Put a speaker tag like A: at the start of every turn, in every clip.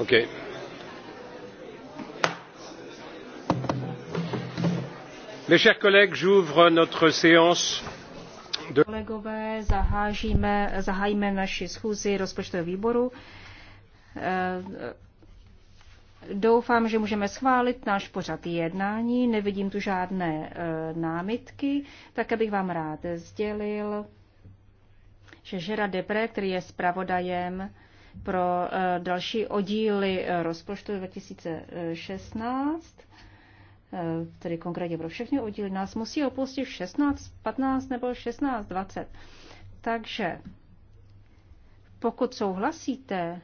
A: Okay.
B: Mes chers collègues, j'ouvre notre séance
C: de... Kolegové, zahájíme naši schůzi rozpočtového výboru. Eh, doufám, že můžeme schválit náš pořad jednání. Nevidím tu žádné eh, námitky, tak abych vám rád sdělil, že Žera Depre, který je zpravodajem, pro eh, další oddíly eh, rozpočtu 2016, eh, tedy konkrétně pro všechny oddíly, nás musí opustit 16, 15 nebo 16, 20. Takže pokud souhlasíte,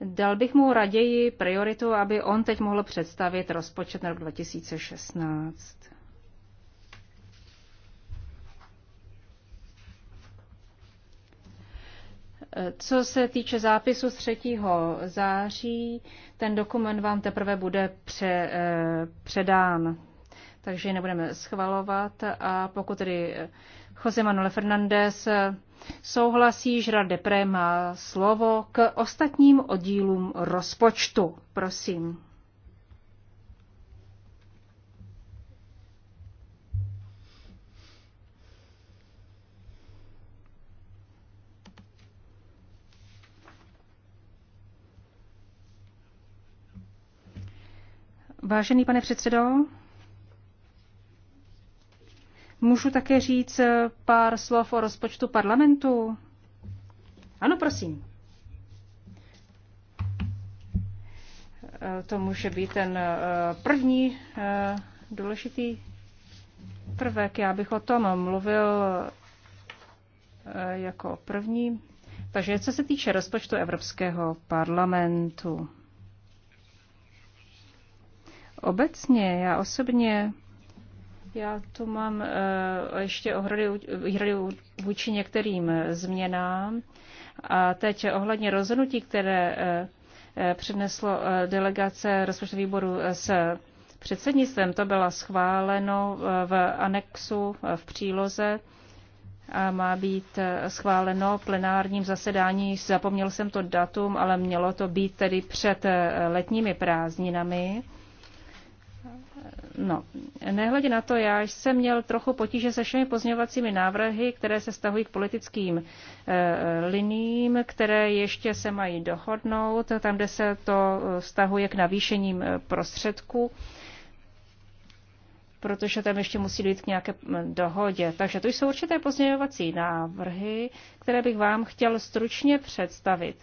C: dal bych mu raději prioritu, aby on teď mohl představit rozpočet na rok 2016. Co se týče zápisu z 3. září, ten dokument vám teprve bude pře, eh, předán, takže nebudeme schvalovat. A pokud tedy Jose Manuel Fernández souhlasí, Žra Depré má slovo k ostatním oddílům rozpočtu. Prosím. Vážený pane předsedo, můžu také říct eh, pár slov o rozpočtu parlamentu? Ano, prosím. Eh, to může být ten eh, první důležitý prvek. Já bych o tom mluvil jako první. Takže co se týče rozpočtu Evropského parlamentu. Obecně, já osobně, já tu mám eh, ještě ohrady, vůči některým eh, změnám. A teď ohledně rozhodnutí, které eh, přineslo delegace rozpočtového výboru s předsednictvem, to bylo schváleno v anexu v příloze a má být schváleno plenárním zasedání. Zapomněl jsem to datum, ale mělo to být tedy před letními prázdninami. No, nehledě na to, já jsem měl trochu potíže se všemi pozměňovacími návrhy, které se stahují k politickým e, eh, liním, které ještě se mají dohodnout, tam, kde se to stahuje eh, k navýšením eh, prostředků, protože tam ještě musí dojít k nějaké mm, dohodě. Takže to jsou určité pozměňovací návrhy, které bych vám chtěl stručně představit.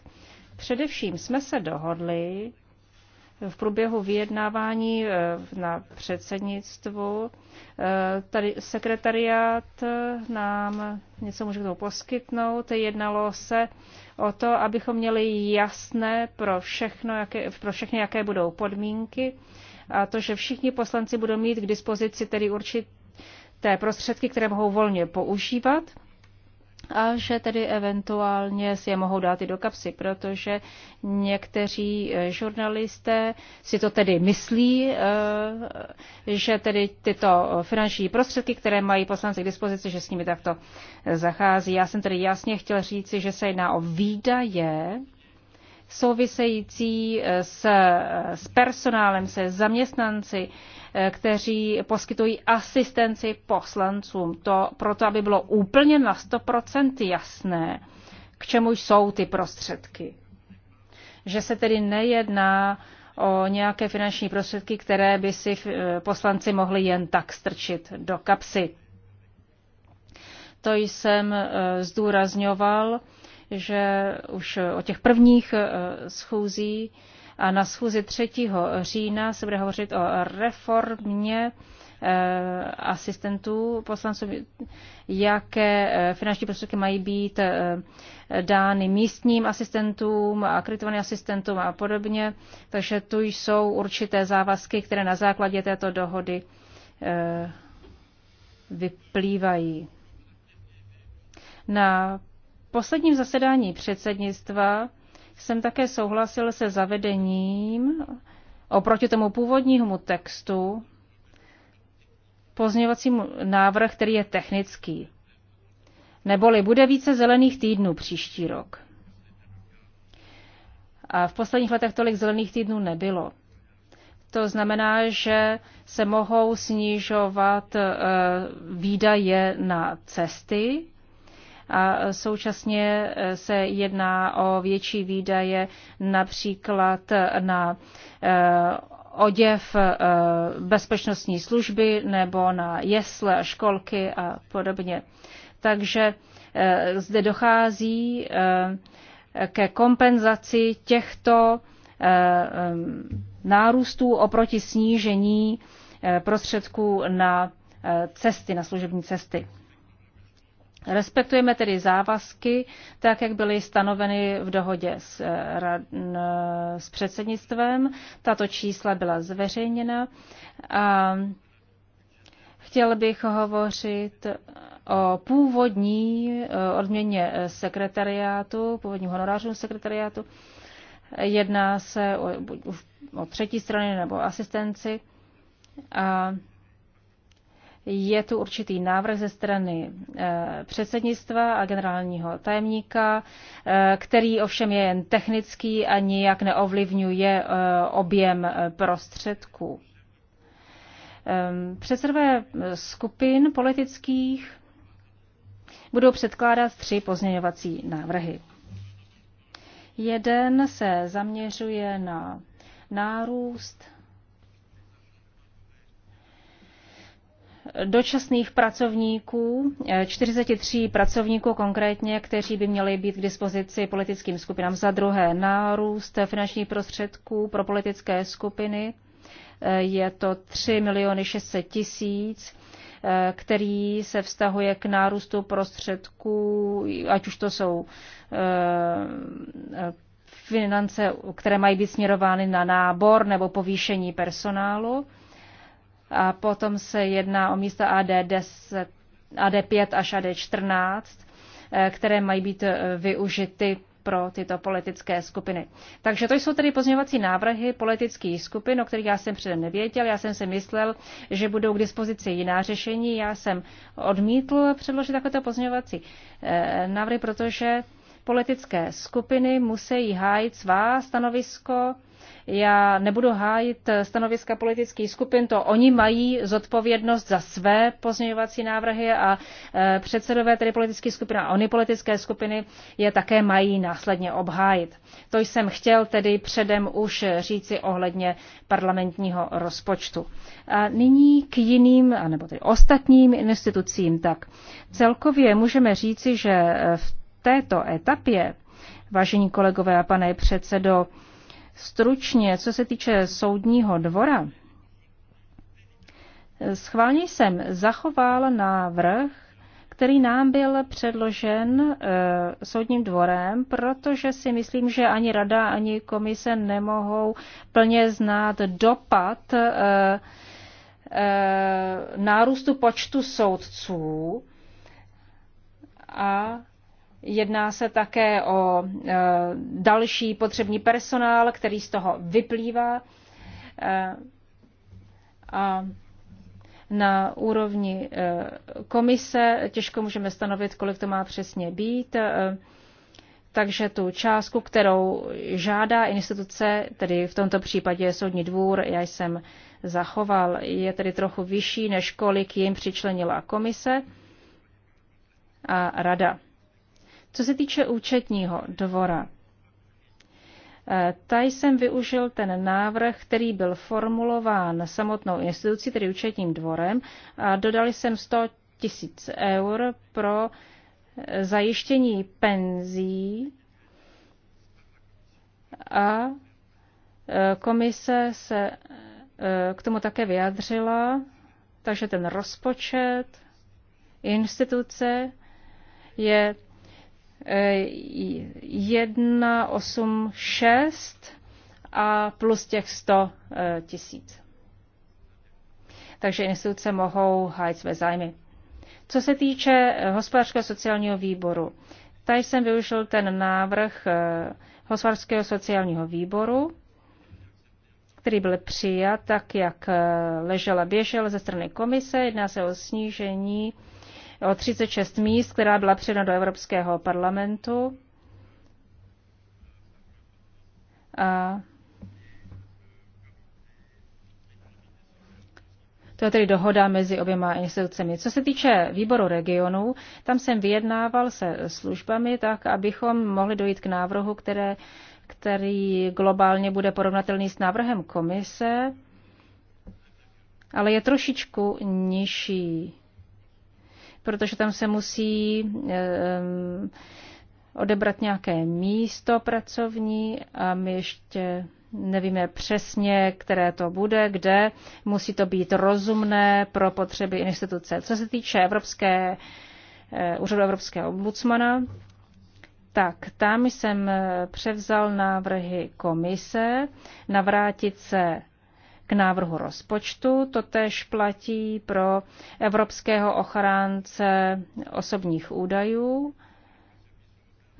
C: Především jsme se dohodli, v průběhu vyjednávání eh, na předsednictvu. Eh, tady sekretariát eh, nám něco může k poskytnout. Jednalo se o to, abychom měli jasné pro, všechno, jaké, pro všechny, jaké budou podmínky a to, že všichni poslanci budou mít k dispozici tedy určité prostředky, které mohou volně používat a že tedy eventuálně si je mohou dát i do kapsy, protože někteří eh, žurnalisté si to tedy myslí, eh, že tedy tyto finanční prostředky, které mají poslanci k dispozici, že s nimi takto zachází. Já jsem tedy jasně chtěl říci, že se jedná o výdaje, související eh, s, s personálem, se zaměstnanci, eh, kteří poskytují asistenci poslancům. To proto, aby bylo úplně na 100% jasné, k čemu jsou ty prostředky. Že se tedy nejedná o nějaké finanční prostředky, které by si eh, poslanci mohli jen tak strčit do kapsy. To jsem zdůrazňoval že už o těch prvních eh, schůzí a na schůzi 3. října se bude hovořit o reformě eh, asistentů poslanců, jaké eh, finanční prostředky mají být dány místním asistentům, akreditovaným asistentům a podobně. Takže tu jsou určité závazky, které na základě této dohody vyplývají. Na posledním zasedání předsednictva jsem také souhlasil se zavedením oproti tomu původnímu textu pozměňovacímu návrh, který je technický. Neboli bude více zelených týdnů příští rok. A v posledních letech tolik zelených týdnů nebylo. To znamená, že se mohou snižovat eh, výdaje na cesty, a současně eh, se jedná o větší výdaje například eh, na eh, oděv bezpečnostní služby nebo na jesle a školky a podobně. Takže zde dochází ke kompenzaci těchto nárůstů oproti snížení prostředků na cesty, na služební cesty. Respektujeme tedy závazky, tak jak byly stanoveny v dohodě s, eh, s předsednictvem. Tato čísla byla zveřejněna. A chtěl bych hovořit o původní eh, odměně eh, sekretariátu, původním honorářům sekretariátu. Jedná se o, o třetí strany nebo asistenci. A je tu určitý návrh ze strany eh, předsednictva a generálního tajemníka, eh, který ovšem je jen technický a nijak neovlivňuje eh, objem prostředků. Ehm, předsedové skupin politických budou předkládat tři pozměňovací návrhy. Jeden se zaměřuje na nárůst dočasných pracovníků, 43 eh, pracovníků konkrétně, kteří by měli být k dispozici politickým skupinám. Za druhé, nárůst finančních prostředků pro politické skupiny, eh, je to 3 miliony 600 tisíc, eh, který se vztahuje k nárůstu prostředků, ať už to jsou finance, které mají být směrovány na nábor nebo povýšení personálu a potom se jedná o místa AD10, AD5 až AD14, eh, které mají být eh, využity pro tyto politické skupiny. Takže to jsou tedy pozměňovací návrhy politických skupin, o kterých já jsem předem nevěděl. Já jsem si myslel, že budou k dispozici jiná řešení. Já jsem odmítl předložit takovéto pozměňovací eh, návrhy, protože politické skupiny musí hájit svá stanovisko já nebudu hájit stanoviska politických skupin, to oni mají zodpovědnost za své pozměňovací návrhy a e, předsedové tedy politických skupin a oni politické skupiny je také mají následně obhájit. To jsem chtěl tedy předem už říci ohledně parlamentního rozpočtu. A nyní k jiným, nebo tedy ostatním institucím. Tak celkově můžeme říci, že v této etapě, vážení kolegové a pane předsedo, Stručně, co se týče soudního dvora, schválně jsem zachoval návrh, který nám byl předložen e, soudním dvorem, protože si myslím, že ani rada, ani komise nemohou plně znát dopad e, e, nárůstu počtu soudců a Jedná se také o e, další potřebný personál, který z toho vyplývá. E, a na úrovni e, komise těžko můžeme stanovit, kolik to má přesně být. Takže tu částku, kterou žádá instituce, tedy v tomto případě Soudní dvůr, já jsem zachoval, je tedy trochu vyšší, než kolik jim přičlenila komise a rada. Co se týče účetního dvora, eh, ta jsem využil ten návrh, který byl formulován samotnou institucí, tedy účetním dvorem, a dodali jsem 100 tisíc eur pro eh, zajištění penzí a eh, komise se k tomu také vyjadřila, takže ten rozpočet instituce je 186 a plus těch 100 e, tisíc. Takže instituce mohou hájit své zájmy. Co se týče e, hospodářského sociálního výboru, tady jsem využil ten návrh e, hospodářského sociálního výboru, který byl přijat tak, jak ležela běžel ze strany komise. Jedná se o snížení o 36 míst, která byla předna do Evropského parlamentu. A To je tedy dohoda mezi oběma institucemi. Co se týče výboru regionů, tam jsem vyjednával se službami tak, abychom mohli dojít k návrhu, které, který globálně bude porovnatelný s návrhem komise, ale je trošičku nižší protože tam se musí eh, odebrat nějaké místo pracovní a my ještě nevíme přesně, které to bude, kde. Musí to být rozumné pro potřeby instituce. Co se týče Evropské, eh, úřadu Evropského ombudsmana, tak tam jsem eh, převzal návrhy komise navrátit se k návrhu rozpočtu. Totež platí pro Evropského ochránce osobních údajů.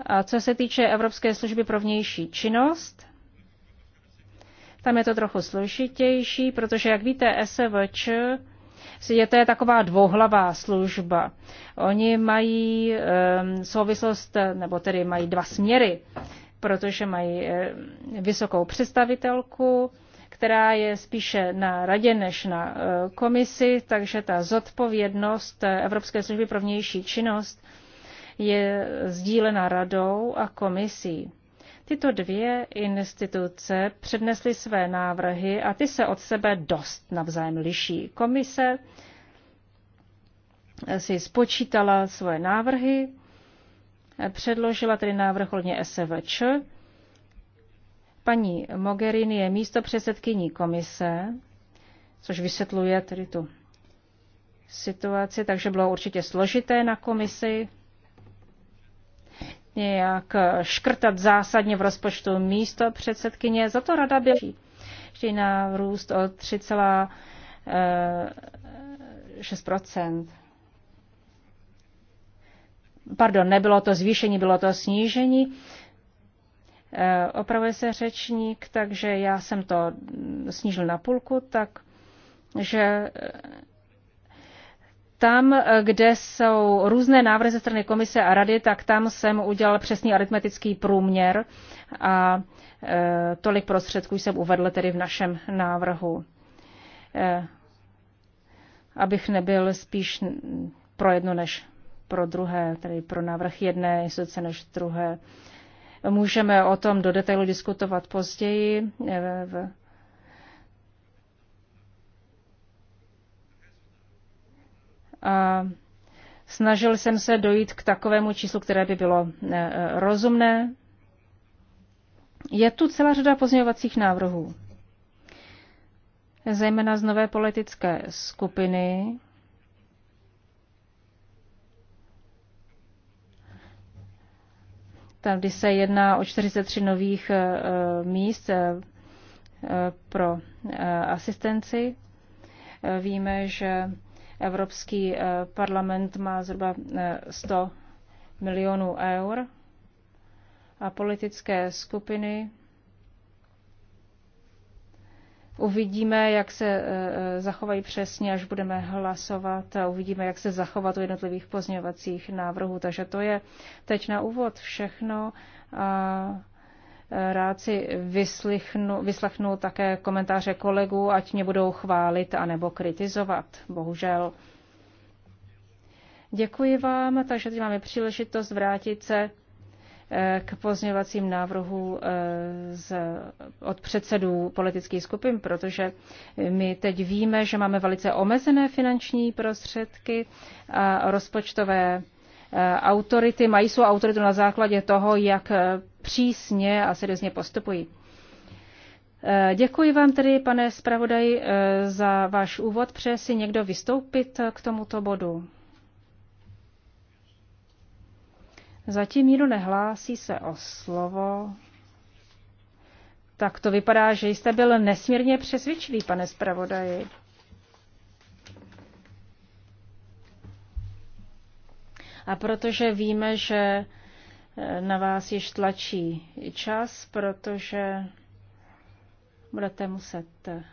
C: A co se týče Evropské služby pro vnější činnost, tam je to trochu složitější, protože, jak víte, SVČ je to je taková dvouhlavá služba. Oni mají um, souvislost, nebo tedy mají dva směry, protože mají um, vysokou představitelku, která je spíše na radě než na eh, komisi, takže ta zodpovědnost eh, Evropské služby pro vnější činnost je sdílena radou a komisí. Tyto dvě instituce přednesly své návrhy a ty se od sebe dost navzájem liší. Komise si spočítala svoje návrhy, eh, předložila tedy návrh hodně SVČ, Paní Mogherini je místo předsedkyní komise, což vysvětluje tedy tu situaci, takže bylo určitě složité na komisi nějak škrtat zásadně v rozpočtu místo předsedkyně. Za to rada běží. Ještě na růst o 3,6 eh, Pardon, nebylo to zvýšení, bylo to snížení. Eh, opravuje se řečník, takže já jsem to snížil na půlku, takže eh, tam, eh, kde jsou různé návrhy ze strany komise a rady, tak tam jsem udělal přesný aritmetický průměr a e, tolik prostředků jsem uvedl tedy v našem návrhu. E, abych nebyl spíš pro jedno než pro druhé, tedy pro návrh jedné instituce než druhé. E, Můžeme o tom do detailu diskutovat později. Eh, A snažil jsem se dojít k takovému číslu, které by bylo eh, eh, rozumné. Je tu celá řada pozměňovacích návrhů, zejména z nové politické skupiny, Tady se jedná o 43 nových eh, eh, míst eh, pro asistenci. Víme, že Evropský parlament má zhruba 100 milionů eur a politické skupiny Uvidíme, jak se eh, eh, zachovají přesně, až budeme hlasovat a uvidíme, jak se zachovat u jednotlivých pozměňovacích návrhů. Takže to je teď na úvod všechno. A eh, rád si vyslechnu, vyslechnu také komentáře kolegů, ať mě budou chválit anebo kritizovat. Bohužel. Děkuji vám, takže teď máme příležitost vrátit se Eh, k pozměňovacím návrhu eh, z, od předsedů politických skupin, protože my teď víme, že máme velice omezené finanční prostředky a rozpočtové eh, autority mají svou autoritu na základě toho, jak přísně a seriózně postupují. Děkuji vám tedy, pane zpravodaji, za váš úvod. Přeje si někdo vystoupit k tomuto bodu? Zatím nikdo nehlásí se o slovo. Tak to vypadá, že jste byl nesmírně přesvědčivý, pane zpravodaji. A protože víme, že eh, na vás již tlačí čas, protože budete muset eh,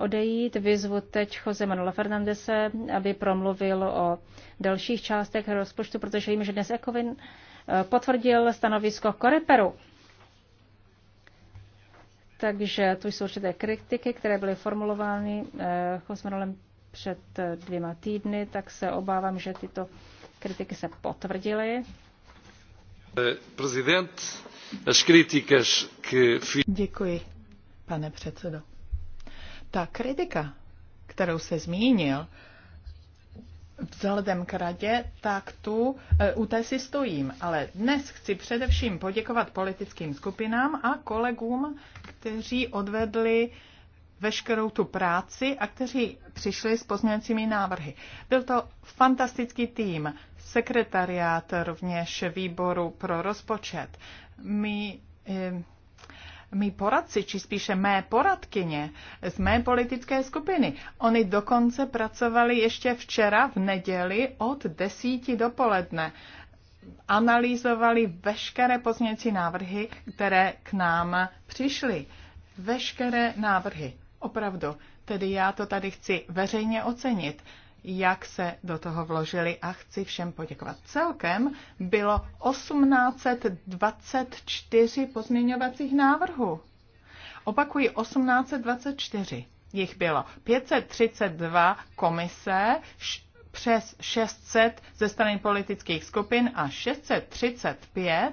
C: odejít. Vyzvu teď Jose Manuela Fernandese, aby promluvil o dalších částech rozpočtu, protože vím, že dnes Ekovin eh, potvrdil stanovisko Koreperu. Takže tu jsou určité kritiky, které byly formulovány eh, Jose Manuelem před eh, dvěma týdny, tak se obávám, že tyto kritiky se
A: potvrdily.
B: Prezident, as críticas que...
A: Děkuji, pane předsedo. Ta kritika, kterou se zmínil, vzhledem k radě, tak tu e, u té si stojím. Ale dnes chci především poděkovat politickým skupinám a kolegům, kteří odvedli veškerou tu práci a kteří přišli s pozměňujícími návrhy. Byl to fantastický tým, sekretariát rovněž výboru pro rozpočet. My e, mý poradci, či spíše mé poradkyně z mé politické skupiny. Oni dokonce pracovali ještě včera v neděli od desíti dopoledne. Analýzovali veškeré pozměňovací návrhy, které k nám přišly. Veškeré návrhy. Opravdu. Tedy já to tady chci veřejně ocenit jak se do toho vložili a chci všem poděkovat. Celkem bylo 1824 pozměňovacích návrhů. Opakuji, 1824 jich bylo. 532 komise, přes 600 ze strany politických skupin a 635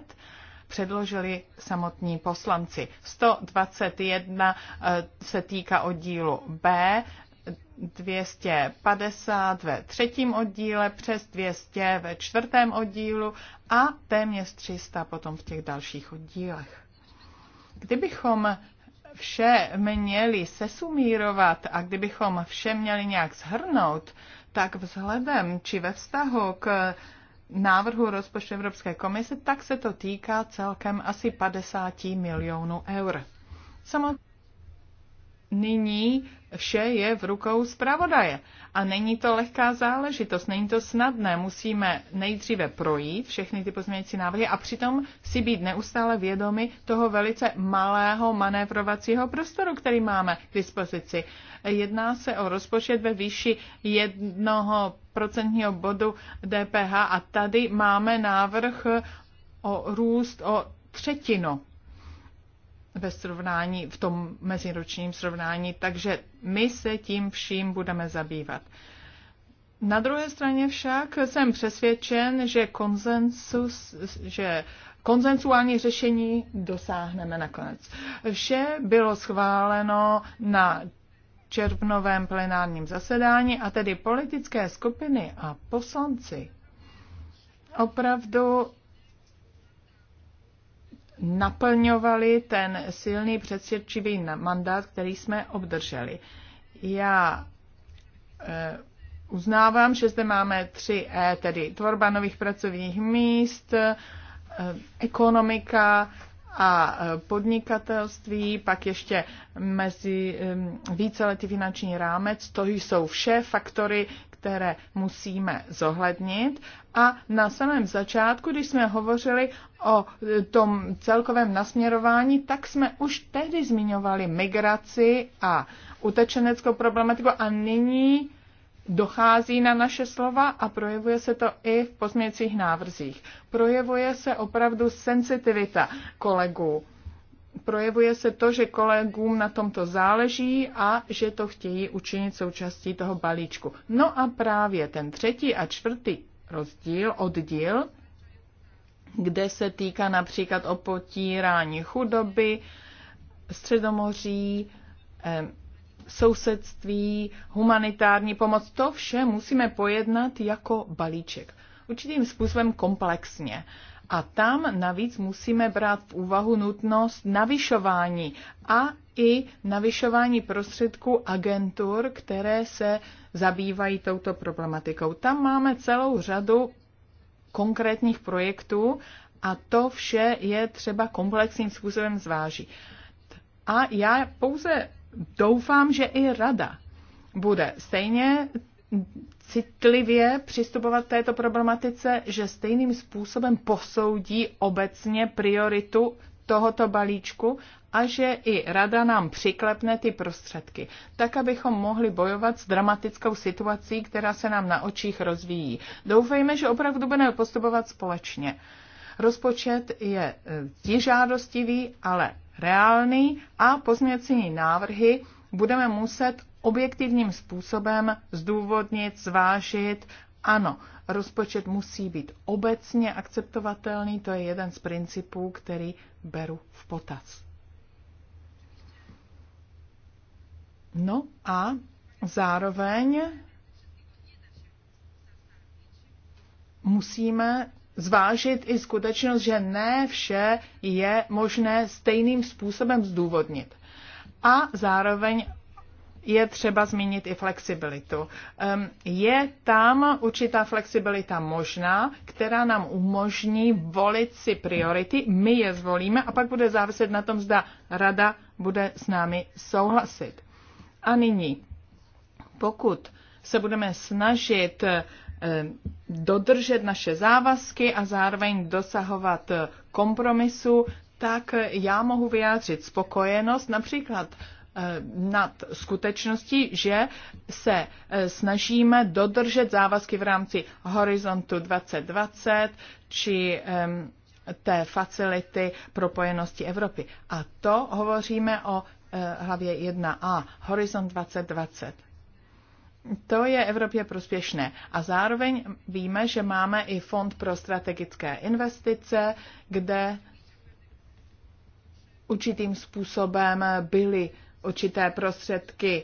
A: předložili samotní poslanci. 121 eh, se týká oddílu B, 250 ve třetím oddíle, přes 200 ve čtvrtém oddílu a téměř 300 potom v těch dalších oddílech. Kdybychom vše měli sesumírovat a kdybychom vše měli nějak shrnout, tak vzhledem či ve vztahu k návrhu rozpočtu Evropské komise, tak se to týká celkem asi 50 milionů eur. Samozřejmě nyní vše je v rukou zpravodaje. A není to lehká záležitost, není to snadné. Musíme nejdříve projít všechny ty pozměňující návrhy a přitom si být neustále vědomi toho velice malého manévrovacího prostoru, který máme k dispozici. Jedná se o rozpočet ve výši jednoho procentního bodu DPH a tady máme návrh o růst o třetinu ve srovnání, v tom meziročním srovnání, takže my se tím vším budeme zabývat. Na druhé straně však jsem přesvědčen, že, konsensus, že konsensuální řešení dosáhneme nakonec. Vše bylo schváleno na červnovém plenárním zasedání a tedy politické skupiny a poslanci opravdu naplňovali ten silný předsvědčivý mandát, který jsme obdrželi. Já eh, uznávám, že zde máme tři E, tedy tvorba nových pracovních míst, eh, ekonomika a eh, podnikatelství, pak ještě mezi lety finanční rámec. To jsou vše faktory, které musíme zohlednit. A na samém začátku, když jsme hovořili o e, tom celkovém nasměrování, tak jsme už tehdy zmiňovali migraci a utečeneckou problematiku a nyní dochází na naše slova a projevuje se to i v pozměcích návrzích. Projevuje se opravdu sensitivita kolegů projevuje se to, že kolegům na tomto záleží a že to chtějí učinit součástí toho balíčku. No a právě ten třetí a čtvrtý rozdíl, oddíl, kde se týká například o potírání chudoby, středomoří, sousedství, humanitární pomoc, to vše musíme pojednat jako balíček. Určitým způsobem komplexně. A tam navíc musíme brát v úvahu nutnost navyšování a i navyšování prostředků agentur, které se zabývají touto problematikou. Tam máme celou řadu konkrétních projektů a to vše je třeba komplexním způsobem zvážit. A já pouze doufám, že i rada bude stejně citlivě přistupovat k této problematice, že stejným způsobem posoudí obecně prioritu tohoto balíčku a že i rada nám přiklepne ty prostředky, tak abychom mohli bojovat s dramatickou situací, která se nám na očích rozvíjí. Doufejme, že opravdu budeme postupovat společně. Rozpočet je e, žádostivý, ale reálný a pozměcení návrhy budeme muset objektivním způsobem zdůvodnit, zvážit, ano, rozpočet musí být obecně akceptovatelný, to je jeden z principů, který beru v potaz. No a zároveň musíme zvážit i skutečnost, že ne vše je možné stejným způsobem zdůvodnit. A zároveň je třeba zmínit i flexibilitu. Je tam určitá flexibilita možná, která nám umožní volit si priority, my je zvolíme a pak bude záviset na tom, zda rada bude s námi souhlasit. A nyní, pokud se budeme snažit eh, dodržet naše závazky a zároveň dosahovat eh, kompromisu, tak eh, já mohu vyjádřit spokojenost například Eh, nad skutečností, že se eh, snažíme dodržet závazky v rámci Horizontu 2020 či té facility propojenosti Evropy. A to hovoříme o eh, hlavě 1a, Horizont 2020. To je Evropě prospěšné. A zároveň víme, že máme i Fond pro strategické investice, kde určitým způsobem byly určité prostředky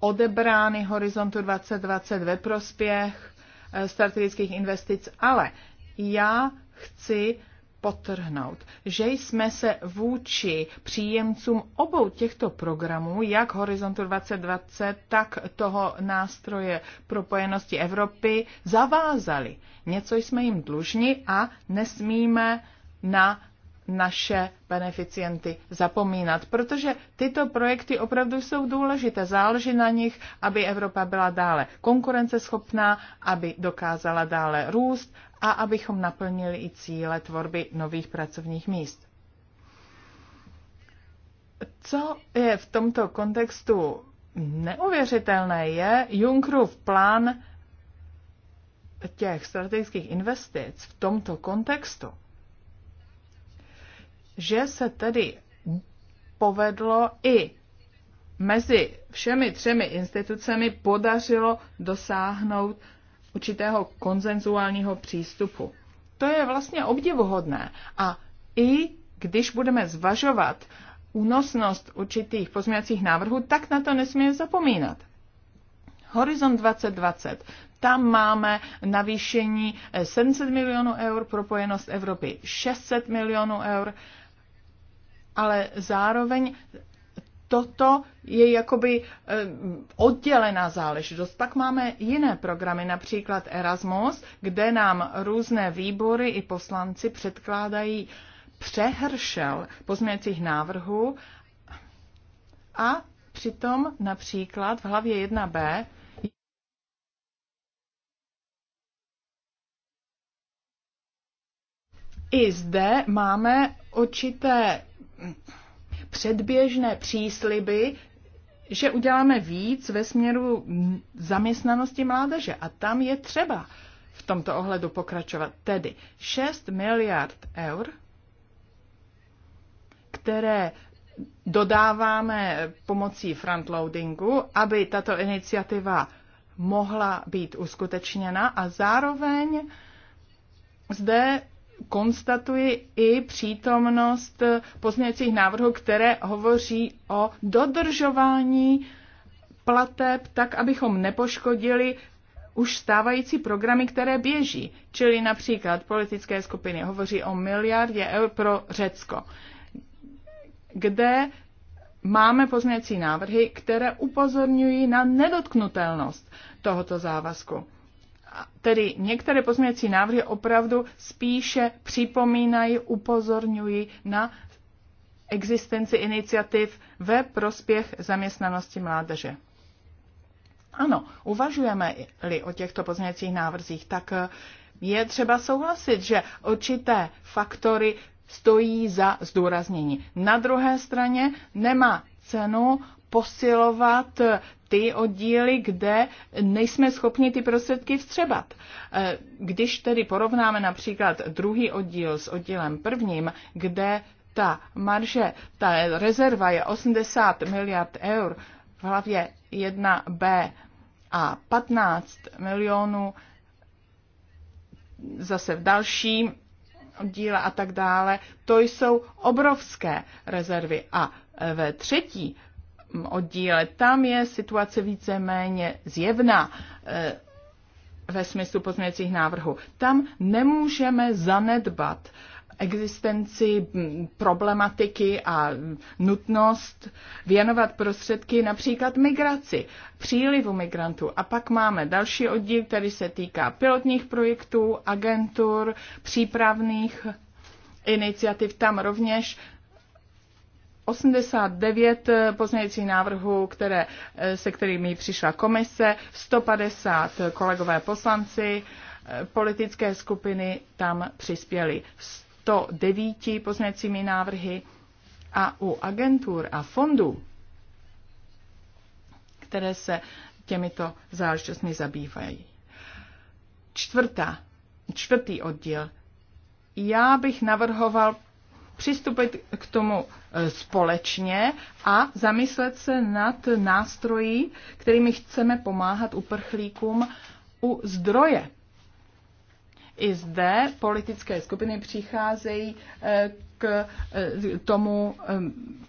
A: odebrány Horizontu 2020 ve prospěch eh, strategických investic, ale já chci potrhnout, že jsme se vůči příjemcům obou těchto programů, jak Horizontu 2020, tak toho nástroje propojenosti Evropy, zavázali. Něco jsme jim dlužni a nesmíme na naše beneficienty zapomínat, protože tyto projekty opravdu jsou důležité. Záleží na nich, aby Evropa byla dále konkurenceschopná, aby dokázala dále růst a abychom naplnili i cíle tvorby nových pracovních míst. Co je v tomto kontextu neuvěřitelné, je Junckerův plán těch strategických investic v tomto kontextu že se tedy povedlo i mezi všemi třemi institucemi podařilo dosáhnout určitého konzenzuálního přístupu. To je vlastně obdivuhodné a i když budeme zvažovat únosnost určitých pozměňovacích návrhů, tak na to nesmíme zapomínat. Horizont 2020. Tam máme navýšení 700 eh, milionů eur, propojenost Evropy 600 milionů eur ale zároveň toto je jakoby eh, oddělená záležitost. Pak máme jiné programy, například Erasmus, kde nám různé výbory i poslanci předkládají přehršel pozměňovacích návrhů a přitom například v hlavě 1b i zde máme určité předběžné přísliby, že uděláme víc ve směru zaměstnanosti mládeže. A tam je třeba v tomto ohledu pokračovat. Tedy 6 miliard eur, které dodáváme pomocí frontloadingu, aby tato iniciativa mohla být uskutečněna a zároveň zde konstatuji i přítomnost pozměňovacích návrhů, které hovoří o dodržování plateb tak, abychom nepoškodili už stávající programy, které běží. Čili například politické skupiny hovoří o miliardě eur pro Řecko, kde máme pozměňovací návrhy, které upozorňují na nedotknutelnost tohoto závazku tedy některé pozměňovací návrhy opravdu spíše připomínají, upozorňují na existenci iniciativ ve prospěch zaměstnanosti mládeže. Ano, uvažujeme-li o těchto pozměňovacích návrzích, tak eh, je třeba souhlasit, že určité faktory stojí za zdůraznění. Na druhé straně nemá cenu posilovat eh, ty oddíly, kde nejsme schopni ty prostředky vstřebat. E, když tedy porovnáme například druhý oddíl s oddílem prvním, kde ta marže, ta rezerva je 80 miliard eur v hlavě 1b a 15 milionů zase v dalším díle a tak dále, to jsou obrovské rezervy. A ve třetí oddíle. Tam je situace víceméně zjevná eh, ve smyslu pozměňovacích návrhů. Tam nemůžeme zanedbat existenci problematiky a nutnost věnovat prostředky například migraci, přílivu migrantů. A pak máme další oddíl, který se týká pilotních projektů, agentur, přípravných iniciativ. Tam rovněž 89 pozměňujících návrhů, které, eh, se kterými přišla komise, 150 kolegové poslanci, eh, politické skupiny tam přispěly 109 pozměňujícími návrhy a u agentur a fondů, které se těmito záležitostmi zabývají. Čtvrtá, čtvrtý oddíl. Já bych navrhoval přistupit k tomu e, společně a zamyslet se nad nástroji, kterými chceme pomáhat uprchlíkům u zdroje. I zde politické skupiny přicházejí e, k e, tomu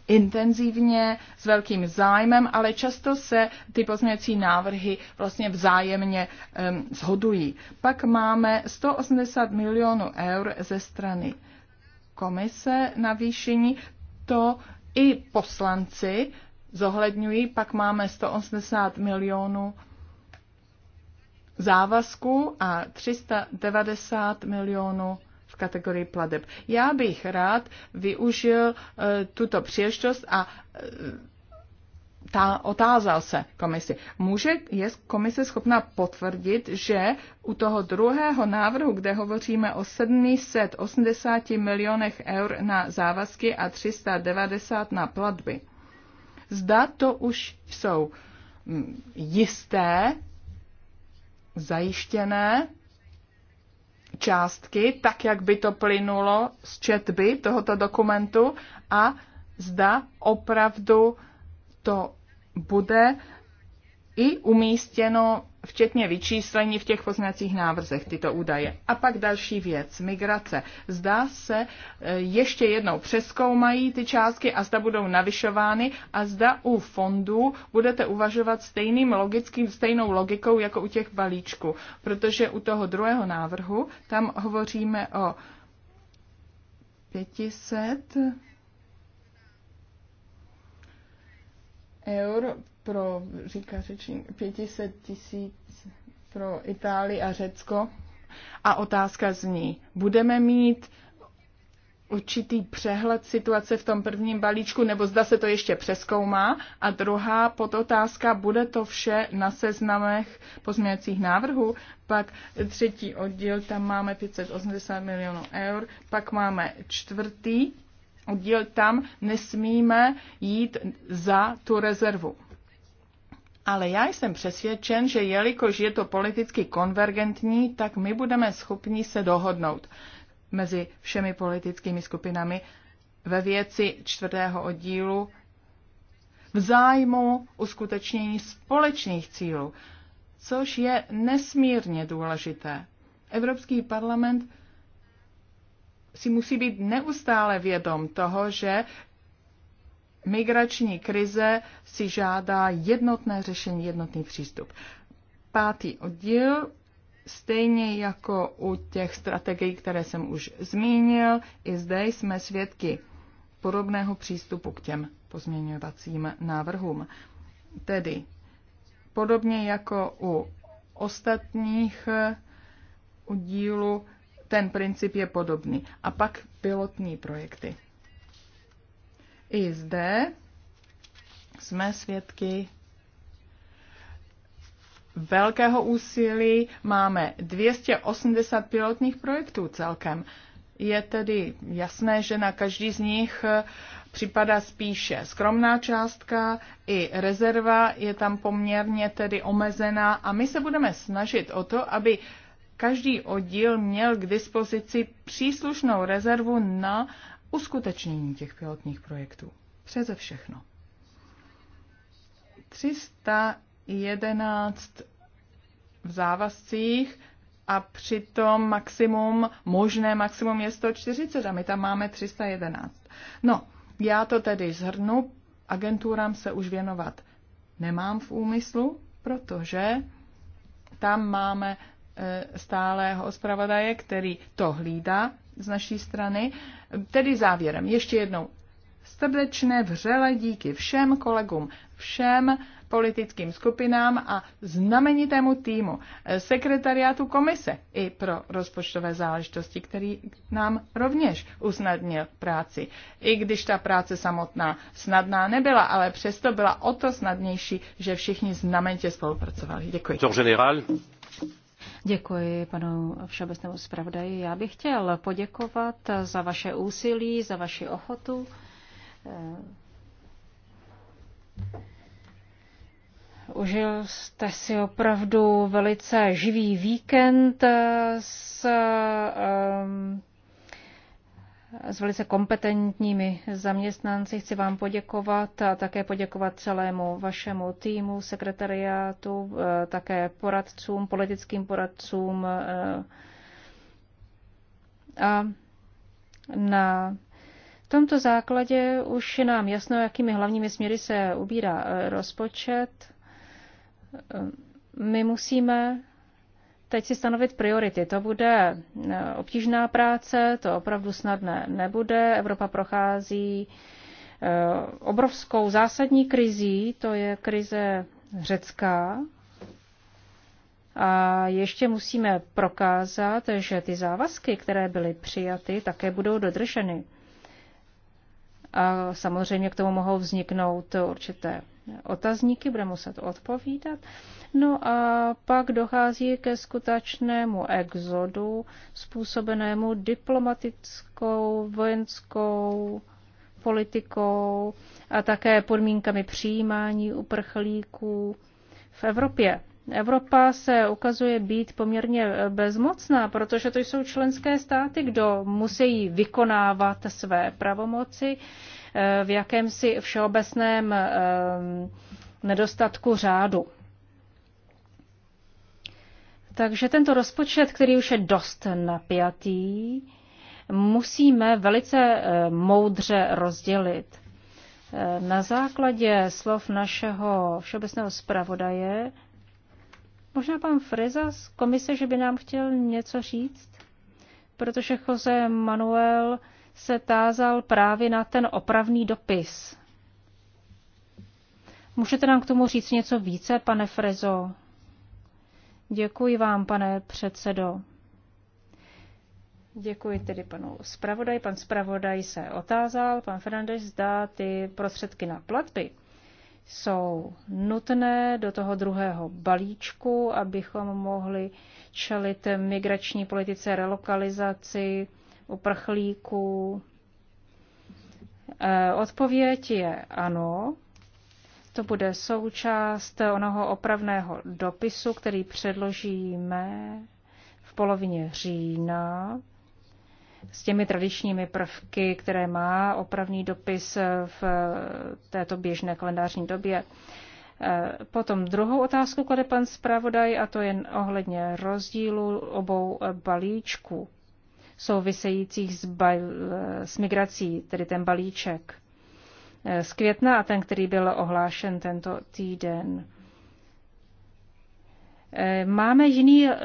A: intenzivně, s velkým zájmem, ale často se ty pozměňovací návrhy vlastně vzájemně zhodují. Pak máme 180 milionů eur ze strany komise navýšení, to i poslanci zohledňují, pak máme 180 milionů závazků a 390 milionů v kategorii pladeb. Já bych rád využil eh, tuto příležitost a eh, ptá, otázal se komisi. Může, je komise schopna potvrdit, že u toho druhého návrhu, kde hovoříme o 780 milionech eur na závazky a 390 na platby, zda to už jsou mm, jisté, zajištěné částky, tak jak by to plynulo z četby tohoto dokumentu a zda opravdu to bude i umístěno, včetně vyčíslení v těch poznacích návrzech, tyto údaje. A pak další věc, migrace. Zdá se, eh, ještě jednou přeskoumají ty částky a zda budou navyšovány a zda u fondů budete uvažovat stejným logickým, stejnou logikou jako u těch balíčků. Protože u toho druhého návrhu tam hovoříme o 500 eur pro, říká řečník, 500 tisíc pro Itálii a Řecko. A otázka zní, budeme mít určitý přehled situace v tom prvním balíčku, nebo zda se to ještě přeskoumá. A druhá podotázka, bude to vše na seznamech pozměňovacích návrhů. Pak třetí oddíl, tam máme 580 milionů eur. Pak máme čtvrtý oddíl, tam nesmíme jít za tu rezervu. Ale já jsem přesvědčen, že jelikož je to politicky konvergentní, tak my budeme schopni se dohodnout mezi všemi politickými skupinami ve věci čtvrtého oddílu v zájmu uskutečnění společných cílů, což je nesmírně důležité. Evropský parlament si musí být neustále vědom toho, že migrační krize si žádá jednotné řešení, jednotný přístup. Pátý oddíl, stejně jako u těch strategií, které jsem už zmínil, i zde jsme svědky podobného přístupu k těm pozměňovacím návrhům. Tedy podobně jako u ostatních oddílů ten princip je podobný. A pak pilotní projekty. I zde jsme svědky velkého úsilí. Máme 280 pilotních projektů celkem. Je tedy jasné, že na každý z nich eh, připadá spíše skromná částka, i rezerva je tam poměrně tedy omezená a my se budeme snažit o to, aby každý oddíl měl k dispozici příslušnou rezervu na uskutečnění těch pilotních projektů. Přeze všechno. 311 v závazcích a přitom maximum, možné maximum je 140 a my tam máme 311. No, já to tedy zhrnu, agenturám se už věnovat nemám v úmyslu, protože tam máme Eh, stálého zpravodaje, který to hlídá z naší strany. Tedy závěrem, ještě jednou srdečné vřele díky všem kolegům, všem politickým skupinám a znamenitému týmu eh, sekretariátu komise i pro rozpočtové záležitosti, který nám rovněž usnadnil práci. I když ta práce samotná snadná nebyla, ale přesto byla o to snadnější, že všichni znamenitě spolupracovali. Děkuji. Děkuji panu všeobecnému zpravodaji. Já bych chtěl
C: poděkovat za vaše úsilí, za vaši ochotu. Eh, užil jste si opravdu velice živý víkend s um, s velice kompetentními zaměstnanci. Chci vám poděkovat a také poděkovat celému vašemu týmu, sekretariátu, eh, také poradcům, politickým poradcům eh, a na tomto základě už je nám jasno, jakými hlavními směry se ubírá eh, rozpočet. My musíme teď si stanovit priority. To bude eh, obtížná práce, to opravdu snadné nebude. Evropa prochází eh, obrovskou zásadní krizí, to je krize řecká. A ještě musíme prokázat, že ty závazky, které byly přijaty, také budou dodrženy. A samozřejmě k tomu mohou vzniknout určité otazníky, bude muset odpovídat. No a pak dochází ke skutečnému exodu způsobenému diplomatickou, vojenskou politikou a také podmínkami přijímání uprchlíků v Evropě. Evropa se ukazuje být poměrně eh, bezmocná, protože to jsou členské státy, kdo musí vykonávat své pravomoci eh, v jakémsi všeobecném eh, nedostatku řádu. Takže tento rozpočet, který už je dost napjatý, musíme velice moudře rozdělit. Na základě slov našeho všeobecného zpravodaje Možná pan Freza z komise, že by nám chtěl něco říct, protože Jose Manuel se tázal právě na ten opravný dopis. Můžete nám k tomu říct něco více, pane Frezo? Děkuji vám, pane předsedo. Děkuji tedy panu zpravodaj. Pan zpravodaj se otázal, pan Fernandez zdá ty prostředky na platby jsou nutné do toho druhého balíčku, abychom mohli čelit migrační politice, relokalizaci uprchlíků. E, odpověď je ano. To bude součást onoho opravného dopisu, který předložíme v polovině října s těmi tradičními prvky, které má opravný dopis v této běžné kalendářní době. Potom druhou otázku klade pan zpravodaj a to jen ohledně rozdílu obou balíčků souvisejících s, bal, s migrací, tedy ten balíček z května a ten, který byl ohlášen tento týden. Máme jiný eh,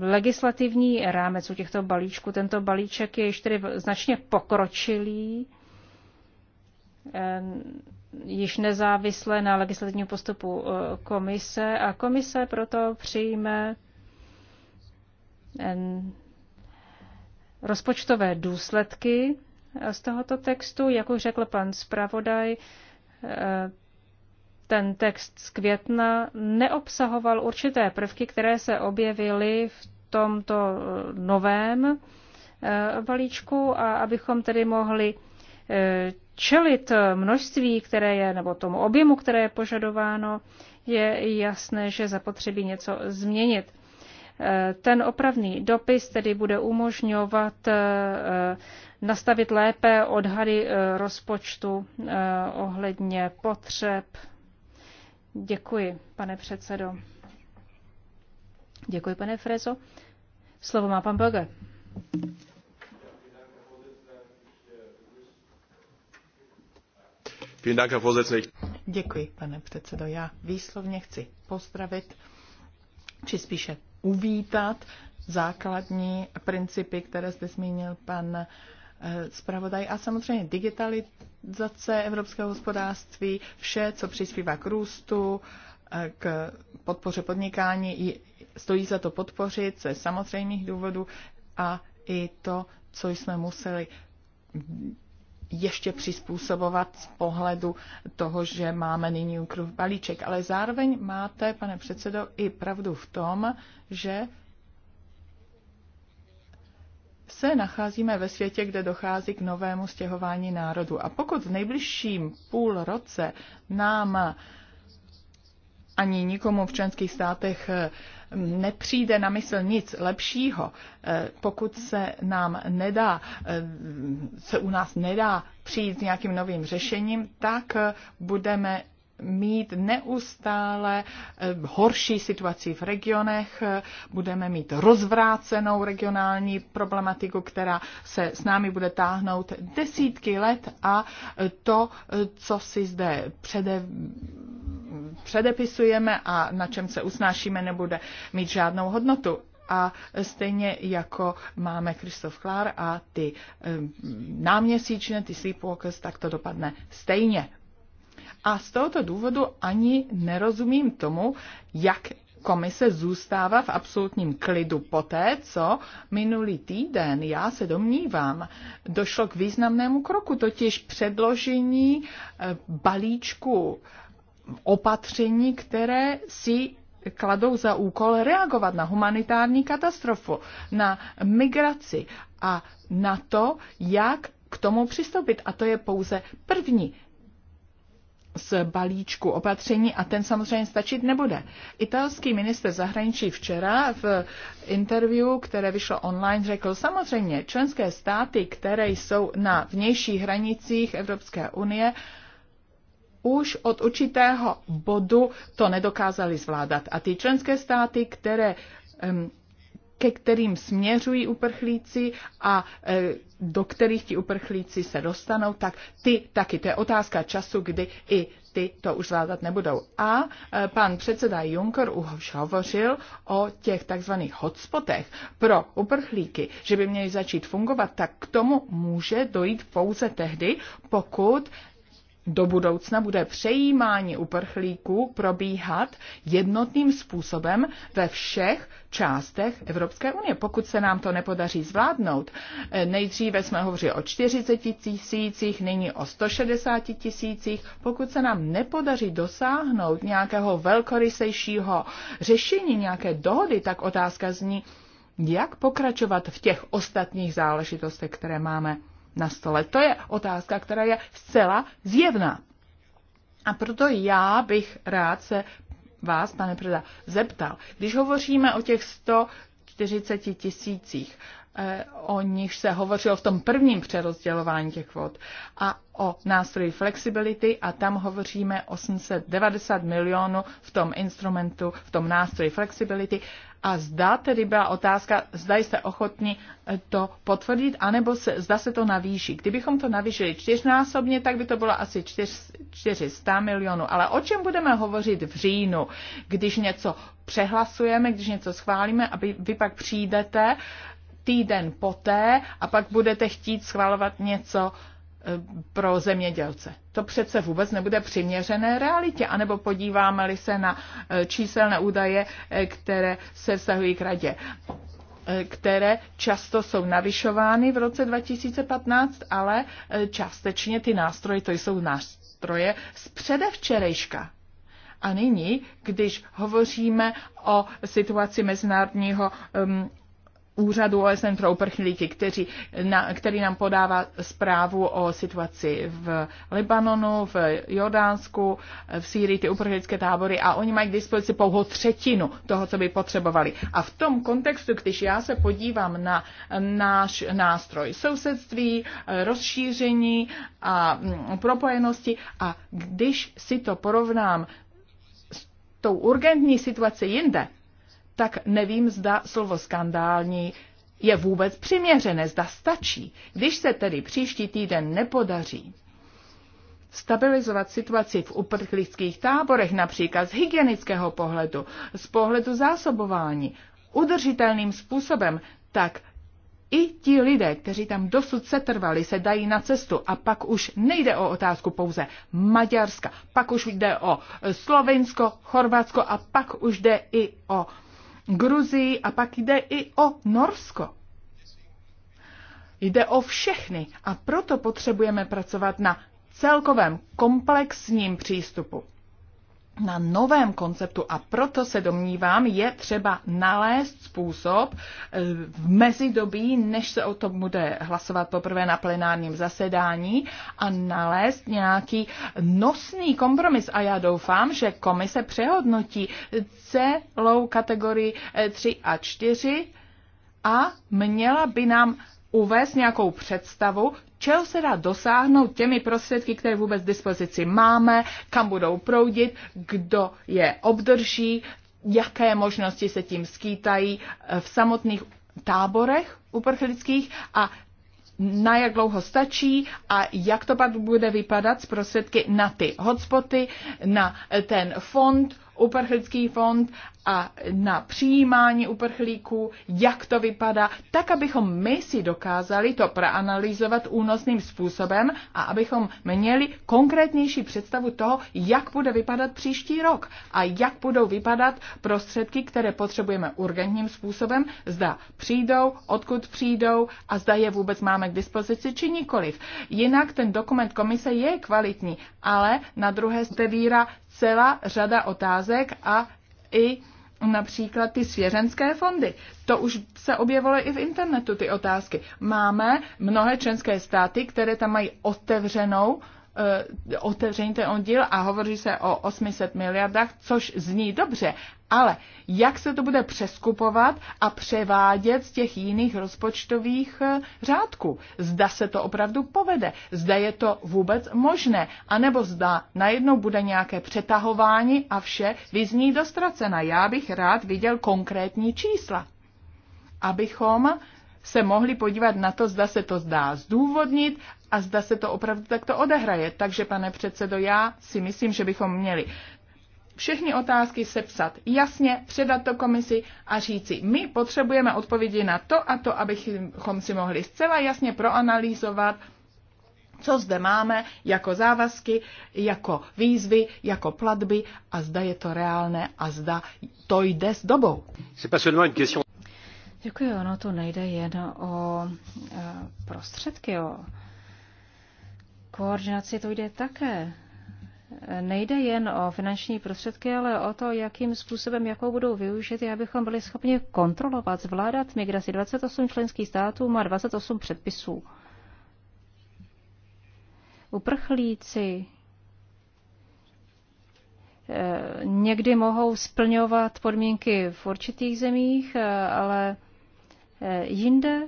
C: legislativní rámec u těchto balíčků. Tento balíček je ještě značně pokročilý, eh, již nezávisle na legislativním postupu eh, komise a komise proto přijme rozpočtové důsledky z tohoto textu. Jak už řekl pan zpravodaj, ten text z května neobsahoval určité prvky, které se objevily v tomto eh, novém eh, balíčku a abychom tedy mohli eh, čelit množství, které je, nebo tomu objemu, které je požadováno, je jasné, že zapotřebí něco změnit. Ten opravný dopis tedy bude umožňovat nastavit lépe odhady rozpočtu ohledně potřeb Děkuji, pane předsedo. Děkuji, pane Frezo. Slovo má pan Böge.
A: Děkuji, pane předsedo. Já výslovně chci pozdravit, či spíše uvítat základní principy, které zde zmínil pan uh, Eh, zpravodaj. A samozřejmě digitalizace evropského hospodářství, vše, co přispívá k růstu, eh, k podpoře podnikání, stojí za to podpořit ze samozřejmých důvodů a i to, co jsme museli ještě přizpůsobovat z pohledu toho, že máme nyní ukruh balíček. Ale zároveň máte, pane předsedo, i pravdu v tom, že se nacházíme ve světě, kde dochází k novému stěhování národu. A pokud v nejbližším půl roce nám ani nikomu v členských státech eh, nepřijde na mysl nic lepšího, eh, pokud se nám nedá, eh, se u nás nedá přijít s nějakým novým řešením, tak budeme mít neustále eh, horší situaci v regionech, budeme mít rozvrácenou regionální problematiku, která se s námi bude táhnout desítky let a eh, to, eh, co si zde přede, předepisujeme a na čem se usnášíme, nebude mít žádnou hodnotu a stejně jako máme Kristof Klár a ty náměsíčné, ty sleepwalkers, tak to dopadne stejně. A z tohoto důvodu ani nerozumím tomu, jak komise zůstává v absolutním klidu poté, co minulý týden, já se domnívám, došlo k významnému kroku, totiž předložení eh, balíčku opatření, které si kladou za úkol reagovat na humanitární katastrofu, na migraci a na to, jak k tomu přistoupit. A to je pouze první z balíčku opatření a ten samozřejmě stačit nebude. Italský minister zahraničí včera v interview, které vyšlo online, řekl samozřejmě, členské státy, které jsou na vnějších hranicích Evropské unie, už od určitého bodu to nedokázali zvládat. A ty členské státy, které um, ke kterým směřují uprchlíci a e, do kterých ti uprchlíci se dostanou, tak ty taky. To je otázka času, kdy i ty to už zvládat nebudou. A e, pan předseda Juncker už hovořil o těch takzvaných hotspotech pro uprchlíky, že by měly začít fungovat, tak k tomu může dojít pouze tehdy, pokud do budoucna bude přejímání uprchlíků probíhat jednotným způsobem ve všech částech Evropské unie. Pokud se nám to nepodaří zvládnout, eh, nejdříve jsme hovořili o 40 tisících, nyní o 160 tisících, pokud se nám nepodaří dosáhnout nějakého velkorysejšího řešení, nějaké dohody, tak otázka zní, jak pokračovat v těch ostatních záležitostech, které máme na stole? To je otázka, která je zcela zjevná. A proto já bych rád se vás, pane Preda, zeptal. Když hovoříme o těch 140 tisících, eh, o nich se hovořilo v tom prvním přerozdělování těch kvot a o nástroji flexibility a tam hovoříme 890 milionů v tom instrumentu, v tom nástroji flexibility. A zda tedy byla otázka, zda jste ochotni eh, to potvrdit, anebo se, zda se to navýší. Kdybychom to navýšili čtyřnásobně, tak by to bylo asi 400 milionů. Ale o čem budeme hovořit v říjnu, když něco přehlasujeme, když něco schválíme, aby vy pak přijdete týden poté a pak budete chtít schvalovat něco pro zemědělce. To přece vůbec nebude přiměřené realitě. A nebo podíváme-li se na e, číselné údaje, e, které se vztahují k radě e, které často jsou navyšovány v roce 2015, ale částečně ty nástroje, to jsou nástroje z předevčerejška. A nyní, když hovoříme o situaci Mezinárodního um, úřadu OSN pro uprchlíky, kteří, na, který nám podává zprávu o situaci v Libanonu, v Jordánsku, v Sýrii, ty uprchlické tábory a oni mají k dispozici pouhou třetinu toho, co by potřebovali. A v tom kontextu, když já se podívám na náš nástroj sousedství, rozšíření a mm, propojenosti a když si to porovnám s tou urgentní situací jinde, tak nevím, zda slovo skandální je vůbec přiměřené, zda stačí. Když se tedy příští týden nepodaří stabilizovat situaci v uprchlických táborech, například z hygienického pohledu, z pohledu zásobování, udržitelným způsobem, tak i ti lidé, kteří tam dosud setrvali, se dají na cestu a pak už nejde o otázku pouze Maďarska, pak už jde o Slovensko, Chorvatsko a pak už jde i o Gruzii a pak jde i o Norsko. Jde o všechny a proto potřebujeme pracovat na celkovém komplexním přístupu na novém konceptu a proto se domnívám, je třeba nalézt způsob eh, v mezidobí, než se o tom bude hlasovat poprvé na plenárním zasedání a nalézt nějaký nosný kompromis. A já doufám, že komise přehodnotí celou kategorii 3 eh, a 4 a měla by nám uvést nějakou představu, čeho se dá dosáhnout těmi prostředky, které vůbec dispozici máme, kam budou proudit, kdo je obdrží, jaké možnosti se tím skýtají eh, v samotných táborech uprchlických a na jak dlouho stačí a jak to pak bude vypadat z prostředky na ty hotspoty, na ten fond, uprchlický fond a na přijímání uprchlíků, jak to vypadá, tak abychom my si dokázali to proanalýzovat únosným způsobem a abychom měli konkrétnější představu toho, jak bude vypadat příští rok a jak budou vypadat prostředky, které potřebujeme urgentním způsobem, zda přijdou, odkud přijdou a zda je vůbec máme k dispozici či nikoliv. Jinak ten dokument komise je kvalitní, ale na druhé víra celá řada otázek a i například ty svěřenské fondy. To už se objevilo i v internetu, ty otázky. Máme mnohé členské státy, které tam mají otevřenou Eh, otevření ten oddíl a hovoří se o 800 miliardách, což zní dobře, ale jak se to bude přeskupovat a převádět z těch jiných rozpočtových eh, řádků? Zda se to opravdu povede? Zda je to vůbec možné? A nebo zda najednou bude nějaké přetahování a vše vyzní dostracena? Já bych rád viděl konkrétní čísla, abychom se mohli podívat na to, zda se to zdá zdůvodnit a zda se to opravdu takto odehraje. Takže, pane předsedo, já si myslím, že bychom měli všechny otázky sepsat jasně, předat to komisi a říci, my potřebujeme odpovědi na to a to, abychom si mohli zcela jasně proanalýzovat, co zde máme jako závazky, jako výzvy, jako platby a zda je to reálné a zda to jde s dobou. Děkuji, ono to nejde jen o e,
C: prostředky, o koordinaci to jde také. Nejde jen o finanční prostředky, ale o to, jakým způsobem, jakou budou využity, abychom byli schopni kontrolovat, zvládat migraci 28 členských států má 28 předpisů. Uprchlíci eh, někdy mohou splňovat podmínky v určitých zemích, eh, ale eh, jinde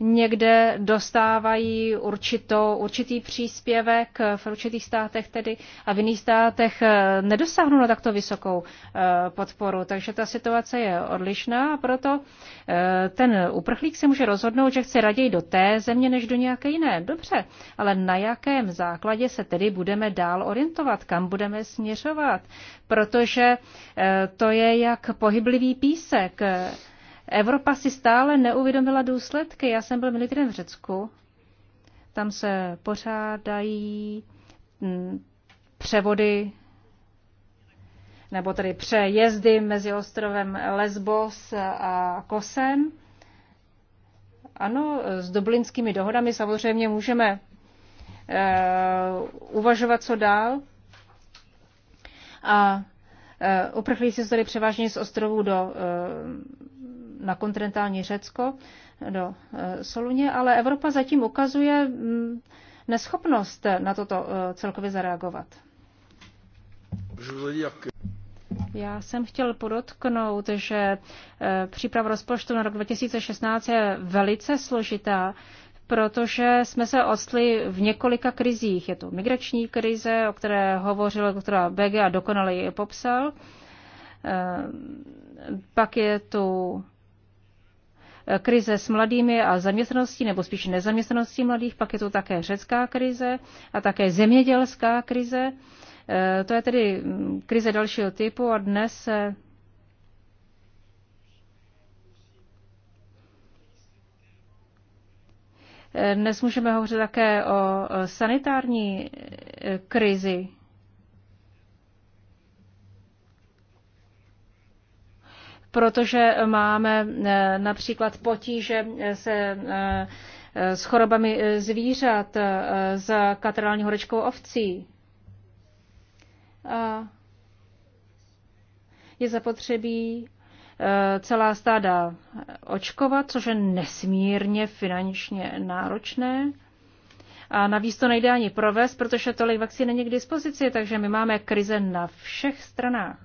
C: někde dostávají určito, určitý příspěvek v určitých státech tedy a v jiných státech eh, nedosáhnou na takto vysokou eh, podporu. Takže ta situace je odlišná a proto eh, ten uprchlík se může rozhodnout, že chce raději do té země než do nějaké jiné. Dobře, ale na jakém základě se tedy budeme dál orientovat, kam budeme směřovat, protože to je jak pohyblivý písek Evropa si stále neuvědomila důsledky. Já jsem byl minulý týden v Řecku, tam se pořádají mm, převody nebo tedy přejezdy mezi ostrovem Lesbos a Kosem. Ano, s dublinskými dohodami samozřejmě můžeme e, uvažovat, co dál. A e, uprchlíci se tady převážně z ostrovů do eh, na kontinentální Řecko, do eh, Soluně, ale Evropa zatím ukazuje mm, neschopnost na toto eh, celkově zareagovat. Já jsem chtěl podotknout, že eh, příprava rozpočtu na rok 2016 je velice složitá, protože jsme se ostli v několika krizích. Je to migrační krize, o které hovořil doktora BG a dokonale ji popsal. Pak je tu krize s mladými a zaměstnaností, nebo spíš nezaměstnaností mladých, pak je to také řecká krize a také zemědělská krize. Eh, to je tedy mm, krize dalšího typu a dnes se eh, Dnes můžeme hovořit také o eh, sanitární krizi, protože máme eh, například potíže se eh, s chorobami eh, zvířat, s katedrální horečkou ovcí. A je zapotřebí celá stáda očkovat, což je nesmírně finančně náročné. A navíc to nejde ani provést, protože tolik vakcín není k dispozici, takže my máme krize na všech stranách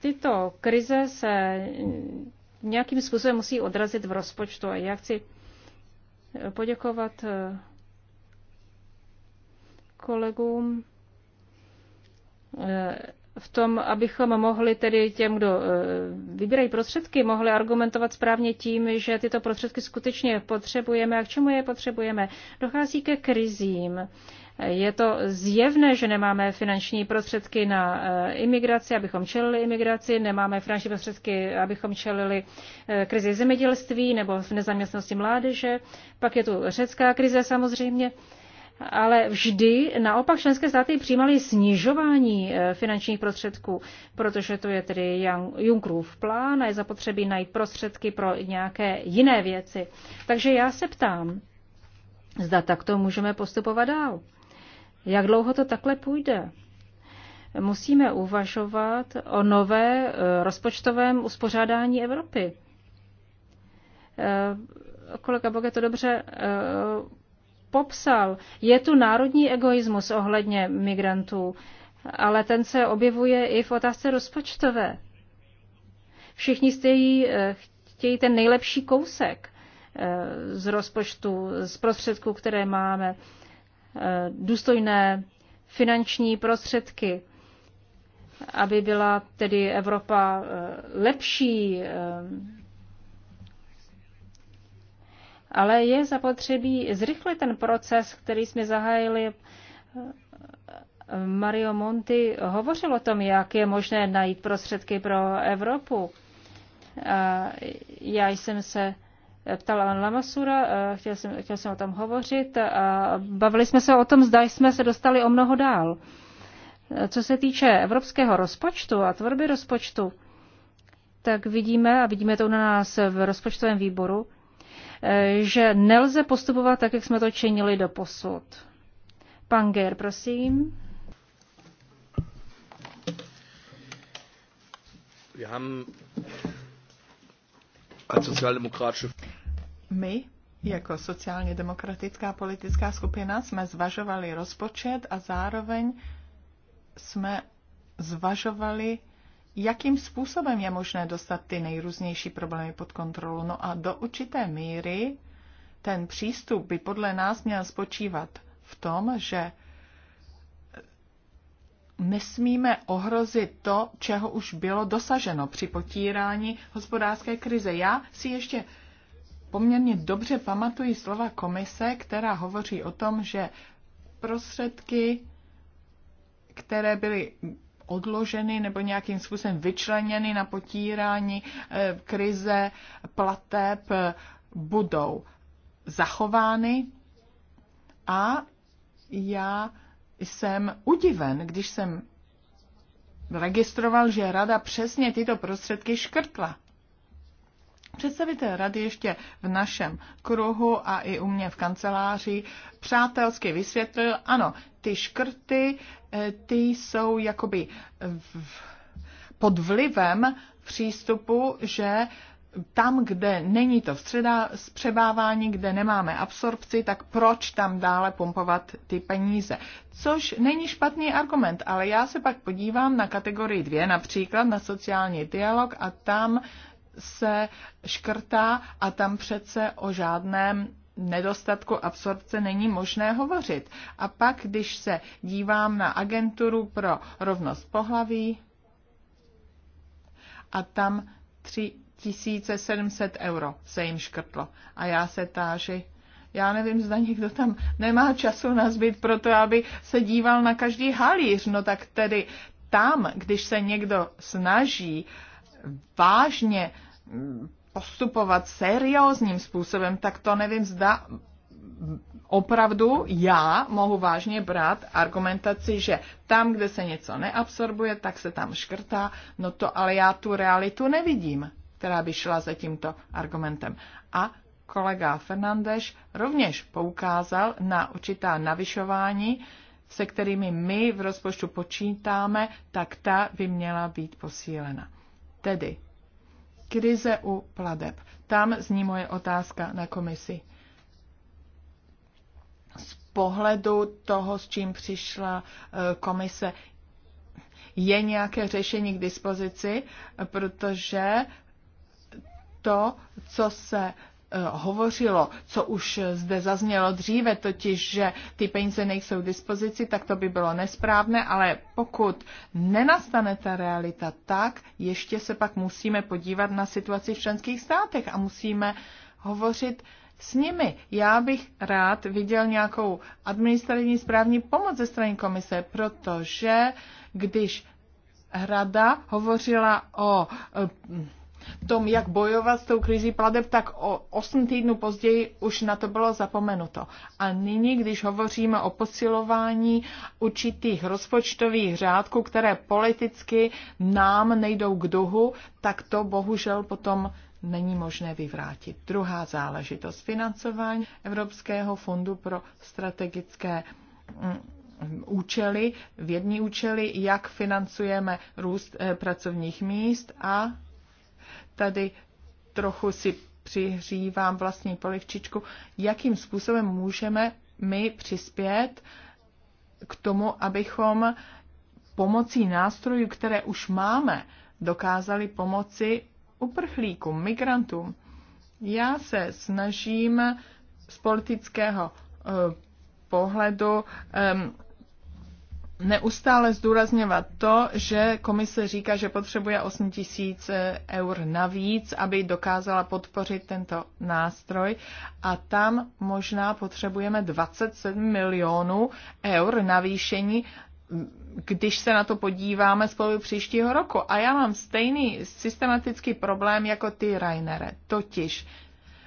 C: tyto krize se nějakým způsobem musí odrazit v rozpočtu. A já chci poděkovat eh, kolegům eh, v tom, abychom mohli tedy těm, kdo eh, vybírají prostředky, mohli argumentovat správně tím, že tyto prostředky skutečně potřebujeme a k čemu je potřebujeme. Dochází ke krizím. Je to zjevné, že nemáme finanční prostředky na eh, imigraci, abychom čelili imigraci, nemáme finanční prostředky, abychom čelili eh, krizi zemědělství nebo nezaměstnosti mládeže. Pak je tu řecká krize samozřejmě. Ale vždy naopak členské státy přijímaly snižování eh, finančních prostředků, protože to je tedy Junckerův plán a je zapotřebí najít prostředky pro nějaké jiné věci. Takže já se ptám, zda takto můžeme postupovat dál. Jak dlouho to takhle půjde? Musíme uvažovat o nové eh, rozpočtovém uspořádání Evropy. Eh, kolega Boge to dobře eh, popsal. Je tu národní egoismus ohledně migrantů, ale ten se objevuje i v otázce rozpočtové. Všichni chtějí, chtějí ten nejlepší kousek z rozpočtu, z prostředků, které máme. Eh, důstojné finanční prostředky, aby byla tedy Evropa eh, lepší. Eh, ale je zapotřebí zrychlit ten proces, který jsme zahájili. Mario Monti hovořil o tom, jak je možné najít prostředky pro Evropu. Já jsem se ptala Lan Lamasura, eh, chtěl jsem, chtěl jsem o tom hovořit a eh, bavili jsme se o tom, zda jsme se dostali o mnoho dál. Eh, co se týče evropského rozpočtu a tvorby rozpočtu, tak vidíme, a vidíme to u nás v rozpočtovém výboru, že nelze postupovat tak, jak jsme to činili do posud. Pan Ger, prosím.
A: Wir haben als sozialdemokratische my jako sociálně demokratická politická skupina jsme zvažovali rozpočet a zároveň jsme zvažovali, jakým způsobem je možné dostat ty nejrůznější problémy pod kontrolu. No a do určité míry ten přístup by podle nás měl spočívat v tom, že nesmíme ohrozit to, čeho už bylo dosaženo při potírání hospodářské krize. Já si ještě poměrně dobře pamatuji slova komise, která hovoří o tom, že prostředky, které byly odloženy nebo nějakým způsobem vyčleněny na potírání eh, krize plateb, eh, budou zachovány. A já jsem udiven, když jsem registroval, že rada přesně tyto prostředky škrtla. Představitel rady ještě v našem kruhu a i u mě v kanceláři přátelsky vysvětlil, ano, ty škrty, eh, ty jsou jakoby v, pod vlivem přístupu, že tam, kde není to vstředa, zpřebávání, kde nemáme absorpci, tak proč tam dále pumpovat ty peníze? Což není špatný argument, ale já se pak podívám na kategorii dvě, například na sociální dialog a tam se škrtá a tam přece o žádném nedostatku absorpce není možné hovořit. A pak, když se dívám na agenturu pro rovnost pohlaví, a tam 3700 euro se jim škrtlo. A já se táži, já nevím, zda někdo tam nemá času na zbyt pro to, aby se díval na každý halíř. No tak tedy tam, když se někdo snaží uh, vážně postupovat seriózním způsobem, tak to nevím, zda opravdu já mohu vážně brát argumentaci, že tam, kde se něco neabsorbuje, tak se tam škrtá, no to ale já tu realitu nevidím, která by šla za tímto argumentem. A kolega Fernandeš rovněž poukázal na určitá navyšování, se kterými my v rozpočtu počítáme, tak ta by měla být posílena. Tedy krize u pladeb. Tam zní moje otázka na komisi. Z pohledu toho, s čím přišla eh, komise, je nějaké řešení k dispozici, protože to, co se Eh, hovořilo, co už zde zaznělo dříve, totiž, že ty peníze nejsou v dispozici, tak to by bylo nesprávné, ale pokud nenastane ta realita tak, ještě se pak musíme podívat na situaci v členských státech a musíme hovořit s nimi. Já bych rád viděl nějakou administrativní správní pomoc ze strany komise, protože když Rada hovořila o eh, tom, jak bojovat s tou krizí pladeb, tak o 8 týdnů později už na to bylo zapomenuto. A nyní, když hovoříme o posilování určitých rozpočtových řádků, které politicky nám nejdou k duhu, tak to bohužel potom není možné vyvrátit. Druhá záležitost financování Evropského fondu pro strategické mm, účely, vědní účely, jak financujeme růst eh, pracovních míst a tady trochu si přihřívám vlastní polivčičku, jakým způsobem můžeme my přispět k tomu, abychom pomocí nástrojů, které už máme, dokázali pomoci uprchlíkům, migrantům. Já se snažím z politického eh, pohledu neustále zdůrazňovat to, že komise říká, že potřebuje 8 tisíc eh, eur navíc, aby dokázala podpořit tento nástroj a tam možná potřebujeme 27 milionů eur navýšení když se na to podíváme z příštího roku. A já mám stejný systematický problém jako ty, Rainere. Totiž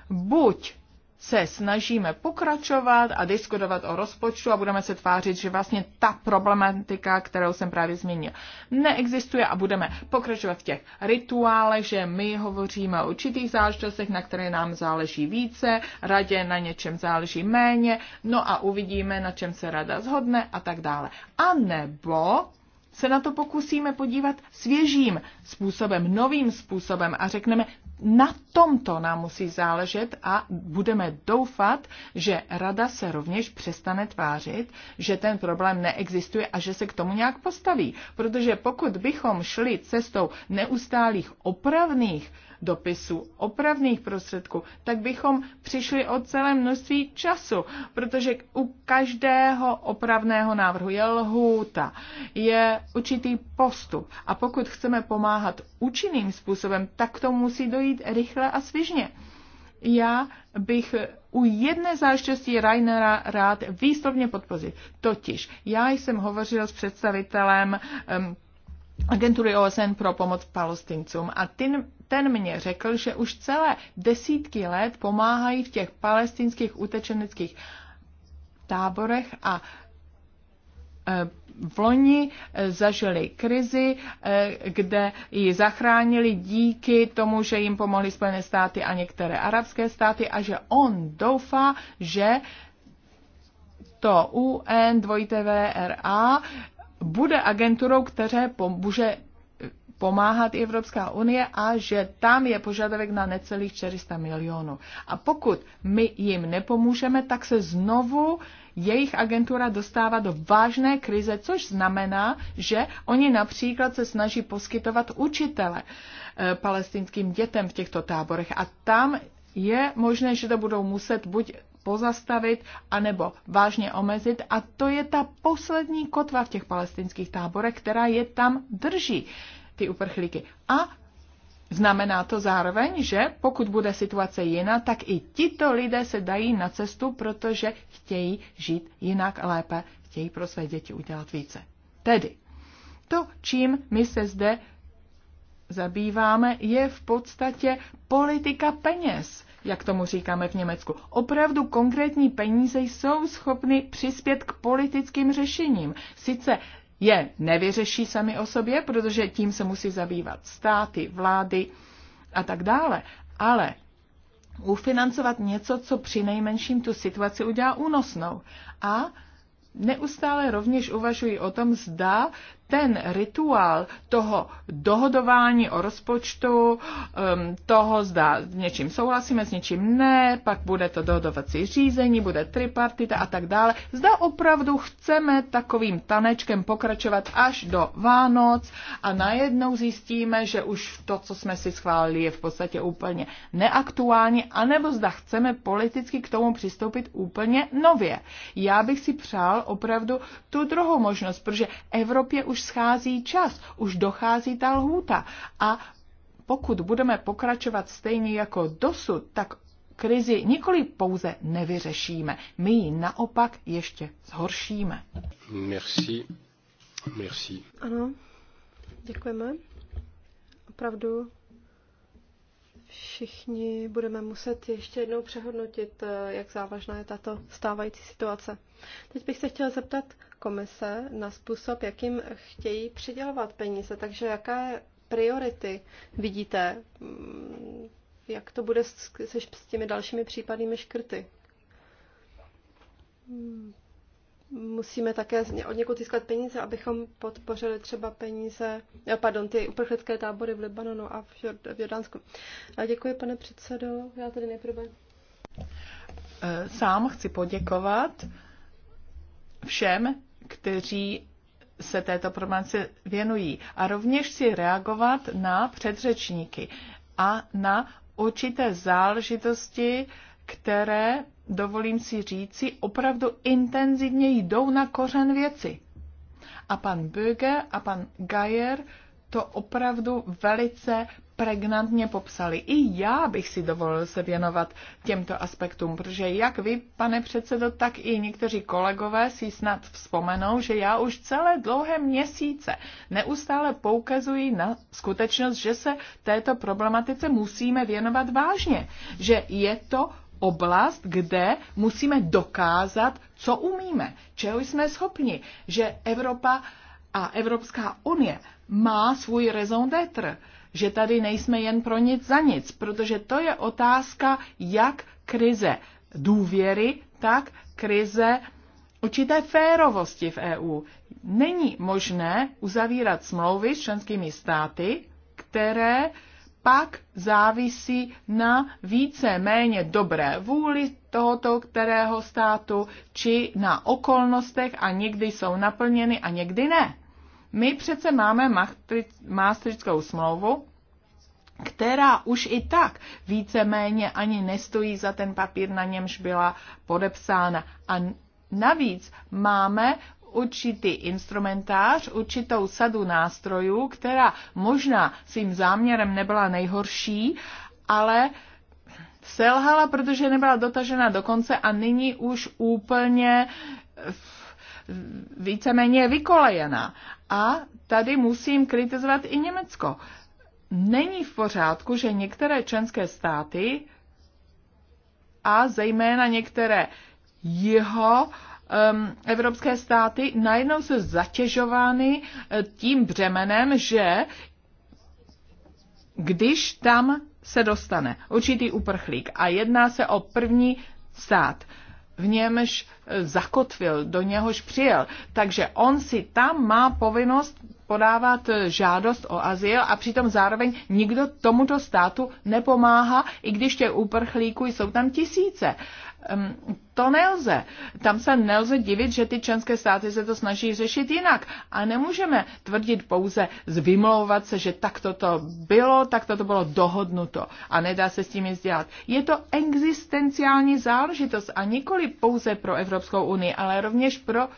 A: buď se snažíme pokračovat a diskutovat o rozpočtu a budeme se tvářit, že vlastně ta problematika, kterou jsem právě zmínil, neexistuje a budeme pokračovat v těch rituálech, že my hovoříme o určitých záležitostech, na které nám záleží více, radě na něčem záleží méně, no a uvidíme, na čem se rada zhodne a tak dále. A nebo se na to pokusíme podívat svěžím způsobem, novým způsobem a řekneme, na tomto nám musí záležet a budeme doufat, že rada se rovněž přestane tvářit, že ten problém neexistuje a že se k tomu nějak postaví. Protože pokud bychom šli cestou neustálých opravných dopisů, opravných prostředků, tak bychom přišli o celé množství času, protože u každého opravného návrhu je lhůta, je určitý postup a pokud chceme pomáhat účinným způsobem, tak to musí dojít rychle a svižně. Já bych u jedné záležitosti Rainera rád výslovně podpořit. Totiž já jsem hovořil s představitelem um, agentury OSN pro pomoc palestincům a ten, ten mě řekl, že už celé desítky let pomáhají v těch palestinských utečeneckých táborech a e, v loni e, zažili krizi, e, kde ji zachránili díky tomu, že jim pomohly Spojené státy a některé arabské státy a že on doufá, že to UN, dvojité VRA bude agenturou, které může eh, pomáhat i Evropská unie a že tam je požadavek na necelých 400 milionů. A pokud my jim nepomůžeme, tak se znovu jejich agentura dostává do vážné krize, což znamená, že oni například se snaží poskytovat učitele eh, palestinským dětem v těchto táborech a tam je možné, že to budou muset buď pozastavit anebo vážně omezit. A to je ta poslední kotva v těch palestinských táborech, která je tam drží, ty uprchlíky. A Znamená to zároveň, že pokud bude situace jiná, tak i tito lidé se dají na cestu, protože chtějí žít jinak a lépe, chtějí pro své děti udělat více. Tedy, to, čím my se zde zabýváme, je v podstatě politika peněz jak tomu říkáme v Německu. Opravdu konkrétní peníze jsou schopny přispět k politickým řešením. Sice je nevyřeší sami o sobě, protože tím se musí zabývat státy, vlády a tak dále, ale ufinancovat něco, co při nejmenším tu situaci udělá únosnou. A neustále rovněž uvažuji o tom, zda ten rituál toho dohodování o rozpočtu, um, toho zda s něčím souhlasíme, s něčím ne, pak bude to dohodovací řízení, bude tripartita a tak dále. Zda opravdu chceme takovým tanečkem pokračovat až do Vánoc a najednou zjistíme, že už to, co jsme si schválili, je v podstatě úplně neaktuální, anebo zda chceme politicky k tomu přistoupit úplně nově. Já bych si přál opravdu tu druhou možnost, protože Evropě už už schází čas, už dochází ta lhůta. A pokud budeme pokračovat stejně jako dosud, tak krizi nikoli pouze nevyřešíme, my ji naopak ještě zhoršíme.
B: Merci. Merci.
A: Ano, děkujeme. Opravdu
B: všichni budeme muset ještě jednou přehodnotit, eh, jak závažná je tato stávající situace. Teď bych se chtěla zeptat komise na způsob, jakým chtějí přidělovat peníze. Takže jaké priority vidíte? Mm, jak to bude s, s těmi dalšími případnými škrty? Mm, musíme také od někud získat peníze, abychom podpořili třeba peníze, eh, pardon, ty uprchlické tábory v Libanonu a v Jordánsku. A děkuji, pane předsedo. Já tady nejprve.
A: Eh, sám chci poděkovat všem kteří se této problematice věnují. A rovněž si reagovat na předřečníky a na určité záležitosti, které, dovolím si říci, opravdu intenzivně jdou na kořen věci. A pan Böge a pan Geier to opravdu velice pregnantně popsali. I já bych si dovolil se věnovat těmto aspektům, protože jak vy, pane předsedo, tak i někteří kolegové si snad vzpomenou, že já už celé dlouhé měsíce neustále poukazuji na skutečnost, že se této problematice musíme věnovat vážně, že je to oblast, kde musíme dokázat, co umíme, čeho jsme schopni, že Evropa a Evropská unie má svůj raison d'être že tady nejsme jen pro nic za nic, protože to je otázka, jak krize důvěry, tak krize určité férovosti v EU. Není možné uzavírat smlouvy s členskými státy, které pak závisí na více méně dobré vůli tohoto kterého státu, či na okolnostech a někdy jsou naplněny a někdy ne. My přece máme Maastrichtskou smlouvu, která už i tak víceméně ani nestojí za ten papír, na němž byla podepsána. A navíc máme určitý instrumentář, určitou sadu nástrojů, která možná svým záměrem nebyla nejhorší, ale selhala, protože nebyla dotažena do konce a nyní už úplně v víceméně vykolejená. A tady musím kritizovat i Německo. Není v pořádku, že některé členské státy a zejména některé jeho um, evropské státy najednou se zatěžovány eh, tím břemenem, že když tam se dostane určitý uprchlík a jedná se o první stát, v němž eh, zakotvil, do něhož přijel. Takže on si tam má povinnost podávat žádost o azyl a přitom zároveň nikdo tomuto státu nepomáhá, i když těch uprchlíků jsou tam tisíce. To nelze. Tam se nelze divit, že ty členské státy se to snaží řešit jinak. A nemůžeme tvrdit pouze zvymlouvat se, že tak to bylo, tak to bylo dohodnuto a nedá se s tím nic dělat. Je to existenciální záležitost a nikoli pouze pro Evropskou unii, ale rovněž pro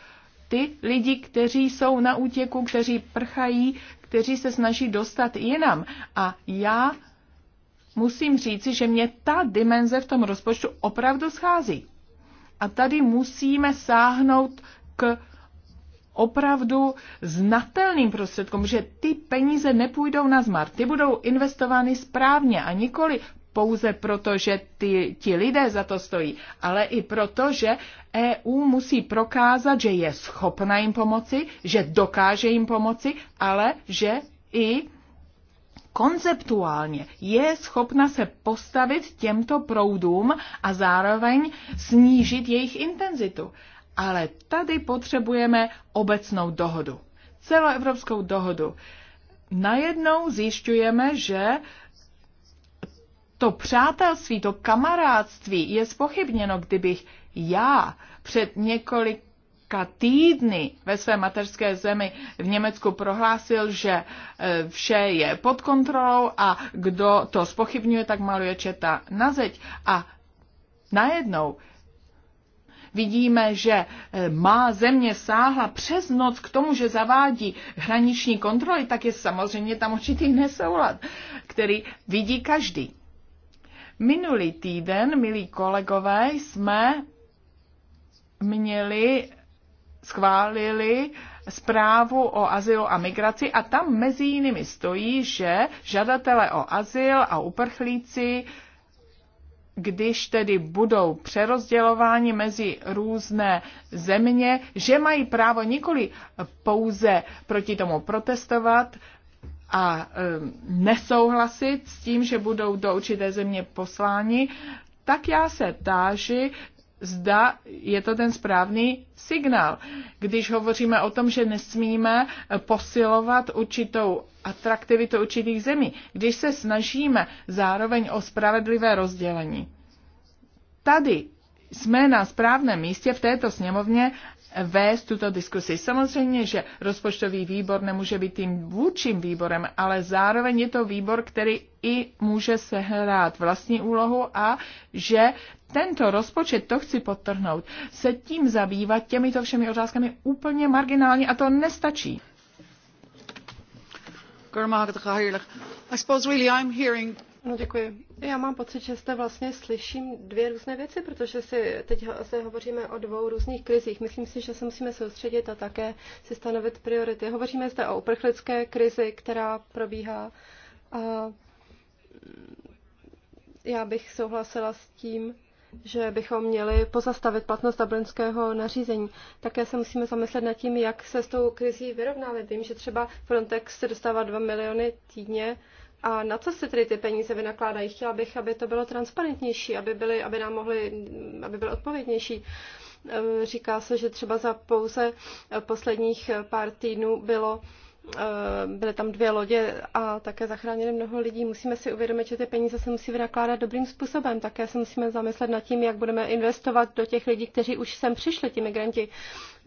A: ty lidi, kteří jsou na útěku, kteří prchají, kteří se snaží dostat jinam. A já musím říci, že mě ta dimenze v tom rozpočtu opravdu schází. A tady musíme sáhnout k opravdu znatelným prostředkům, že ty peníze nepůjdou na zmar, ty budou investovány správně a nikoli pouze proto, že ty, ti lidé za to stojí, ale i proto, že EU musí prokázat, že je schopna jim pomoci, že dokáže jim pomoci, ale že i konceptuálně je schopna se postavit těmto proudům a zároveň snížit jejich intenzitu. Ale tady potřebujeme obecnou dohodu, celoevropskou dohodu. Najednou zjišťujeme, že to přátelství, to kamarádství je spochybněno, kdybych já před několika týdny ve své mateřské zemi v Německu prohlásil, že e, vše je pod kontrolou a kdo to spochybňuje, tak maluje četa na zeď. A najednou vidíme, že e, má země sáhla přes noc k tomu, že zavádí hraniční kontroly, tak je samozřejmě tam určitý nesoulad, který vidí každý. Minulý týden, milí kolegové, jsme měli, schválili zprávu o azylu a migraci a tam mezi jinými stojí, že žadatele o azyl a uprchlíci když tedy budou přerozdělováni mezi různé země, že mají právo nikoli pouze proti tomu protestovat, a e, nesouhlasit s tím, že budou do určité země posláni, tak já se táži, zda je to ten správný signál. Když hovoříme o tom, že nesmíme posilovat určitou atraktivitu určitých zemí, když se snažíme zároveň o spravedlivé rozdělení. Tady jsme na správném místě v této sněmovně vést tuto diskusi. Samozřejmě, že rozpočtový výbor nemůže být tím vůčím výborem, ale zároveň je to výbor, který i může sehrát vlastní úlohu a že tento rozpočet, to chci podtrhnout, se tím zabývat těmito všemi otázkami úplně marginálně a to nestačí.
B: No, děkuji. Já mám pocit, že jste vlastně slyším dvě různé věci, protože si teď se hovoříme o dvou různých krizích. Myslím si, že se musíme soustředit a také si stanovit priority. Hovoříme zde o uprchlické krizi, která probíhá. A já bych souhlasila s tím, že bychom měli pozastavit platnost dublinského nařízení. Také se musíme zamyslet nad tím, jak se s tou krizí vyrovnáme. Vím, že třeba Frontex se dostává 2 miliony týdně, a na co se tedy ty peníze vynakládají? Chtěla bych, aby to bylo transparentnější, aby, byly, aby nám mohli, aby byly odpovědnější. Eh, říká se, že třeba za pouze posledních pár týdnů bylo eh, byly tam dvě lodě a také zachránili mnoho lidí. Musíme si uvědomit, že ty peníze se musí vynakládat dobrým způsobem. Také se musíme zamyslet nad tím, jak budeme investovat do těch lidí, kteří už sem přišli, ti migranti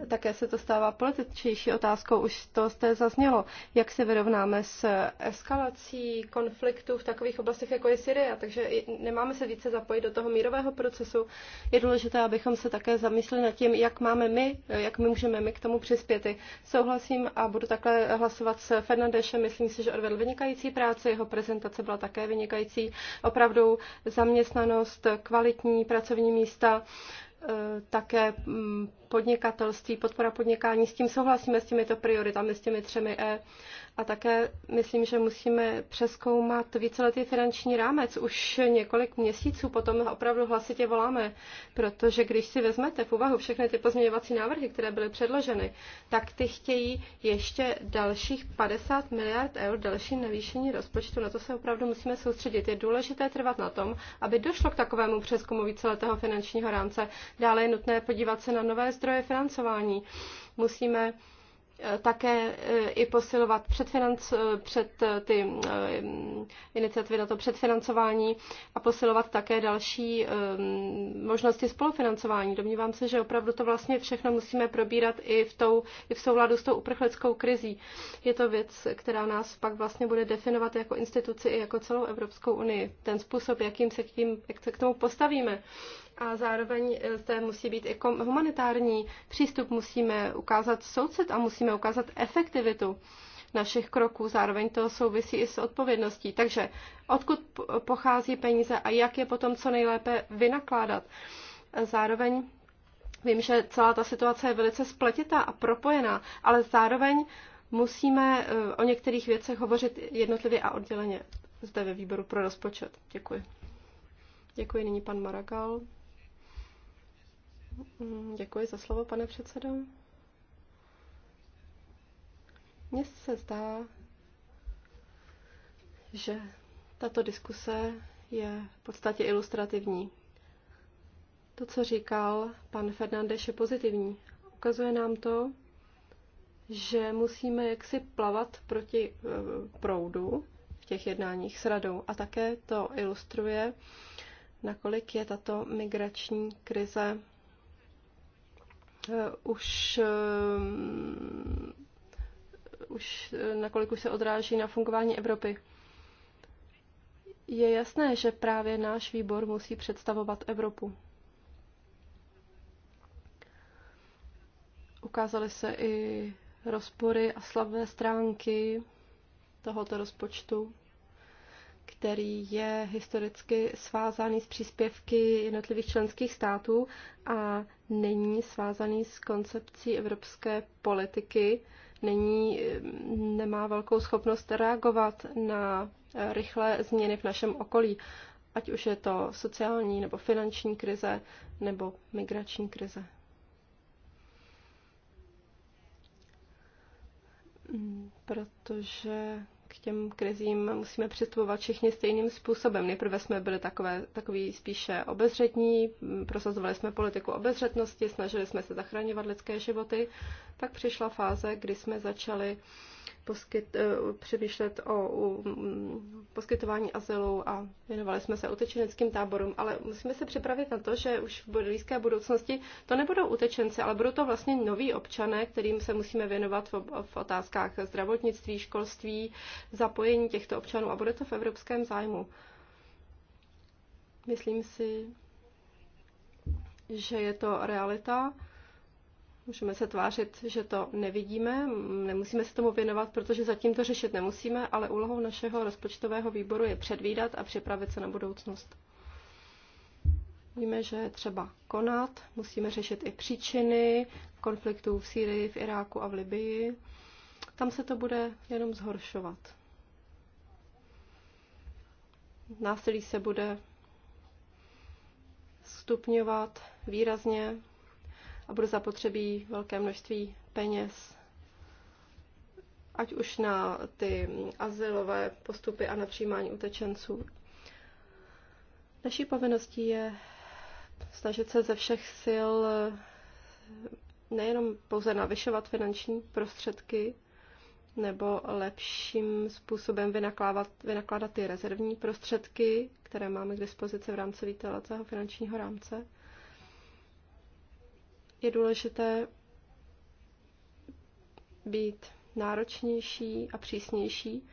B: také se to stává političtější otázkou, už to jste zaznělo, jak se vyrovnáme s eskalací konfliktů v takových oblastech, jako je Syrie, takže nemáme se více zapojit do toho mírového procesu. Je důležité, abychom se také zamysleli nad tím, jak máme my, jak my můžeme my k tomu přispět. Souhlasím a budu takhle hlasovat s Fernandešem, myslím si, že odvedl vynikající práci, jeho prezentace byla také vynikající, opravdu zaměstnanost, kvalitní pracovní místa, také mm, podnikatelství, podpora podnikání, s tím souhlasíme, s těmito prioritami, s těmi třemi E. A také myslím, že musíme přeskoumat víceletý finanční rámec. Už několik měsíců potom opravdu hlasitě voláme, protože když si vezmete v úvahu všechny ty pozměňovací návrhy, které byly předloženy, tak ty chtějí ještě dalších 50 miliard eur další navýšení rozpočtu. Na to se opravdu musíme soustředit. Je důležité trvat na tom, aby došlo k takovému přeskumu víceletého finančního rámce. Dále je nutné podívat se na nové zdroje financování. Musíme také e, i posilovat předfinanc, e, před e, ty iniciativy na to předfinancování a posilovat také další možnosti spolufinancování. Domnívám se, že opravdu to vlastně všechno musíme probírat i v, tou, i v souladu s tou uprchleckou krizí. Je to věc, která nás pak vlastně bude definovat jako instituci i jako celou Evropskou unii. Ten způsob, jakým se k, tím, jak se k tomu postavíme a zároveň e, zde musí být i humanitární přístup. Musíme ukázat soucit a musíme ukázat efektivitu našich kroků. Zároveň to souvisí i s odpovědností. Takže odkud pochází peníze a jak je potom co nejlépe vynakládat. E, zároveň vím, že celá ta situace je velice spletitá a propojená, ale zároveň musíme e, o některých věcech hovořit jednotlivě a odděleně zde ve výboru pro rozpočet. Děkuji. Děkuji nyní pan Maragal. Mm, děkuji za slovo, pane předsedo. Mně se zdá, že tato diskuse je v podstatě ilustrativní. To, co říkal pan Fernandeš, je pozitivní. Ukazuje nám to, že musíme jaksi plavat proti e, proudu v těch jednáních s radou. A také to ilustruje, nakolik je tato migrační krize Eh, už eh, už eh, nakolik už se odráží na fungování Evropy. Je jasné, že právě náš výbor musí představovat Evropu. Ukázaly se i rozpory a slabé stránky tohoto rozpočtu který je historicky svázaný s příspěvky jednotlivých členských států a není svázaný s koncepcí evropské politiky, není, nemá velkou schopnost reagovat na rychlé změny v našem okolí, ať už je to sociální nebo finanční krize nebo migrační krize. Hmm, protože k těm krizím musíme přistupovat všichni stejným způsobem. Nejprve jsme byli takové, takový spíše obezřetní, prosazovali jsme politiku obezřetnosti, snažili jsme se zachraňovat lidské životy. Tak přišla fáze, kdy jsme začali uh, poskyt, eh, přemýšlet o mm, poskytování azylu a věnovali jsme se utečeneckým táborům, ale musíme se připravit na to, že už v blízké budoucnosti to nebudou utečenci, ale budou to vlastně noví občané, kterým se musíme věnovat v, v otázkách zdravotnictví, školství, zapojení těchto občanů a bude to v evropském zájmu. Myslím si, že je to realita Můžeme se tvářit, že to nevidíme, nemusíme se tomu věnovat, protože zatím to řešit nemusíme, ale úlohou našeho rozpočtového výboru je předvídat a připravit se na budoucnost. Víme, že je třeba konat, musíme řešit i příčiny konfliktů v Sýrii, v Iráku a v Libii. Tam se to bude jenom zhoršovat. Násilí se bude stupňovat výrazně, a bude zapotřebí velké množství peněz, ať už na ty asilové postupy a na přijímání utečenců. Naší povinností je snažit se ze všech sil eh, nejenom pouze navyšovat finanční prostředky, nebo lepším způsobem vynakládat, vynakládat ty rezervní prostředky, které máme k dispozici v rámci víteletého finančního rámce, je důležité být náročnější a přísnější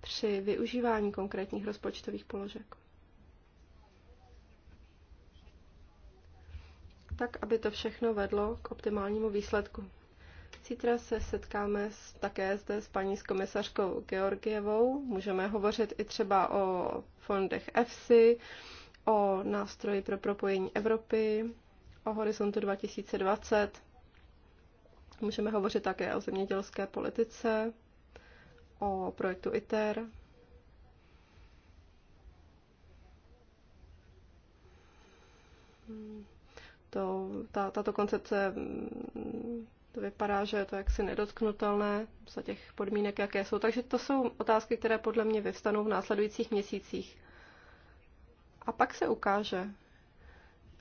B: při využívání konkrétních rozpočtových položek. Tak, aby to všechno vedlo k optimálnímu výsledku. Zítra se setkáme s, také zde s paní s komisařkou Georgievou. Můžeme hovořit i třeba o fondech EFSI, o nástroji pro propojení Evropy, o horizontu 2020. Můžeme hovořit také o zemědělské politice, o projektu ITER. To, ta, tato koncepce to vypadá, že je to jaksi nedotknutelné za těch podmínek, jaké jsou. Takže to jsou otázky, které podle mě vyvstanou v následujících měsících. A pak se ukáže,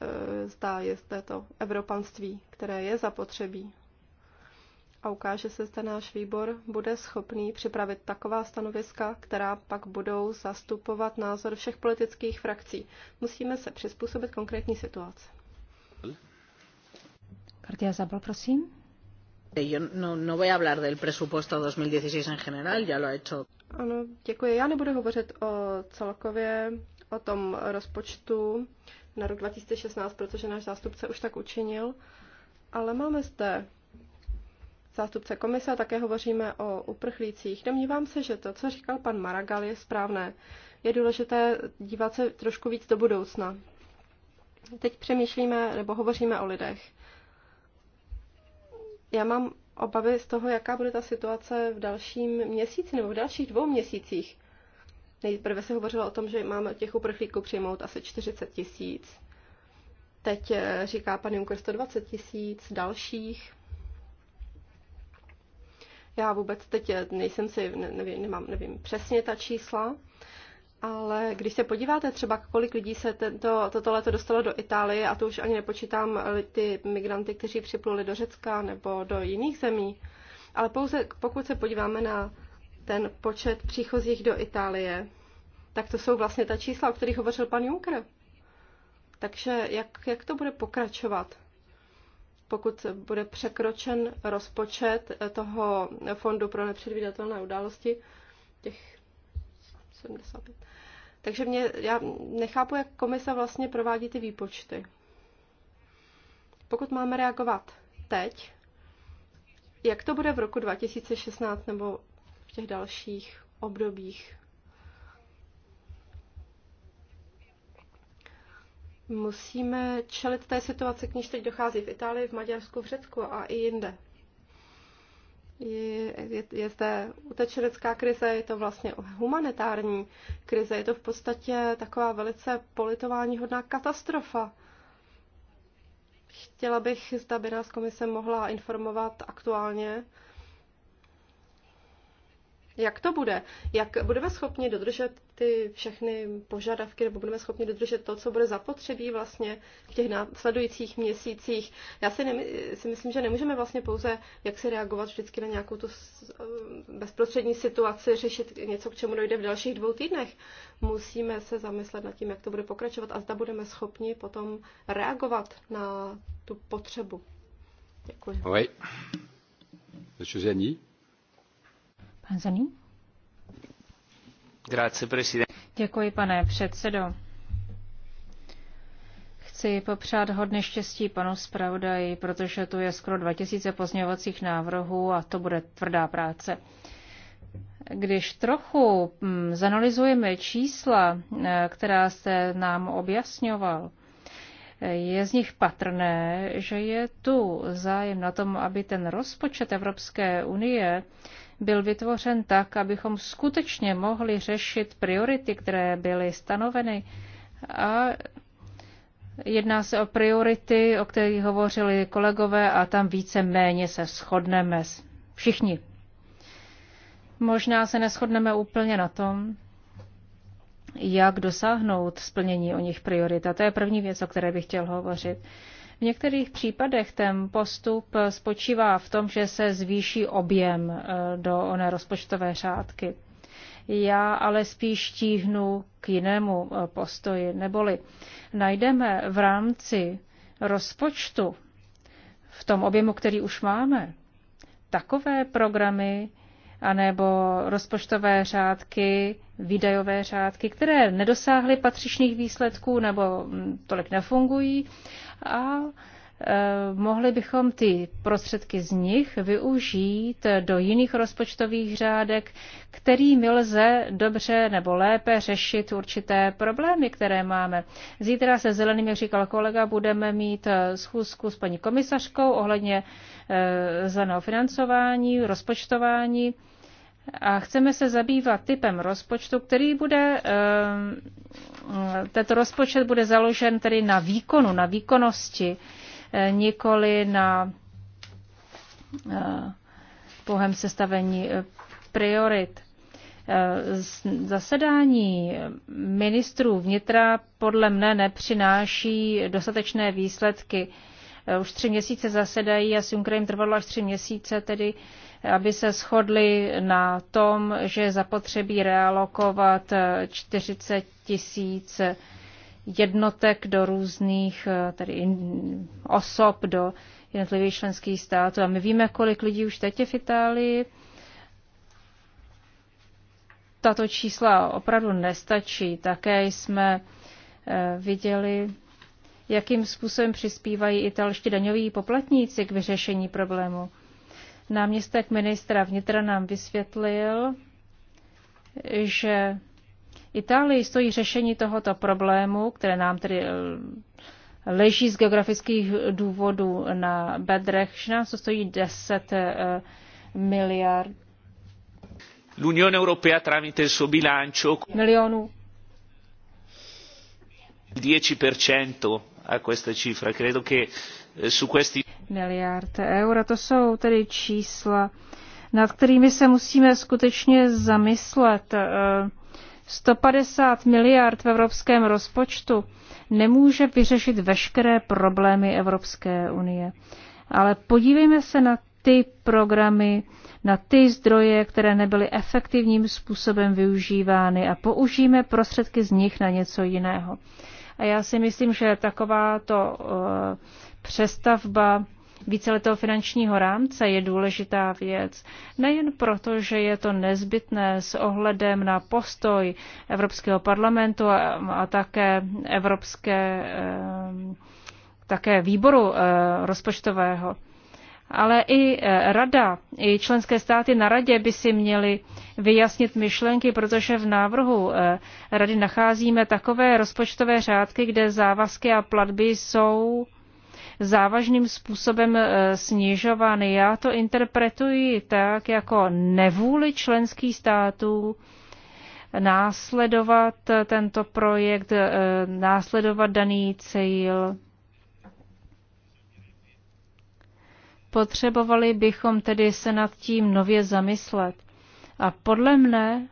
B: Eh, zdá je zde to evropanství, které je zapotřebí. A ukáže se, zda náš výbor bude schopný připravit taková stanoviska, která pak budou zastupovat názor všech politických frakcí. Musíme se přizpůsobit konkrétní situaci.
C: Partia Zabal, prosím. Eh, yo no, no voy a hablar del presupuesto 2016 en general, ya lo ha hecho.
B: Ano, děkuji. Já nebudu hovořit o celkově o tom rozpočtu na rok 2016, protože náš zástupce už tak učinil. Ale máme zde zástupce komise a také hovoříme o uprchlících. Domnívám se, že to, co říkal pan Maragal, je správné. Je důležité dívat se trošku víc do budoucna. Teď přemýšlíme nebo hovoříme o lidech. Já mám obavy z toho, jaká bude ta situace v dalším měsíci nebo v dalších dvou měsících. Nejprve se hovořilo o tom, že máme těch uprchlíků přijmout asi 40 tisíc. Teď eh, říká pan Juncker 120 tisíc dalších. Já vůbec teď eh, nejsem si, nevím, nemám, nevím přesně ta čísla, ale když se podíváte třeba, kolik lidí se tento, toto leto dostalo do Itálie, a to už ani nepočítám eh, ty migranty, kteří připluli do Řecka nebo do jiných zemí, ale pouze pokud se podíváme na ten počet příchozích do Itálie, tak to jsou vlastně ta čísla, o kterých hovořil pan Juncker. Takže jak, jak to bude pokračovat? Pokud bude překročen rozpočet toho fondu pro nepředvídatelné události, těch 75. Takže mě, já nechápu, jak komise vlastně provádí ty výpočty. Pokud máme reagovat teď, jak to bude v roku 2016 nebo v těch dalších obdobích. Musíme čelit té situaci, k níž teď dochází v Itálii, v Maďarsku, v Řecku a i jinde. Je, je, je zde utečenecká krize, je to vlastně humanitární krize, je to v podstatě taková velice politováníhodná katastrofa. Chtěla bych, zda by nás komise mohla informovat aktuálně jak to bude, jak budeme schopni dodržet ty všechny požadavky, nebo budeme schopni dodržet to, co bude zapotřebí vlastně v těch následujících měsících. Já si, nemy, si myslím, že nemůžeme vlastně pouze jak si reagovat vždycky na nějakou tu bezprostřední situaci, řešit něco, k čemu dojde v dalších dvou týdnech. Musíme se zamyslet nad tím, jak to bude pokračovat a zda budeme schopni potom reagovat na tu potřebu. Děkuji. Oui. Monsieur Zani.
C: Děkuji, pane předsedo. Chci popřát hodně štěstí panu zpravodaji, protože tu je skoro 2000 pozměňovacích návrhů a to bude tvrdá práce. Když trochu mm, zanalizujeme čísla, eh, která jste nám objasňoval, je z nich patrné, že je tu zájem na tom, aby ten rozpočet Evropské unie byl vytvořen tak, abychom skutečně mohli řešit priority, které byly stanoveny. A jedná se o priority, o kterých hovořili kolegové a tam více méně se shodneme všichni. Možná se neschodneme úplně na tom, jak dosáhnout splnění o nich priorit. A to je první věc, o které bych chtěl hovořit. V některých případech ten postup spočívá v tom, že se zvýší objem eh, do oné rozpočtové řádky. Já ale spíš tíhnu k jinému eh, postoji, neboli najdeme v rámci rozpočtu v tom objemu, který už máme, takové programy anebo rozpočtové řádky, výdajové řádky, které nedosáhly patřičných výsledků nebo mm, tolik nefungují a e, mohli bychom ty prostředky z nich využít do jiných rozpočtových řádek, kterými lze dobře nebo lépe řešit určité problémy, které máme. Zítra se zeleným, jak říkal kolega, budeme mít e, schůzku s paní komisařkou ohledně e, zeleného financování, rozpočtování a chceme se zabývat typem rozpočtu, který bude, eh, tento rozpočet bude založen tedy na výkonu, na výkonnosti, eh, nikoli na eh, pohem sestavení priorit. Zasedání ministrů vnitra podle mne nepřináší dostatečné výsledky. Už tři měsíce zasedají a s Junckerem trvalo až tři měsíce, tedy aby se shodli na tom, že zapotřebí realokovat 40 tisíc jednotek do různých eh, tedy osob, do jednotlivých členských států. A my víme, kolik lidí už teď je v Itálii. Tato čísla opravdu nestačí. Také jsme eh, viděli, jakým způsobem přispívají italští daňoví poplatníci k vyřešení problému. Náměstek ministra vnitra nám vysvětlil, že Itálii stojí řešení tohoto problému, které nám tedy eh, leží z geografických důvodů na bedrech, že nám to stojí 10 eh, miliard. L'Unione
B: Europea tramite il suo bilancio
C: milionů. 10% a questa cifra, credo che eh, su questi miliard eur. A to jsou tedy čísla, nad kterými se musíme skutečně zamyslet. 150 eh, miliard v evropském rozpočtu nemůže vyřešit veškeré problémy Evropské unie. Ale podívejme se na ty programy, na ty zdroje, které nebyly efektivním způsobem využívány a použijeme prostředky z nich na něco jiného. A já si myslím, že takováto eh, přestavba víceletého finančního rámce je důležitá věc. Nejen proto, že je to nezbytné s ohledem na postoj Evropského parlamentu a, a také Evropské eh, také výboru eh, rozpočtového, ale i eh, rada, i členské státy na radě by si měly vyjasnit myšlenky, protože v návrhu rady nacházíme takové rozpočtové řádky, kde závazky a platby jsou závažným způsobem eh, snižovány. Já to interpretuji tak jako nevůli členských států následovat eh, tento projekt, eh, následovat daný cíl. Potřebovali bychom tedy se nad tím nově zamyslet. A podle mne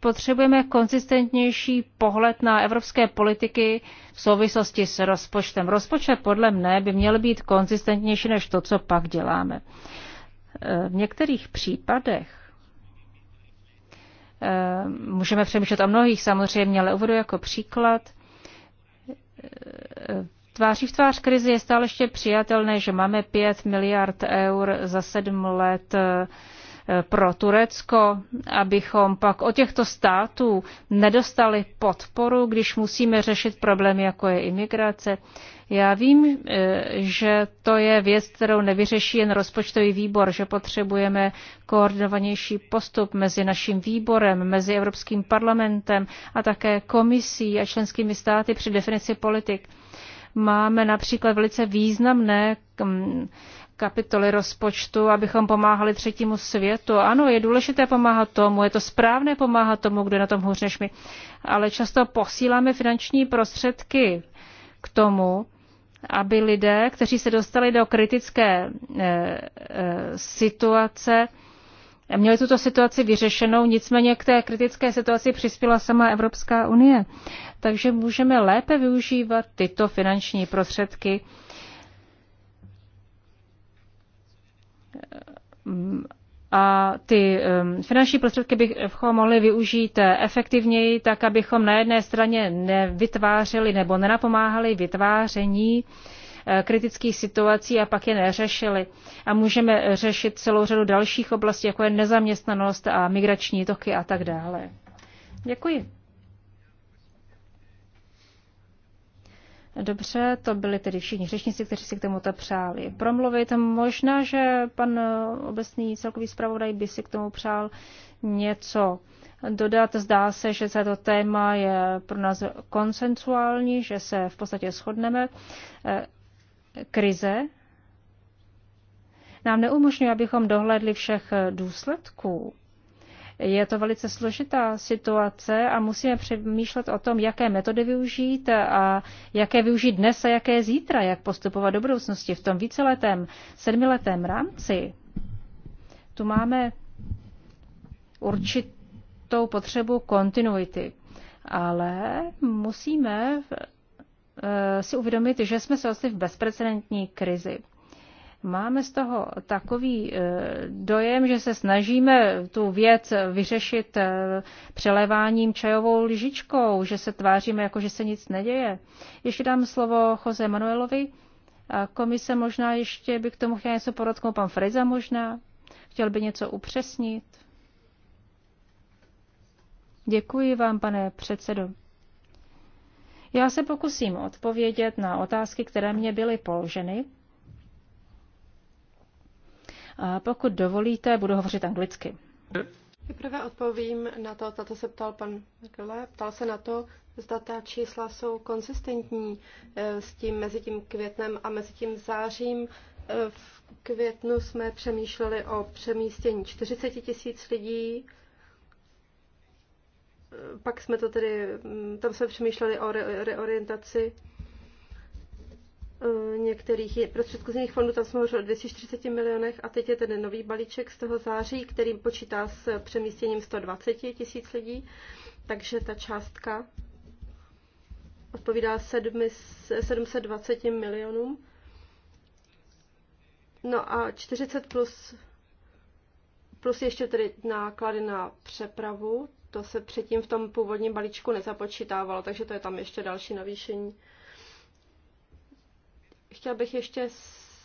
C: potřebujeme konzistentnější pohled na evropské politiky v souvislosti s rozpočtem. Rozpočet podle mne by měl být konzistentnější než to, co pak děláme. E, v některých případech e, můžeme přemýšlet o mnohých samozřejmě, ale uvedu jako příklad. E, tváří v tvář krizi je stále ještě přijatelné, že máme 5 miliard eur za sedm let pro Turecko, abychom pak o těchto států nedostali podporu, když musíme řešit problémy, jako je imigrace. Já vím, eh, že to je věc, kterou nevyřeší jen rozpočtový výbor, že potřebujeme koordinovanější postup mezi naším výborem, mezi Evropským parlamentem a také komisí a členskými státy při definici politik máme například velice významné mm, kapitoly rozpočtu, abychom pomáhali třetímu světu. Ano, je důležité pomáhat tomu, je to správné pomáhat tomu, kdo je na tom hůř než my, ale často posíláme finanční prostředky k tomu, aby lidé, kteří se dostali do kritické e, e, situace, měli tuto situaci vyřešenou, nicméně k té kritické situaci přispěla sama Evropská unie. Takže můžeme lépe využívat tyto finanční prostředky, a ty finanční prostředky bychom mohli využít efektivněji, tak abychom na jedné straně nevytvářeli nebo nenapomáhali vytváření eh, kritických situací a pak je neřešili. A můžeme řešit celou řadu dalších oblastí, jako je nezaměstnanost a migrační toky a tak dále. Děkuji. Dobře, to byli tedy všichni řečníci, kteří si k tomu to přáli promluvit. Možná, že pan obecný celkový zpravodaj by si k tomu přál něco dodat. Zdá se, že to téma je pro nás konsensuální, že se v podstatě shodneme. Eh, krize nám neumožňuje, abychom dohledli všech důsledků je to velice složitá situace a musíme přemýšlet o tom, jaké metody využít a jaké využít dnes a jaké zítra, jak postupovat do budoucnosti. V tom víceletém, sedmiletém rámci tu máme určitou potřebu kontinuity. Ale musíme eh, si uvědomit, že jsme se ostali v bezprecedentní krizi. Máme z toho takový eh, dojem, že se snažíme tu věc vyřešit eh, přeleváním čajovou lžičkou, že se tváříme, jako že se nic neděje. Ještě dám slovo Jose Manuelovi. Komise možná ještě by k tomu chtěla něco podotknout, pan Freza možná. Chtěl by něco upřesnit. Děkuji vám, pane předsedo. Já se pokusím odpovědět na otázky, které mě byly položeny pokud dovolíte, budu hovořit anglicky.
B: Nejprve odpovím na to, na to se ptal pan Merkele. Ptal se na to, zda ta čísla jsou konsistentní eh, s tím mezi tím květnem a mezi tím zářím. Eh, v květnu jsme přemýšleli o přemístění 40 tisíc lidí, eh, pak jsme to tedy, mm, tam jsme přemýšleli o reorientaci Eh, některých prostředků z jiných fondů, tam jsme hovořili o 240 milionech a teď je ten nový balíček z toho září, který počítá s přemístěním 120 tisíc lidí, takže ta částka odpovídá 720 milionům. No a 40 plus, plus ještě tedy náklady na přepravu, to se předtím v tom původním balíčku nezapočítávalo, takže to je tam ještě další navýšení chtěl bych ještě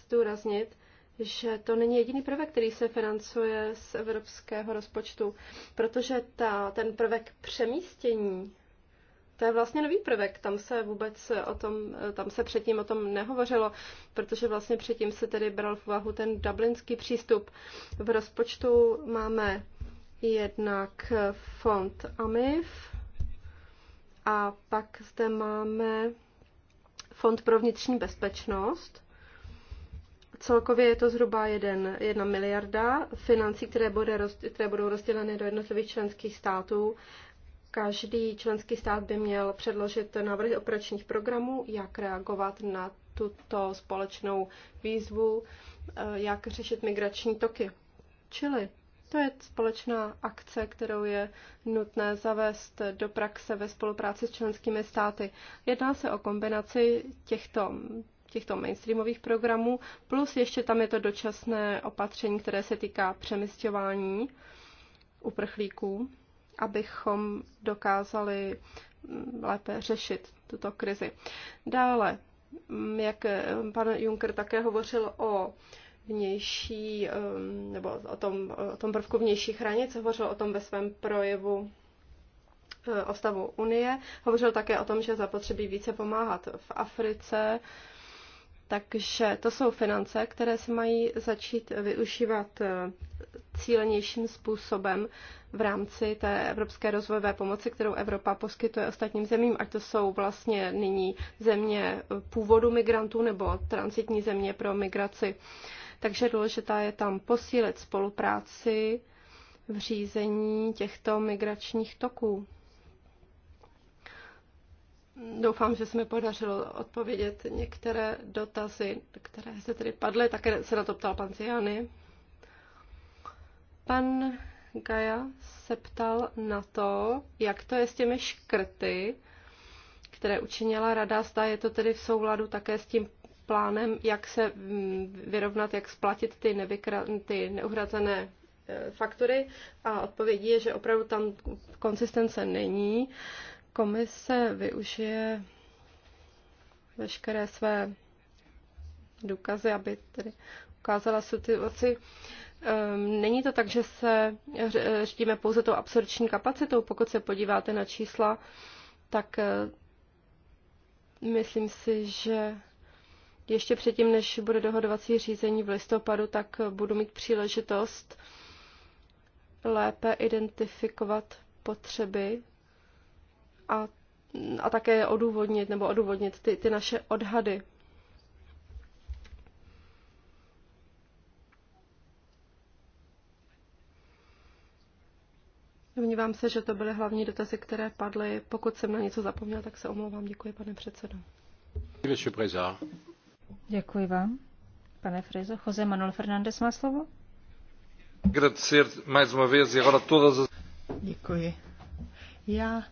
B: zdůraznit, že to není jediný prvek, který se financuje z evropského rozpočtu, protože ta, ten prvek přemístění, to je vlastně nový prvek, tam se vůbec o tom, tam se předtím o tom nehovořilo, protože vlastně předtím se tedy bral v úvahu ten dublinský přístup. V rozpočtu máme jednak fond AMIF a pak zde máme Fond pro vnitřní bezpečnost. Celkově je to zhruba 1 jedna miliarda financí, které, bude, které budou rozděleny do jednotlivých členských států. Každý členský stát by měl předložit návrhy operačních programů, jak reagovat na tuto společnou výzvu, eh, jak řešit migrační toky. Čili to je společná akce, kterou je nutné zavést do praxe ve spolupráci s členskými státy. Jedná se o kombinaci těchto těchto mainstreamových programů, plus ještě tam je to dočasné opatření, které se týká přemysťování uprchlíků, abychom dokázali mm, lépe řešit tuto krizi. Dále, mm, jak pan Juncker také hovořil o vnější, um, nebo o tom, o tom prvku vnějších hranic, hovořil o tom ve svém projevu uh, o stavu Unie. Hovořil také o tom, že zapotřebí více pomáhat v Africe, takže to jsou finance, které se mají začít využívat uh, cílenějším způsobem v rámci té evropské rozvojové pomoci, kterou Evropa poskytuje ostatním zemím, ať to jsou vlastně nyní země původu migrantů nebo transitní země pro migraci takže důležitá je tam posílit spolupráci v řízení těchto migračních toků. Doufám, že se mi podařilo odpovědět některé dotazy, které se tedy padly. Také se na to ptal pan Ciany. Pan Gaja se ptal na to, jak to je s těmi škrty, které učinila rada, zda je to tedy v souladu také s tím plánem, jak se mm, vyrovnat, jak splatit ty, nevykra- ty neuhrazené e, faktury a odpovědí je, že opravdu tam konsistence není. Komise využije veškeré své důkazy, aby tedy ukázala situaci. Ehm, není to tak, že se řídíme pouze tou absorční kapacitou. Pokud se podíváte na čísla, tak e, myslím si, že ještě předtím, než bude dohodovací řízení v listopadu, tak budu mít příležitost lépe identifikovat potřeby a, a také odůvodnit nebo odůvodnit ty, ty naše odhady. Domnívám se, že to byly hlavní dotazy, které padly. Pokud jsem na něco zapomněl, tak se omlouvám. Děkuji,
C: pane předsedo. Děkuji, Děkuji vám. Pane Frizo, Jose Manuel Fernández má slovo.
B: E
A: děkuji. Já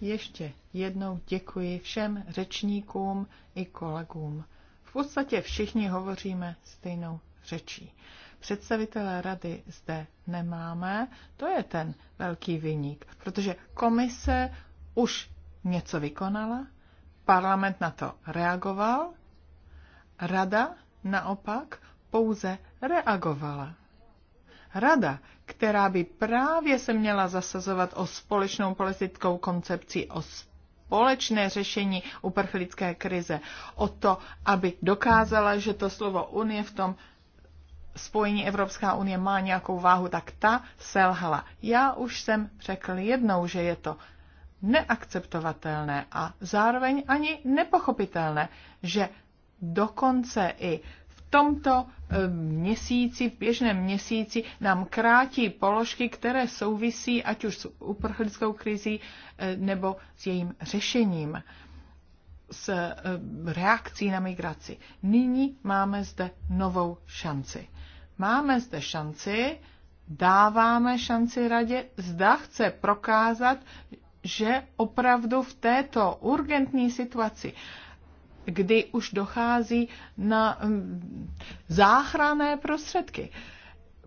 A: ještě jednou děkuji všem řečníkům i kolegům. V podstatě všichni hovoříme stejnou řečí. Představitelé rady zde nemáme, to je ten velký vyník, protože komise už něco vykonala, parlament na to reagoval Rada naopak pouze reagovala. Rada, která by právě se měla zasazovat o společnou politickou koncepci, o společné řešení uprchlické krize, o to, aby dokázala, že to slovo Unie v tom spojení Evropská unie má nějakou váhu, tak ta selhala. Já už jsem řekl jednou, že je to neakceptovatelné a zároveň ani nepochopitelné, že dokonce i v tomto eh, měsíci, v běžném měsíci, nám krátí položky, které souvisí ať už s uprchlickou krizí eh, nebo s jejím řešením, s eh, reakcí na migraci. Nyní máme zde novou šanci. Máme zde šanci, dáváme šanci radě, zda chce prokázat, že opravdu v této urgentní situaci kdy už dochází na mm, záchranné prostředky.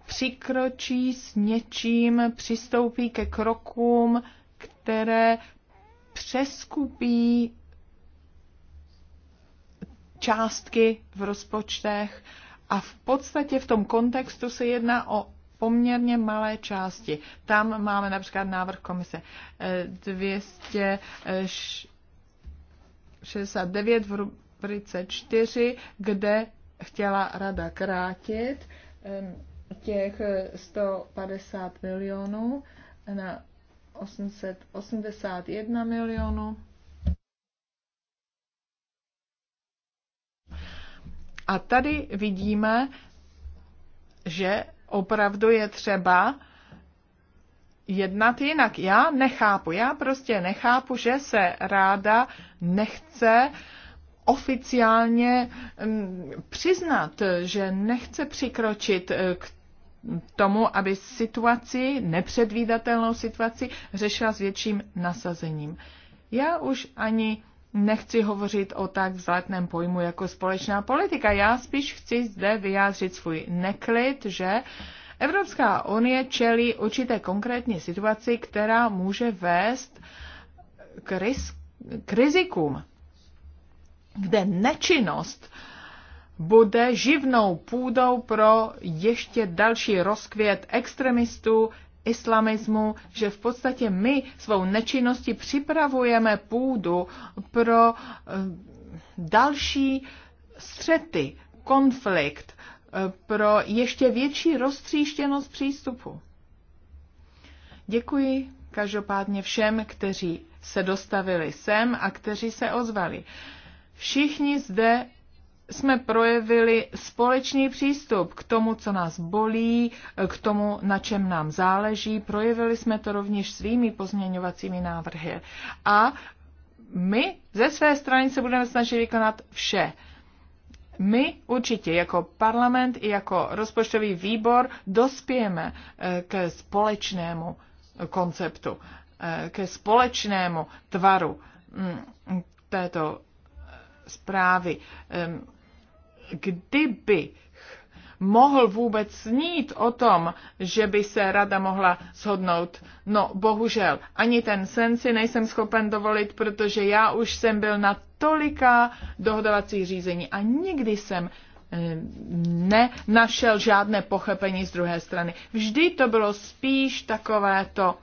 A: Přikročí s něčím, přistoupí ke krokům, které přeskupí částky v rozpočtech a v podstatě v tom kontextu se jedná o poměrně malé části. Tam máme například návrh komise 200 eh, 69 v rubrice 4, kde chtěla rada krátit těch 150 milionů na 881 milionů. A tady vidíme, že opravdu je třeba jednat jinak. Já nechápu, já prostě nechápu, že se ráda nechce oficiálně mm, přiznat, že nechce přikročit eh, k tomu, aby situaci, nepředvídatelnou situaci, řešila s větším nasazením. Já už ani nechci hovořit o tak vzletném pojmu jako společná politika. Já spíš chci zde vyjádřit svůj neklid, že uh, Evropská unie čelí určité konkrétní situaci, která může vést k, ris- k rizikům, kde nečinnost bude živnou půdou pro ještě další rozkvět extremistů, islamismu, že v podstatě my svou nečinností připravujeme půdu pro eh, další střety, konflikt, pro ještě větší roztříštěnost přístupu. Děkuji každopádně všem, kteří se dostavili sem a kteří se ozvali. Všichni zde jsme projevili společný přístup k tomu, co nás bolí, k tomu, na čem nám záleží. Projevili jsme to rovněž svými pozměňovacími návrhy. A my ze své strany se budeme snažit vykonat vše my určitě jako parlament i jako rozpočtový výbor dospějeme eh, ke společnému eh, konceptu, eh, ke společnému tvaru mm, této zprávy. Kdyby mohl vůbec snít o tom, že by se rada mohla shodnout. No, bohužel, ani ten sen si nejsem schopen dovolit, protože já už jsem byl na tolika dohodovacích řízení a nikdy jsem eh, nenašel žádné pochopení z druhé strany. Vždy to bylo spíš takové to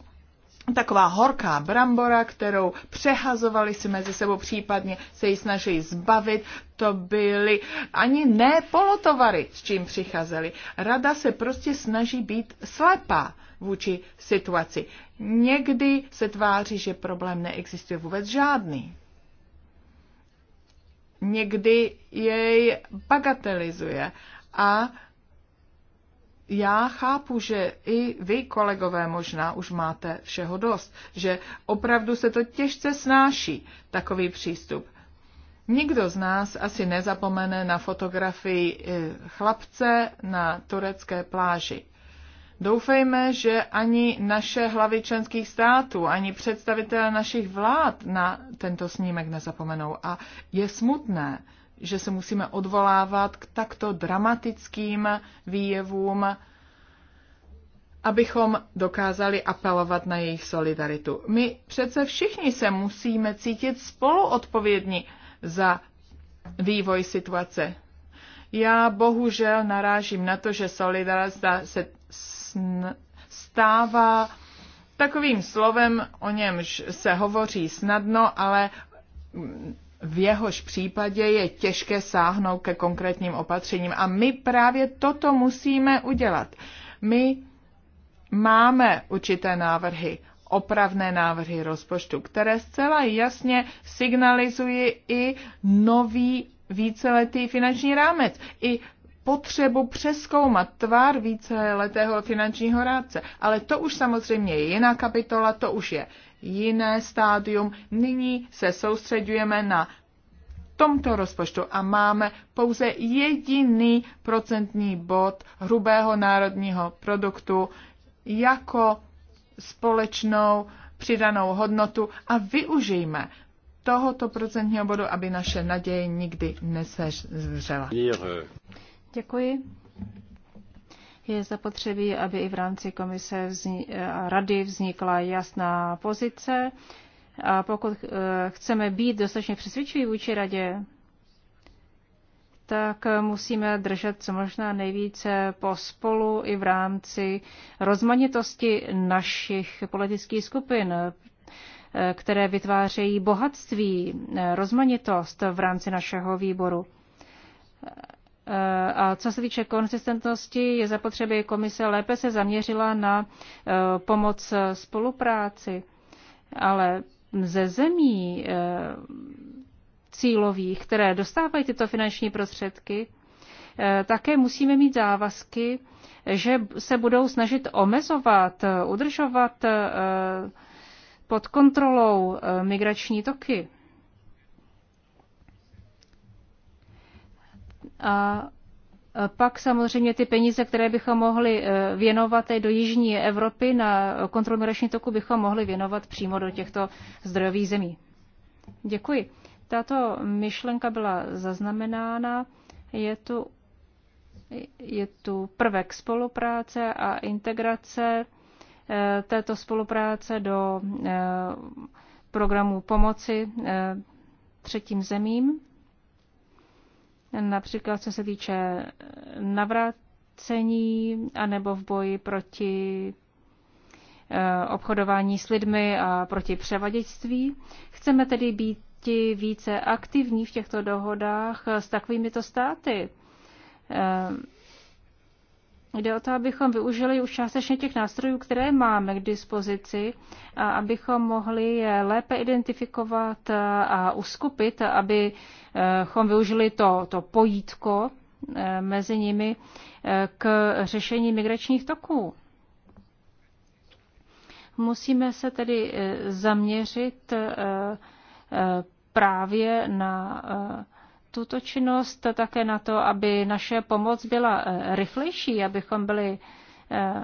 A: taková horká brambora, kterou přehazovali si mezi sebou, případně se ji snažili zbavit. To byly ani ne polotovary, s čím přicházeli. Rada se prostě snaží být slepá vůči situaci. Někdy se tváří, že problém neexistuje vůbec žádný. Někdy jej bagatelizuje a já chápu, že i vy, kolegové, možná už máte všeho dost, že opravdu se to těžce snáší, takový přístup. Nikdo z nás asi nezapomene na fotografii eh, chlapce na turecké pláži. Doufejme, že ani naše hlavy členských států, ani představitelé našich vlád na tento snímek nezapomenou. A je smutné, že se musíme odvolávat k takto dramatickým výjevům, abychom dokázali apelovat na jejich solidaritu. My přece všichni se musíme cítit spoluodpovědní za vývoj situace. Já bohužel narážím na to, že solidarita se stává takovým slovem, o němž se hovoří snadno, ale v jehož případě je těžké sáhnout ke konkrétním opatřením. A my právě toto musíme udělat. My máme určité návrhy, opravné návrhy rozpočtu, které zcela jasně signalizují i nový víceletý finanční rámec. I potřebu přeskoumat tvár víceletého finančního rádce. Ale to už samozřejmě je jiná kapitola, to už je jiné stádium. Nyní se soustředujeme na tomto rozpočtu a máme pouze jediný procentní bod hrubého národního produktu jako společnou přidanou hodnotu a využijme tohoto procentního bodu, aby naše naděje nikdy nesežřela. Děkuji
C: je zapotřebí, aby i v rámci komise a rady vznikla jasná pozice. A pokud eh, chceme být dostatečně přesvědčiví vůči radě, tak eh, musíme držet co možná nejvíce pospolu i v rámci rozmanitosti našich politických skupin, eh, které vytvářejí bohatství, rozmanitost v rámci našeho výboru. A co se týče konsistentnosti, je zapotřebí komise lépe se zaměřila na eh, pomoc spolupráci, ale ze zemí eh, cílových, které dostávají tyto finanční prostředky, eh, také musíme mít závazky, že se budou snažit omezovat, udržovat pod kontrolou migrační toky. A pak samozřejmě ty peníze, které bychom mohli e, věnovat do Jižní Evropy na kontrolu migračního toku, bychom mohli věnovat přímo do těchto zdrojových zemí. Děkuji. Tato myšlenka byla zaznamenána. Je tu, je tu prvek spolupráce a integrace e, této spolupráce do e, programu pomoci třetím zemím například co se týče navrácení anebo v boji proti eh, obchodování s lidmi a proti převaděčství. Chceme tedy být více aktivní v těchto dohodách s takovýmito státy eh, Jde o to, abychom využili už částečně těch nástrojů, které máme k dispozici, a abychom mohli je lépe identifikovat a uskupit, abychom eh, využili to, to pojítko eh, mezi nimi eh, k řešení migračních toků. Musíme se tedy zaměřit právě na tuto činnost také na to, aby naše pomoc byla eh, rychlejší, abychom byli eh,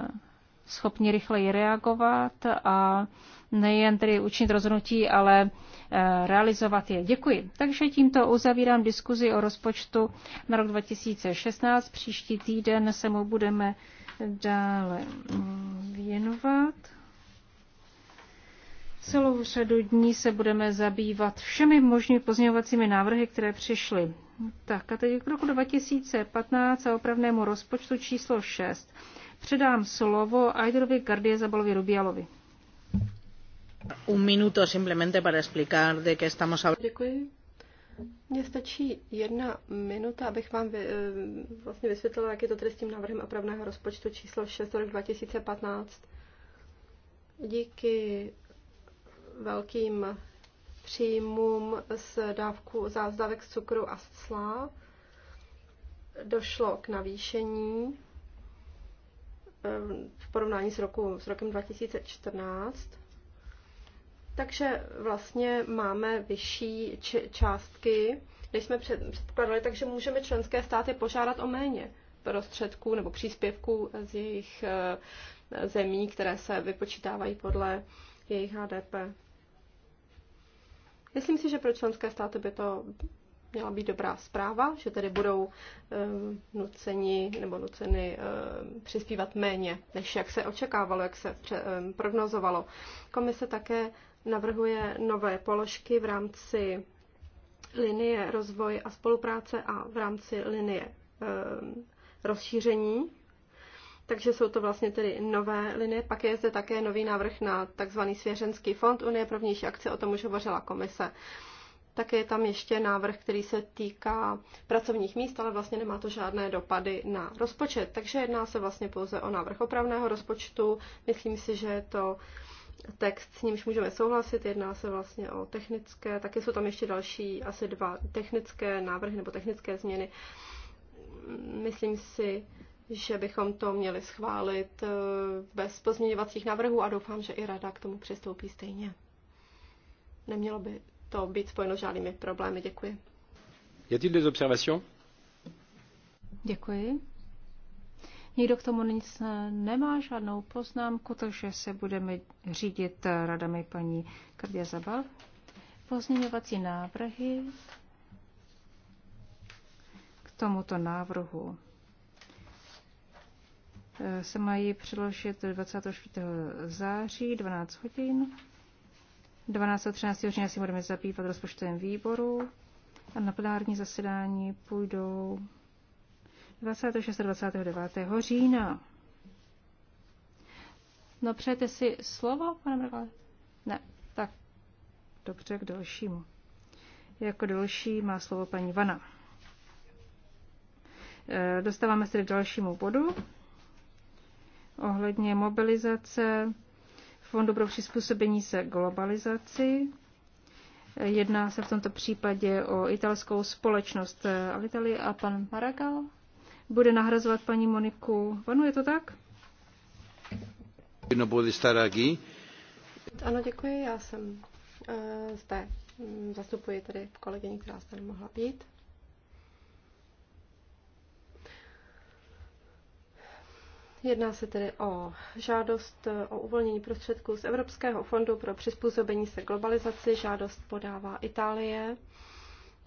C: schopni rychleji reagovat a nejen tedy učinit rozhodnutí, ale eh, realizovat je. Děkuji. Takže tímto uzavírám diskuzi o rozpočtu na rok 2016. Příští týden se mu budeme dále mm, věnovat. Celou řadu dní se budeme zabývat všemi možnými pozměňovacími návrhy, které přišly. Tak a teď k roku 2015 a opravnému rozpočtu číslo 6. Předám slovo Ajdrovi Gardie Zabalovi Rubialovi. Un minuto simplemente para explicar de qué estamos hablando. Děkuji.
B: Mně stačí jedna minuta, abych vám vy, eh, vlastně vysvětlila, jak je to tedy s tím návrhem opravného rozpočtu číslo 6 rok 2015. Díky velkým příjmům z, dávku, zázdavek z cukru a slá Došlo k navýšení eh, v porovnání s, roku, s rokem 2014. Takže vlastně máme vyšší částky, než jsme před, předpokládali, takže můžeme členské státy požádat o méně prostředků nebo příspěvků z jejich eh, zemí, které se vypočítávají podle jejich HDP. Myslím si, že pro členské státy by to měla být dobrá zpráva, že tedy budou um, nuceni nebo nuceny um, přispívat méně, než jak se očekávalo, jak se pře- um, prognozovalo. Komise také navrhuje nové položky v rámci linie rozvoj a spolupráce a v rámci linie um, rozšíření takže jsou to vlastně tedy nové linie. Pak je zde také nový návrh na tzv. svěřenský fond Unie pro vnější akce, o tom už hovořila komise. Také je tam ještě návrh, který se týká pracovních míst, ale vlastně nemá to žádné dopady na rozpočet. Takže jedná se vlastně pouze o návrh opravného rozpočtu. Myslím si, že je to text, s nímž můžeme souhlasit. Jedná se vlastně o technické, Také jsou tam ještě další asi dva technické návrhy nebo technické změny. Myslím si, že bychom to měli schválit eh, bez pozměňovacích návrhů a doufám, že i rada k tomu přistoupí stejně. Nemělo by to být spojeno s žádnými problémy. Děkuji. Je a t des observations?
C: Děkuji. Nikdo k tomu nic eh, nemá, žádnou poznámku, takže se budeme řídit eh, radami paní Kardia Zabal. Pozměňovací návrhy k tomuto návrhu Eh, se mají přiložit 24. září 12 hodin. 12. a 13. hodin si budeme zabývat rozpočtovém výboru a na plenární zasedání půjdou 26. a 29. října. No přejete si slovo, pane Mrkale? Ne, tak dobře k dalšímu. Jako další má slovo paní Vana. Eh, dostáváme se k dalšímu bodu ohledně mobilizace Fondu pro přizpůsobení se globalizaci. Jedná se v tomto případě o italskou společnost eh, Alitali a pan Maragal bude nahrazovat paní Moniku Panu, je to tak?
A: No,
B: ano, děkuji, já jsem eh, zde. Hm, zastupuji tady kolegyni, která zde nemohla být. Jedná se tedy o žádost eh, o uvolnění prostředků z Evropského fondu pro přizpůsobení se globalizaci. Žádost podává Itálie.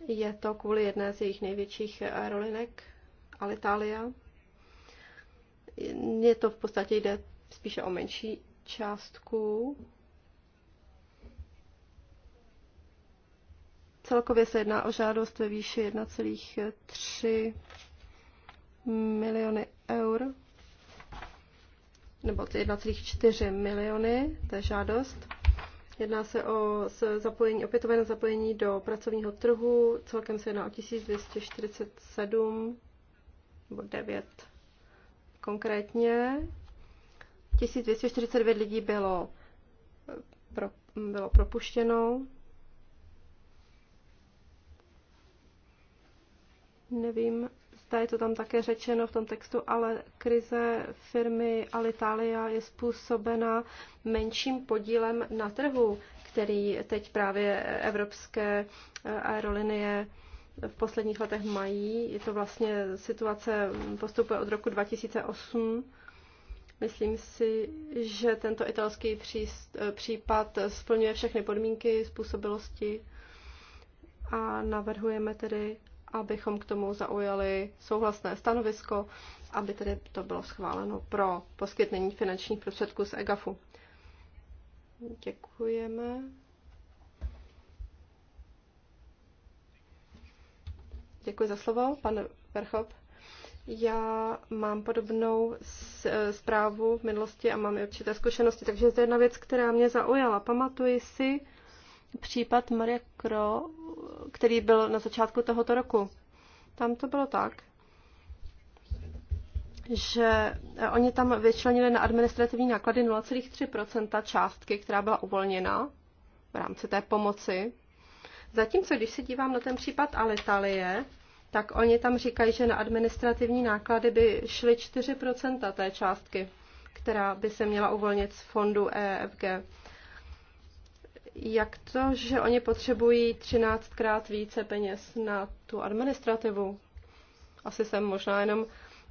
B: Je to kvůli jedné z jejich největších aerolinek, eh, Alitalia. Je to v podstatě jde spíše o menší částku. Celkově se jedná o žádost ve výši 1,3 eh, miliony eur nebo 1,4 miliony, to je žádost. Jedná se o zapojení, opětovné zapojení do pracovního trhu, celkem se jedná o 1247 nebo 9 konkrétně. 1249 lidí bylo, pro, bylo propuštěno. Nevím, ta je to tam také řečeno v tom textu, ale krize firmy Alitalia je způsobena menším podílem na trhu, který teď právě evropské eh, aerolinie v posledních letech mají. Je to vlastně situace postupuje od roku 2008. Myslím si, že tento italský příst, eh, případ splňuje všechny podmínky způsobilosti a navrhujeme tedy abychom k tomu zaujali souhlasné stanovisko, aby tedy to bylo schváleno pro poskytnutí finančních prostředků z EGAFu. Děkujeme. Děkuji za slovo, pan Verchop. Já mám podobnou eh, zprávu v minulosti a mám i určité zkušenosti, takže to je jedna věc, která mě zaujala. Pamatuji si, případ Marie Kro, který byl na začátku tohoto roku. Tam to bylo tak, že eh, oni tam vyčlenili na administrativní náklady 0,3 částky, která byla uvolněna v rámci té pomoci. Zatímco, když se dívám na ten případ Alitalie, tak oni tam říkají, že na administrativní náklady by šly 4 té částky, která by se měla uvolnit z fondu EFG. Jak to, že oni potřebují 13krát více peněz na tu administrativu? Asi jsem možná jenom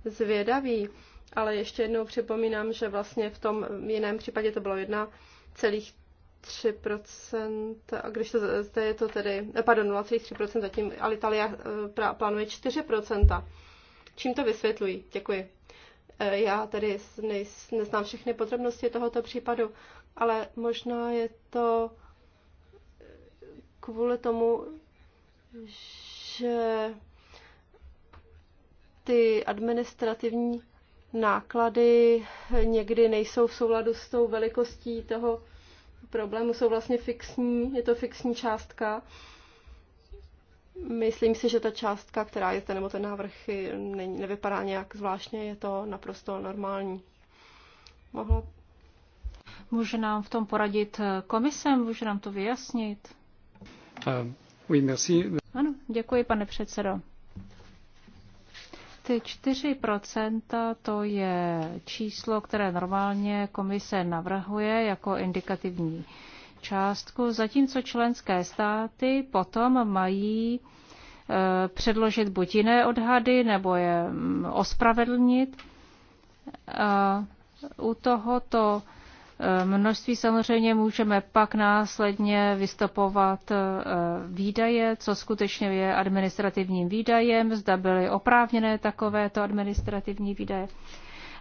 B: zvědavý, ale ještě jednou připomínám, že vlastně v tom jiném případě to bylo 1,3%, a když to zde je to tedy, eh, pardon, 0,3%, zatím Alitalia eh, plánuje 4%. Čím to vysvětlují? Děkuji. Eh, já tedy neznám všechny podrobnosti tohoto případu, ale možná je to kvůli tomu, že ty administrativní náklady někdy nejsou v souladu s tou velikostí toho problému, jsou vlastně fixní, je to fixní částka. Myslím si, že ta částka, která je zde, nebo ten návrh, nevypadá nějak zvláštně, je to naprosto normální. Mohla...
C: Může nám v tom poradit eh, komise, může nám to vyjasnit? Eh, ano, děkuji, pane předsedo. Ty 4% to je číslo, které normálně komise navrhuje jako indikativní částku, zatímco členské státy potom mají eh, předložit buď jiné odhady, nebo je mm, ospravedlnit. A eh, u tohoto množství. Samozřejmě můžeme pak následně vystopovat eh, výdaje, co skutečně je administrativním výdajem, zda byly oprávněné takovéto administrativní výdaje.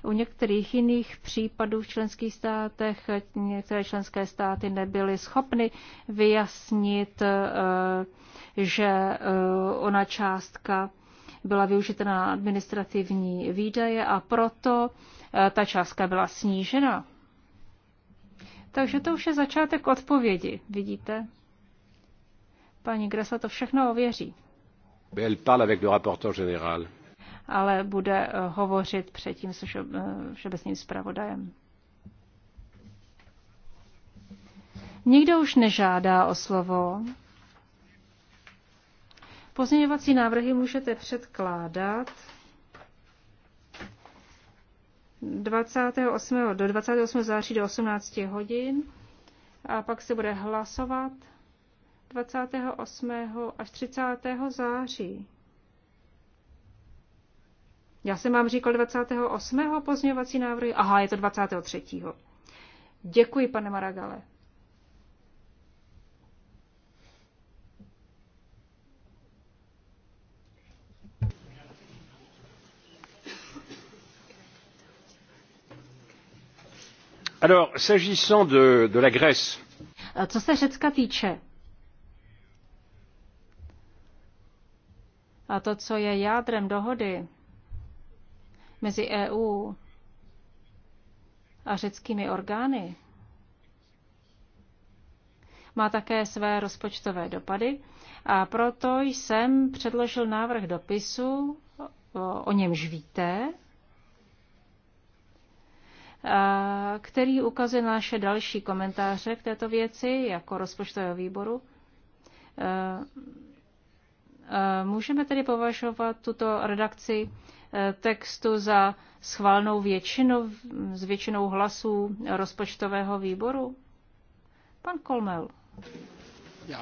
C: U některých jiných případů v členských státech některé členské státy nebyly schopny vyjasnit, eh, že eh, ona částka byla využita na administrativní výdaje a proto ta částka byla snížena. Takže to už je začátek odpovědi, vidíte? Paní Gresa to všechno ověří. Ale bude eh, hovořit předtím se eh, všeobecným zpravodajem. Nikdo už nežádá o slovo. Pozměňovací návrhy můžete předkládat 28. do 28. září do 18 hodin a pak se bude hlasovat 28. až 30. září. Já jsem vám říkal 28. pozměňovací návrhy. Aha, je to 23. Děkuji, pane Maragale.
B: Alors, s'agissant de, de la Grèce.
C: Eh, co se Řecka týče, a to, co je jádrem dohody mezi EU a řeckými orgány, má také své rozpočtové dopady a proto jsem předložil návrh dopisu, o, o němž víte, který ukazuje na naše další komentáře k této věci jako rozpočtového výboru. Můžeme tedy považovat tuto redakci e, textu za schválnou většinou, s většinou hlasů rozpočtového výboru?
A: Pan Kolmel.
C: Ja,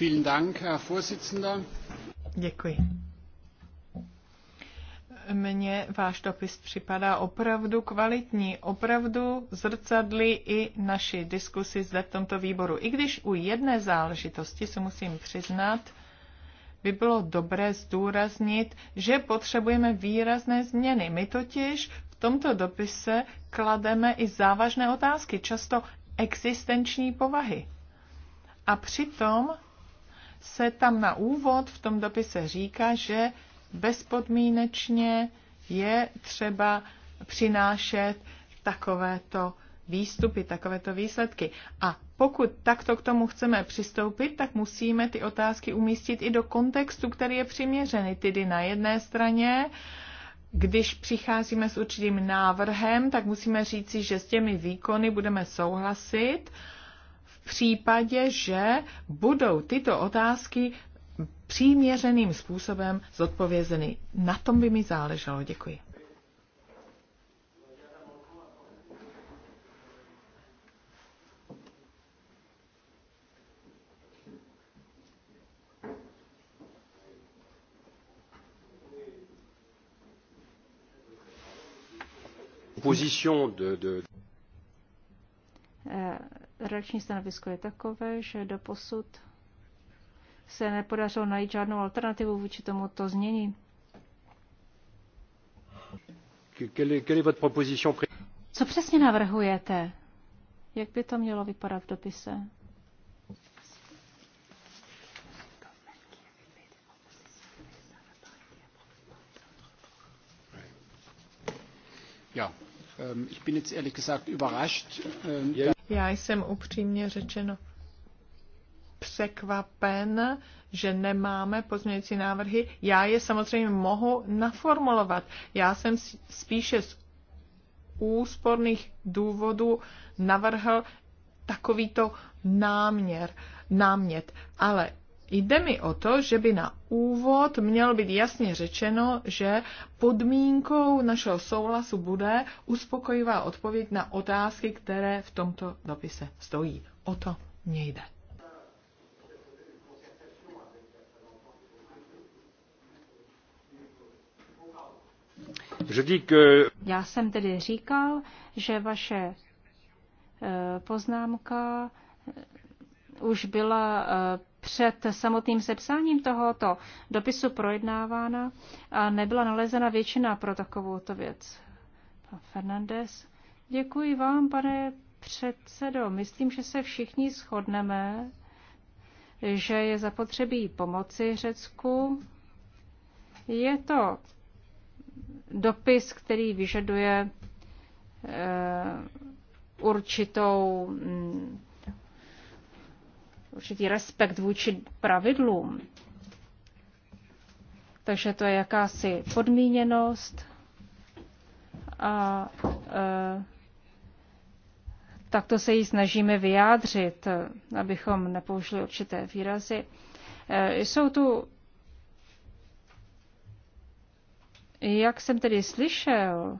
C: vielen Dank, Herr Vorsitzender.
A: Děkuji mně váš dopis připadá opravdu kvalitní, opravdu zrcadlí i naši diskusi zde v tomto výboru. I když u jedné záležitosti se musím přiznat, by bylo dobré zdůraznit, že potřebujeme výrazné změny. My totiž v tomto dopise klademe i závažné otázky, často existenční povahy. A přitom se tam na úvod v tom dopise říká, že bezpodmínečně je třeba přinášet takovéto výstupy, takovéto výsledky. A pokud takto k tomu chceme přistoupit, tak musíme ty otázky umístit i do kontextu, který je přiměřený. Tedy na jedné straně, když přicházíme s určitým návrhem, tak musíme říci, že s těmi výkony budeme souhlasit v případě, že budou tyto otázky příměřeným způsobem zodpovězeny. Na tom by mi záleželo. Děkuji.
B: Position de,
C: eh, Reakční stanovisko je takové, že do posud se nepodařilo najít žádnou alternativu vůči tomuto znění. Co přesně navrhujete? Jak by to mělo vypadat v dopise? Ja, ähm, ich bin jetzt ehrlich gesagt überrascht. Ähm,
A: Já jsem upřímně řečeno překvapen, že nemáme pozměňující návrhy. Já je samozřejmě mohu naformulovat. Já jsem spíše z úsporných důvodů navrhl takovýto náměr, námět. Ale jde mi o to, že by na úvod mělo být jasně řečeno, že podmínkou našeho souhlasu bude uspokojivá odpověď na otázky, které v tomto dopise stojí. O to mě jde. Já
C: jsem tedy říkal, že vaše e, poznámka e, už byla e, před samotným sepsáním tohoto dopisu projednávána a nebyla nalezena většina pro takovouto věc. Pan Fernandez, děkuji vám, pane předsedo. Myslím, že se všichni shodneme, že je zapotřebí pomoci Řecku. Je to dopis, který vyžaduje eh, určitou, mm, určitý respekt vůči pravidlům. Takže to je jakási podmíněnost a e, takto se ji snažíme vyjádřit, abychom nepoužili určité výrazy. E, jsou tu Jak jsem tedy slyšel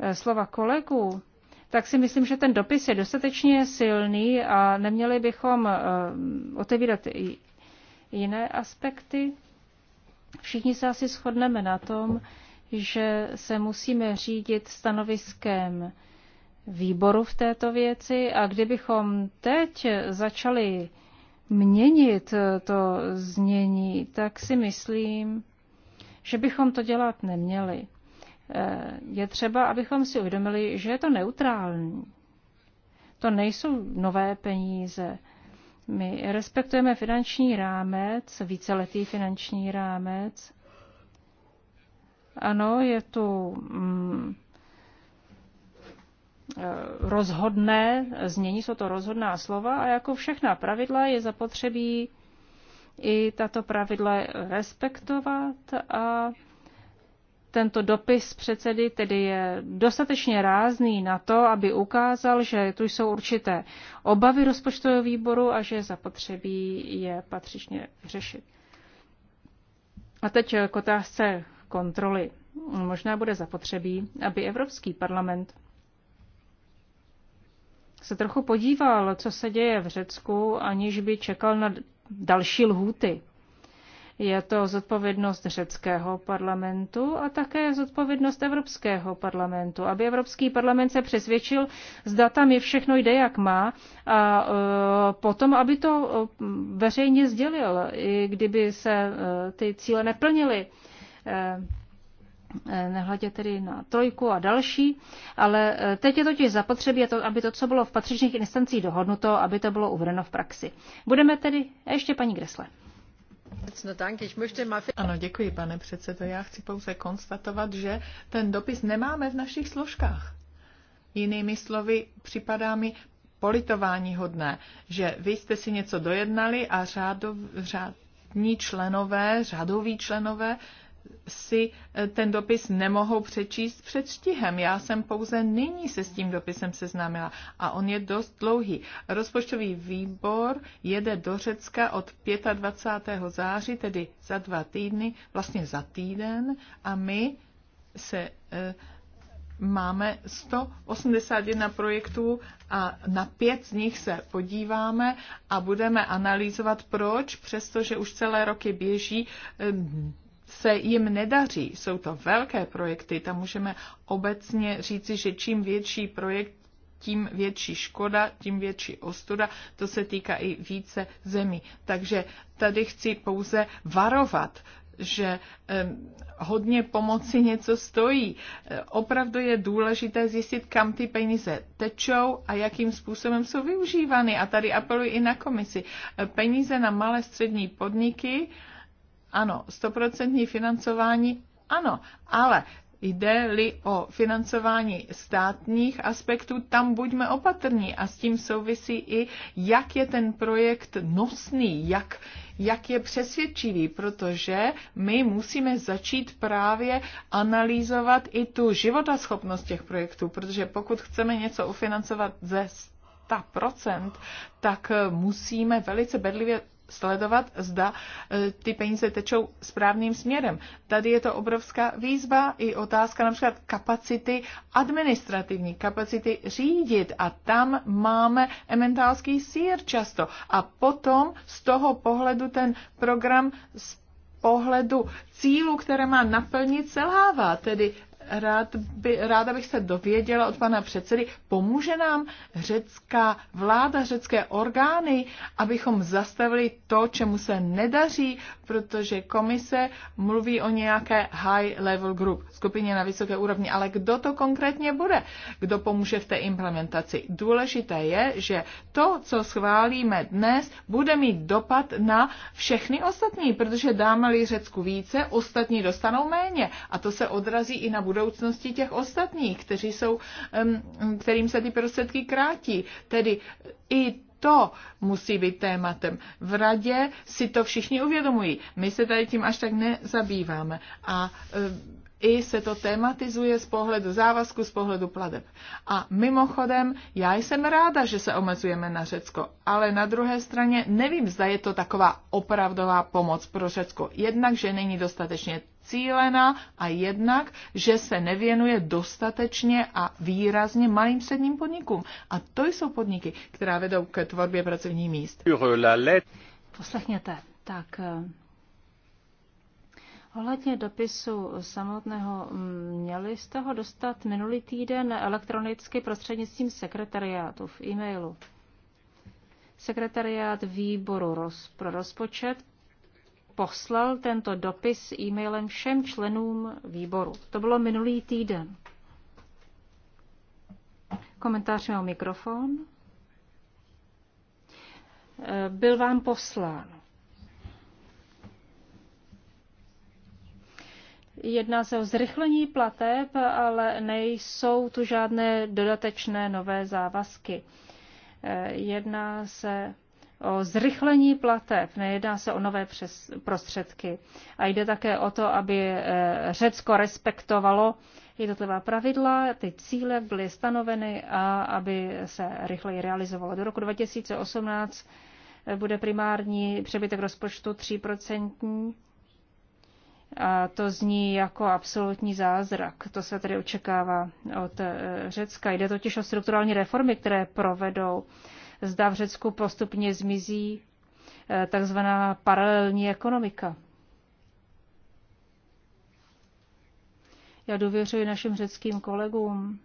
C: eh, slova kolegů, tak si myslím, že ten dopis je dostatečně silný a neměli bychom eh, otevírat i jiné aspekty. Všichni se asi shodneme na tom, že se musíme řídit stanoviskem výboru v této věci a kdybychom teď začali měnit eh, to znění, tak si myslím, že bychom to dělat neměli. Eh, je třeba, abychom si uvědomili, že je to neutrální. To nejsou nové peníze. My respektujeme finanční rámec, víceletý finanční rámec. Ano, je tu mm, eh, rozhodné, znění jsou to rozhodná slova a jako všechna pravidla je zapotřebí i tato pravidla respektovat a tento dopis předsedy tedy je dostatečně rázný na to, aby ukázal, že tu jsou určité obavy rozpočtového výboru a že zapotřebí je patřičně řešit. A teď k otázce kontroly. Možná bude zapotřebí, aby Evropský parlament se trochu podíval, co se děje v Řecku, aniž by čekal na další lhůty. Je to zodpovědnost řeckého parlamentu a také zodpovědnost Evropského parlamentu, aby Evropský parlament se přesvědčil, zda tam je všechno jde, jak má, a e, potom, aby to e, veřejně sdělil, i kdyby se e, ty cíle neplnily. Eh, nehledě tedy na trojku a další, ale eh, teď je totiž zapotřebí, to, aby to, co bylo v patřičných instancích dohodnuto, aby to bylo uvedeno v praxi.
A: Budeme tedy, ještě paní Gresle. Ano, děkuji, pane předsedo. Já chci pouze konstatovat, že ten dopis nemáme v našich složkách. Jinými slovy, připadá mi politování hodné, že vy jste si něco dojednali a řádov, řádní členové, řadoví členové si eh, ten dopis nemohou přečíst před štihem. Já jsem pouze nyní se s tím dopisem seznámila a on je dost dlouhý. Rozpočtový výbor jede do Řecka od 25. září, tedy za dva týdny, vlastně za týden a my se e, máme 181 projektů a na pět z nich se podíváme a budeme analyzovat, proč, přestože už celé roky běží, eh, se jim nedaří. Jsou to velké projekty, tam můžeme obecně říci, že čím větší projekt, tím větší škoda, tím větší ostuda. To se týká i více zemí. Takže tady chci pouze varovat že hodně pomoci něco stojí. Opravdu je důležité zjistit, kam ty peníze tečou a jakým způsobem jsou využívány. A tady apeluji i na komisi. Peníze na malé střední podniky ano, stoprocentní financování, ano, ale Jde-li o financování státních aspektů, tam buďme opatrní a s tím souvisí i, jak je ten projekt nosný, jak, jak je přesvědčivý, protože my musíme začít právě analyzovat i tu životaschopnost těch projektů, protože pokud chceme něco ufinancovat ze 100%, tak musíme velice bedlivě sledovat, zda e, ty peníze tečou správným směrem. Tady je to obrovská výzva i otázka například kapacity administrativní, kapacity řídit a tam máme ementálský sír často. A potom z toho pohledu ten program z pohledu cílu, které má naplnit, selhává. Tedy Rád by, ráda bych se dověděla od pana předsedy, pomůže nám řecká vláda, řecké orgány, abychom zastavili to, čemu se nedaří, protože komise mluví o nějaké high level group, skupině na vysoké úrovni, ale kdo to konkrétně bude, kdo pomůže v té implementaci. Důležité je, že to, co schválíme dnes, bude mít dopad na všechny ostatní, protože dáme-li Řecku více, ostatní dostanou méně a to se odrazí i na budoucnosti těch ostatních, kteří jsou, kterým se ty prostředky krátí. Tedy i to musí být tématem. V radě si to všichni uvědomují. My se tady tím až tak nezabýváme. A e, i se to tematizuje z pohledu závazku, z pohledu pladeb. A mimochodem, já jsem ráda, že se omezujeme na Řecko, ale na druhé straně nevím, zda je to taková opravdová pomoc pro Řecko. Jednak, že není dostatečně cílená a jednak, že se nevěnuje dostatečně a výrazně malým středním podnikům. A to jsou podniky, která vedou ke tvorbě pracovních míst. Poslechněte, tak eh,
C: Ohledně dopisu samotného, mm, měli jste ho dostat minulý týden elektronicky prostřednictvím sekretariátu v e-mailu. Sekretariát výboru roz, pro rozpočet poslal tento dopis e-mailem všem členům výboru. To bylo minulý týden. Komentář měl mikrofon. E, byl vám poslán. Jedná se o zrychlení plateb, ale nejsou tu žádné dodatečné nové závazky. Eh, jedná se o zrychlení plateb, nejedná se o nové přes, prostředky. A jde také o to, aby eh, Řecko respektovalo jednotlivá pravidla, ty cíle byly stanoveny a aby se rychleji realizovalo. Do roku 2018 eh, bude primární přebytek rozpočtu 3%, a to zní jako absolutní zázrak. To se tedy očekává od e, Řecka. Jde totiž o strukturální reformy, které provedou. Zda v Řecku postupně zmizí e, takzvaná paralelní ekonomika. Já důvěřuji našim řeckým kolegům,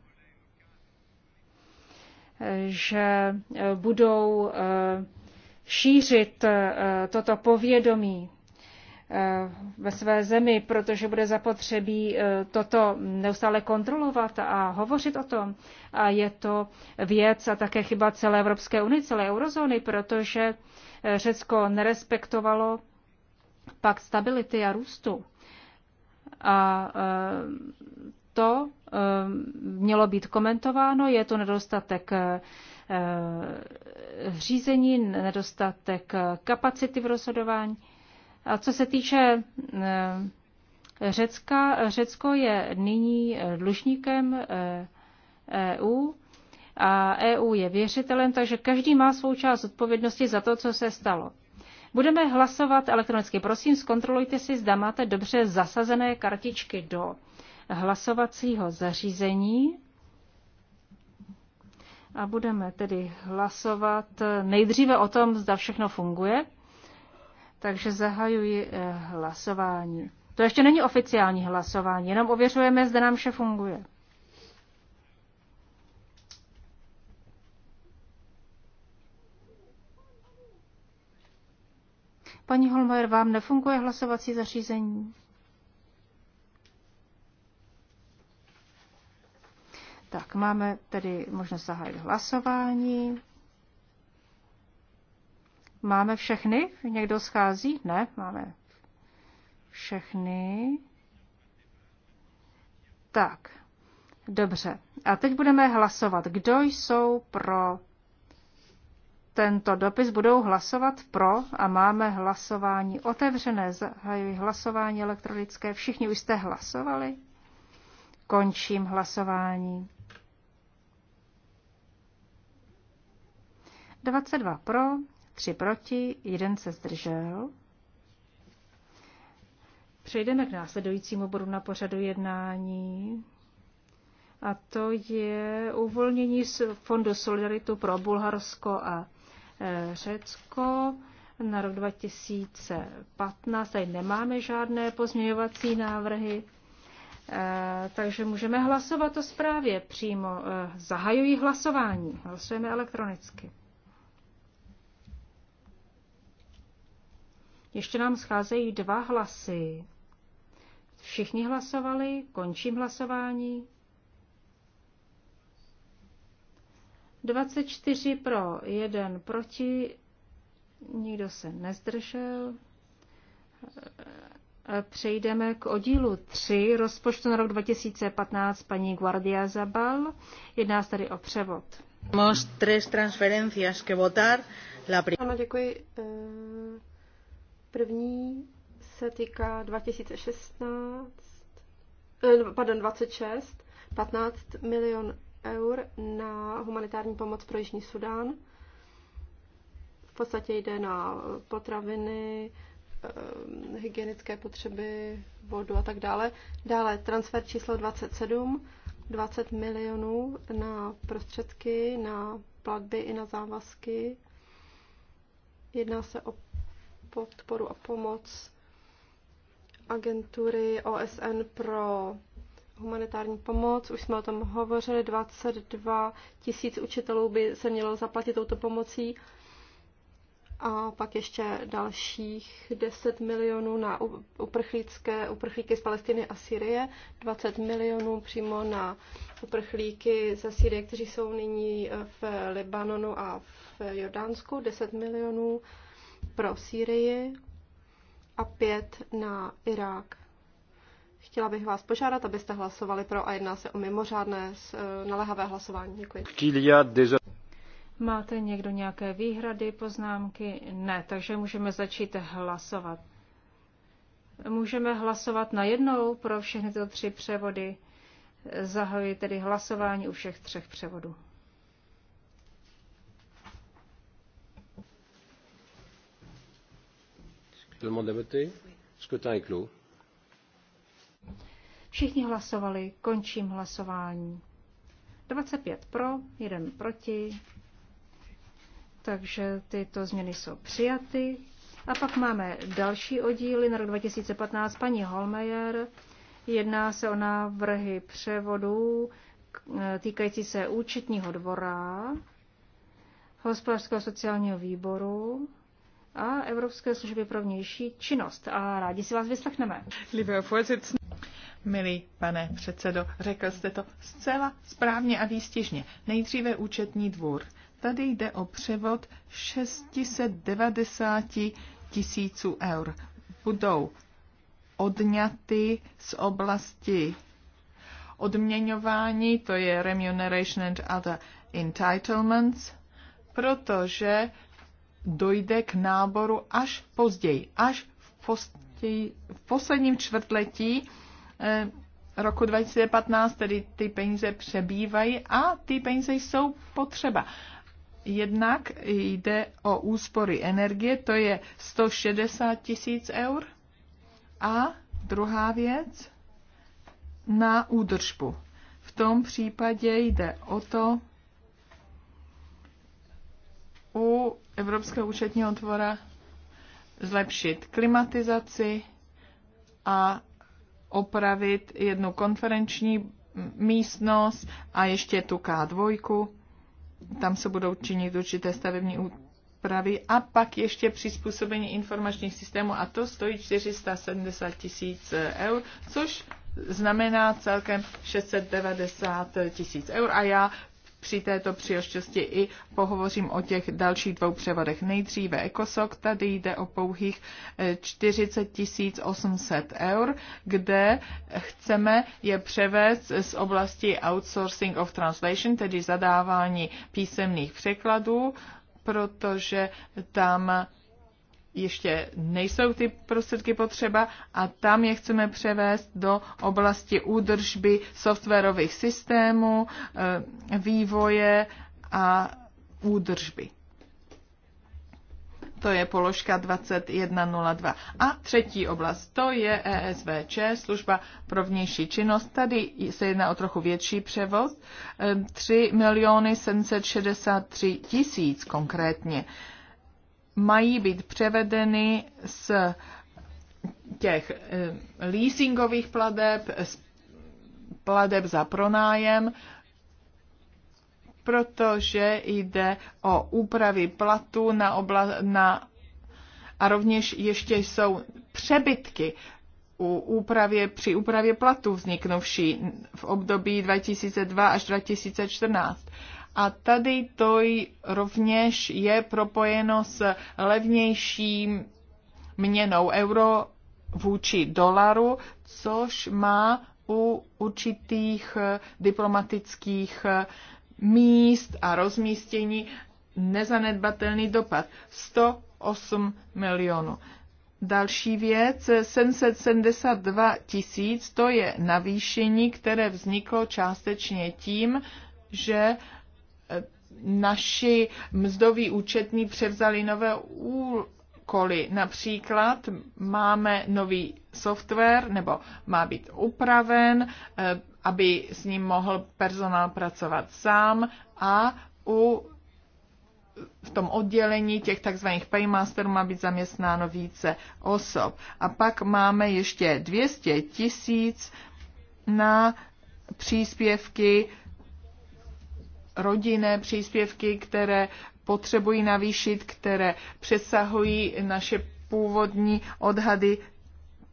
C: e, že budou šířit toto povědomí Eh, ve své zemi, protože bude zapotřebí eh, toto neustále kontrolovat a hovořit o tom. A je to věc a také chyba celé Evropské unie, celé eurozóny, protože eh, Řecko nerespektovalo pak stability a růstu. A to mělo být komentováno, je to nedostatek řízení, nedostatek kapacity v rozhodování. A co se týče eh, Řecka, Řecko je nyní eh, dlužníkem EU eh, e a EU je věřitelem, takže každý má svou část odpovědnosti za to, co se stalo. Budeme hlasovat elektronicky. Prosím, zkontrolujte si, zda máte dobře zasazené kartičky do hlasovacího zařízení. A budeme tedy hlasovat nejdříve o tom, zda všechno funguje. Takže zahajuji eh, hlasování. To ještě není oficiální hlasování, jenom ověřujeme, zda nám vše funguje. Paní Holmajer, vám nefunguje hlasovací zařízení? Tak, máme tedy možnost zahájit hlasování. Máme všechny? Někdo schází? Ne, máme všechny. Tak, dobře. A teď budeme hlasovat. Kdo jsou pro tento dopis? Budou hlasovat pro a máme hlasování otevřené. Zahajuji hlasování elektronické. Všichni už jste hlasovali? Končím hlasování. 22 pro, Tři proti, jeden se zdržel. Přejdeme k následujícímu bodu na pořadu jednání. A to je uvolnění z Fondu Solidaritu pro Bulharsko a e, Řecko na rok 2015. Tady nemáme žádné pozměňovací návrhy, e, takže můžeme hlasovat o zprávě přímo. E, Zahajují hlasování. Hlasujeme elektronicky. Ještě nám scházejí dva hlasy. Všichni hlasovali, končím hlasování. 24 pro, 1 proti, nikdo se nezdržel. Přejdeme k oddílu 3 rozpočtu na rok 2015 paní Guardia Zabal. Jedná se tady o převod. Máme tři transferencias que votar. La ano,
B: děkuji. Eh, První se týká 2016, eh, pardon, 26, 15 milion eur na humanitární pomoc pro Jižní Sudán. V podstatě jde na potraviny, eh, hygienické potřeby, vodu a tak dále. Dále transfer číslo 27, 20 milionů na prostředky, na platby i na závazky. Jedná se o podporu a pomoc agentury OSN pro humanitární pomoc. Už jsme o tom hovořili, 22 tisíc učitelů by se mělo zaplatit touto pomocí a pak ještě dalších 10 milionů na uprchlícké, uprchlíky z Palestiny a Syrie, 20 milionů přímo na uprchlíky ze Syrie, kteří jsou nyní v Libanonu a v Jordánsku, 10 milionů pro Sýrii a pět na Irák. Chtěla bych vás požádat, abyste hlasovali pro a jedná se o mimořádné
C: eh, naléhavé hlasování. Děkuji. Máte někdo nějaké výhrady, poznámky? Ne, takže můžeme začít hlasovat. Můžeme hlasovat na jednou pro všechny tyto tři převody. Zahajuji tedy hlasování u všech třech převodů.
B: Tout
C: Všichni hlasovali, končím hlasování. 25 pro, 1 proti, takže tyto změny jsou přijaty. A pak máme další oddíly na rok 2015. Paní Holmeyer, jedná se o návrhy převodů e, týkající se účetního dvora, hospodářského sociálního
A: výboru, a Evropské služby pro vnější činnost. A rádi si vás vyslechneme. Milý pane předsedo, řekl jste to zcela správně a výstižně. Nejdříve účetní dvůr. Tady jde o převod 690 tisíců eur. Budou odňaty z oblasti odměňování, to je remuneration and other entitlements, protože dojde k náboru až později, až v, postěji, v posledním čtvrtletí eh, roku 2015, tedy ty peníze přebývají a ty peníze jsou potřeba. Jednak jde o úspory energie, to je 160 tisíc eur. A druhá věc, na údržbu. V tom případě jde o to, u Evropského účetního dvora zlepšit klimatizaci a opravit jednu konferenční místnost a ještě tu K2. Tam se budou činit určité stavební úpravy a pak ještě přizpůsobení informačních systémů a to stojí 470 tisíc eur, což znamená celkem 690 tisíc eur a já při této příležitosti i pohovořím o těch dalších dvou převodech. Nejdříve Ecosoc, tady jde o pouhých 40 eh, 800 eur, kde chceme je převést z oblasti outsourcing of translation, tedy zadávání písemných překladů, protože tam ještě nejsou ty prostředky potřeba a tam je chceme převést do oblasti údržby softwarových systémů, e, vývoje a údržby. To je položka 2102. A třetí oblast, to je ESVČ, služba pro vnější činnost. Tady se jedná o trochu větší převoz, 3 e, miliony 763 tisíc konkrétně mají být převedeny z těch eh, leasingových pladeb, z pladeb za pronájem, protože jde o úpravy platu na, obla, na a rovněž ještě jsou přebytky u úpravě, při úpravě platu vzniknuvší v období 2002 až 2014. A tady to rovněž je propojeno s levnějším měnou euro vůči dolaru, což má u určitých eh, diplomatických eh, míst a rozmístění nezanedbatelný dopad. 108 milionů. Další věc, 772 eh, tisíc, to je navýšení, které vzniklo částečně tím, že naši mzdoví účetní převzali nové úkoly. Například máme nový software, nebo má být upraven, eh, aby s ním mohl personál pracovat sám a u v tom oddělení těch takzvaných paymasterů má být zaměstnáno více osob. A pak máme ještě 200 tisíc na příspěvky rodinné příspěvky, které potřebují navýšit, které přesahují naše původní odhady.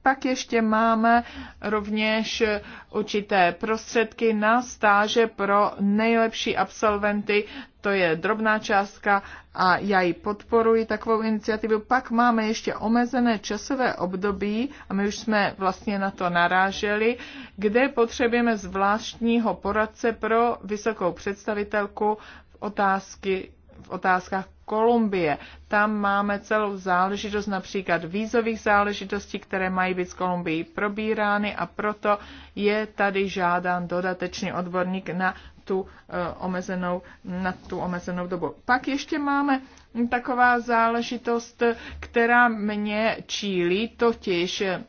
A: Pak ještě máme rovněž určité prostředky na stáže pro nejlepší absolventy to je drobná částka a já ji podporuji, takovou iniciativu. Pak máme ještě omezené časové období, a my už jsme vlastně na to naráželi, kde potřebujeme zvláštního poradce pro vysokou představitelku v otázky v otázkách Kolumbie. Tam máme celou záležitost například vízových záležitostí, které mají být z Kolumbii probírány a proto je tady žádán dodatečný odborník na tu eh, omezenou, na tu omezenou dobu. Pak ještě máme taková záležitost, která mě čílí, totiž eh,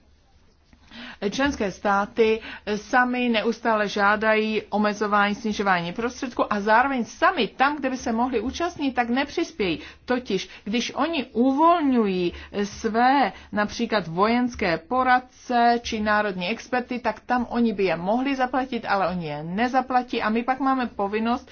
A: Členské státy sami neustále žádají omezování, snižování prostředků a zároveň sami tam, kde by se mohli účastnit, tak nepřispějí. Totiž, když oni uvolňují své například vojenské poradce či národní experty, tak tam oni by je mohli zaplatit, ale oni je nezaplatí a my pak máme povinnost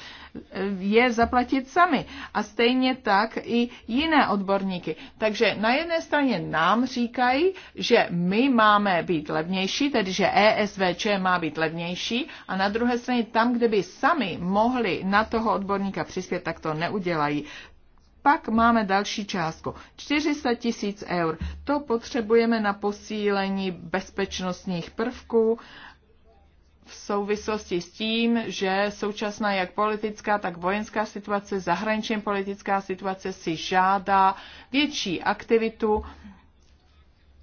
A: je zaplatit sami. A stejně tak i jiné odborníky. Takže na jedné straně nám říkají, že my máme být levnější, tedy že ESVČ má být levnější, a na druhé straně tam, kde by sami mohli na toho odborníka přispět, tak to neudělají pak máme další částku. 400 tisíc eur. To potřebujeme na posílení bezpečnostních prvků, v souvislosti s tím, že současná jak politická, tak vojenská situace, zahraniční politická situace si žádá větší aktivitu,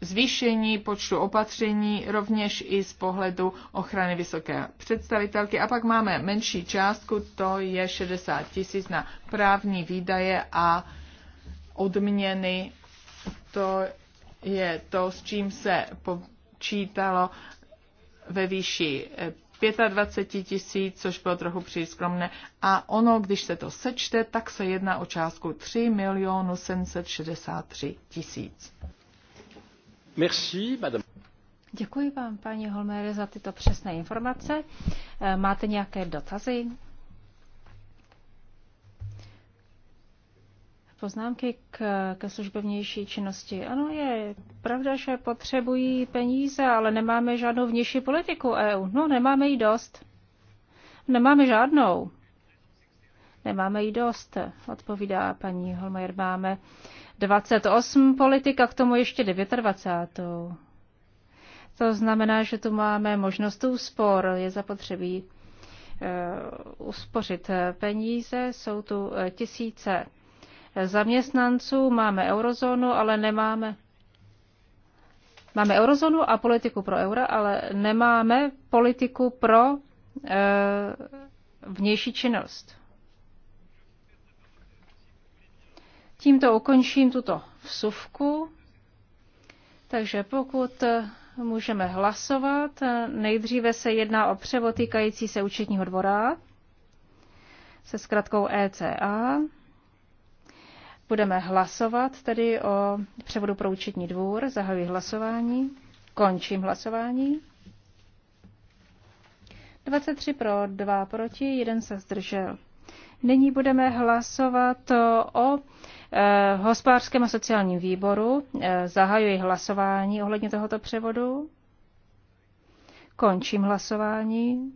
A: zvýšení počtu opatření, rovněž i z pohledu ochrany vysoké představitelky. A pak máme menší částku, to je 60 tisíc na právní výdaje a odměny. To je to, s čím se počítalo ve výši 25 eh, tisíc, což bylo trochu příliš skromné. A ono, když se to sečte, tak se jedná o částku 3 milionů 763 tisíc. Merci, madame.
C: Děkuji vám, paní Holmére, za tyto přesné informace. Eh, máte nějaké dotazy? Poznámky k, ke službovnější činnosti. Ano, je pravda, že potřebují peníze, ale nemáme žádnou vnější politiku EU. No, nemáme ji dost. Nemáme žádnou. Nemáme ji dost, odpovídá paní Holmajer. Máme 28 politik a k tomu ještě 29. To znamená, že tu máme možnost úspor. Je zapotřebí eh, uspořit peníze. Jsou tu eh, tisíce zaměstnanců, máme eurozónu, ale nemáme. Máme eurozónu a politiku pro euro, ale nemáme politiku pro e, vnější činnost. Tímto ukončím tuto vsuvku. Takže pokud eh, můžeme hlasovat, eh, nejdříve se jedná o převod týkající se účetního dvora se zkratkou ECA. Budeme hlasovat tedy o převodu pro účetní dvůr. Zahajuji hlasování. Končím hlasování. 23 pro, 2 proti, 1 se zdržel. Nyní budeme hlasovat o e, hospodářském a sociálním výboru. E, zahajuji hlasování ohledně tohoto převodu. Končím hlasování.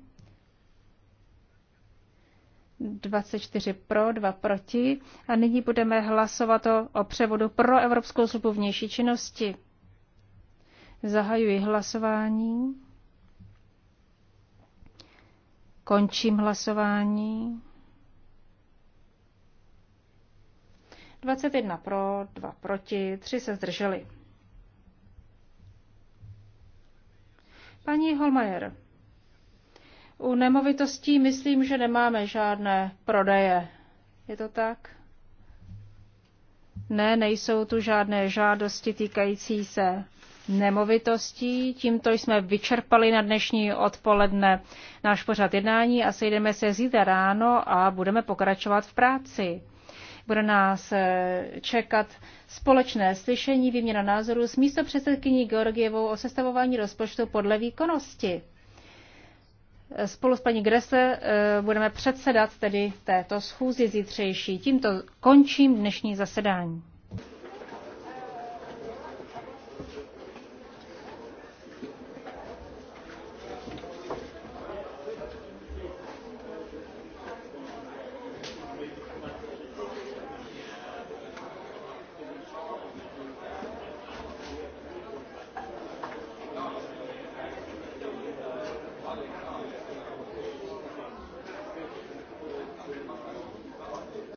C: 24 pro, 2 proti. A nyní budeme hlasovat o, o převodu pro Evropskou službu vnější činnosti. Zahajuji hlasování. Končím hlasování. 21 pro, 2 proti, 3 se zdrželi. Paní Holmajer, u nemovitostí myslím, že nemáme žádné prodeje. Je to tak? Ne, nejsou tu žádné žádosti týkající se nemovitostí. Tímto jsme vyčerpali na dnešní odpoledne náš pořad jednání a sejdeme se zítra ráno a budeme pokračovat v práci. Bude nás eh, čekat společné slyšení výměna názorů s místopředsedkyní Georgievou o sestavování rozpočtu podle výkonnosti. Spolu s paní Grese eh, budeme předsedat tedy této schůzi zítřejší. Tímto končím dnešní zasedání.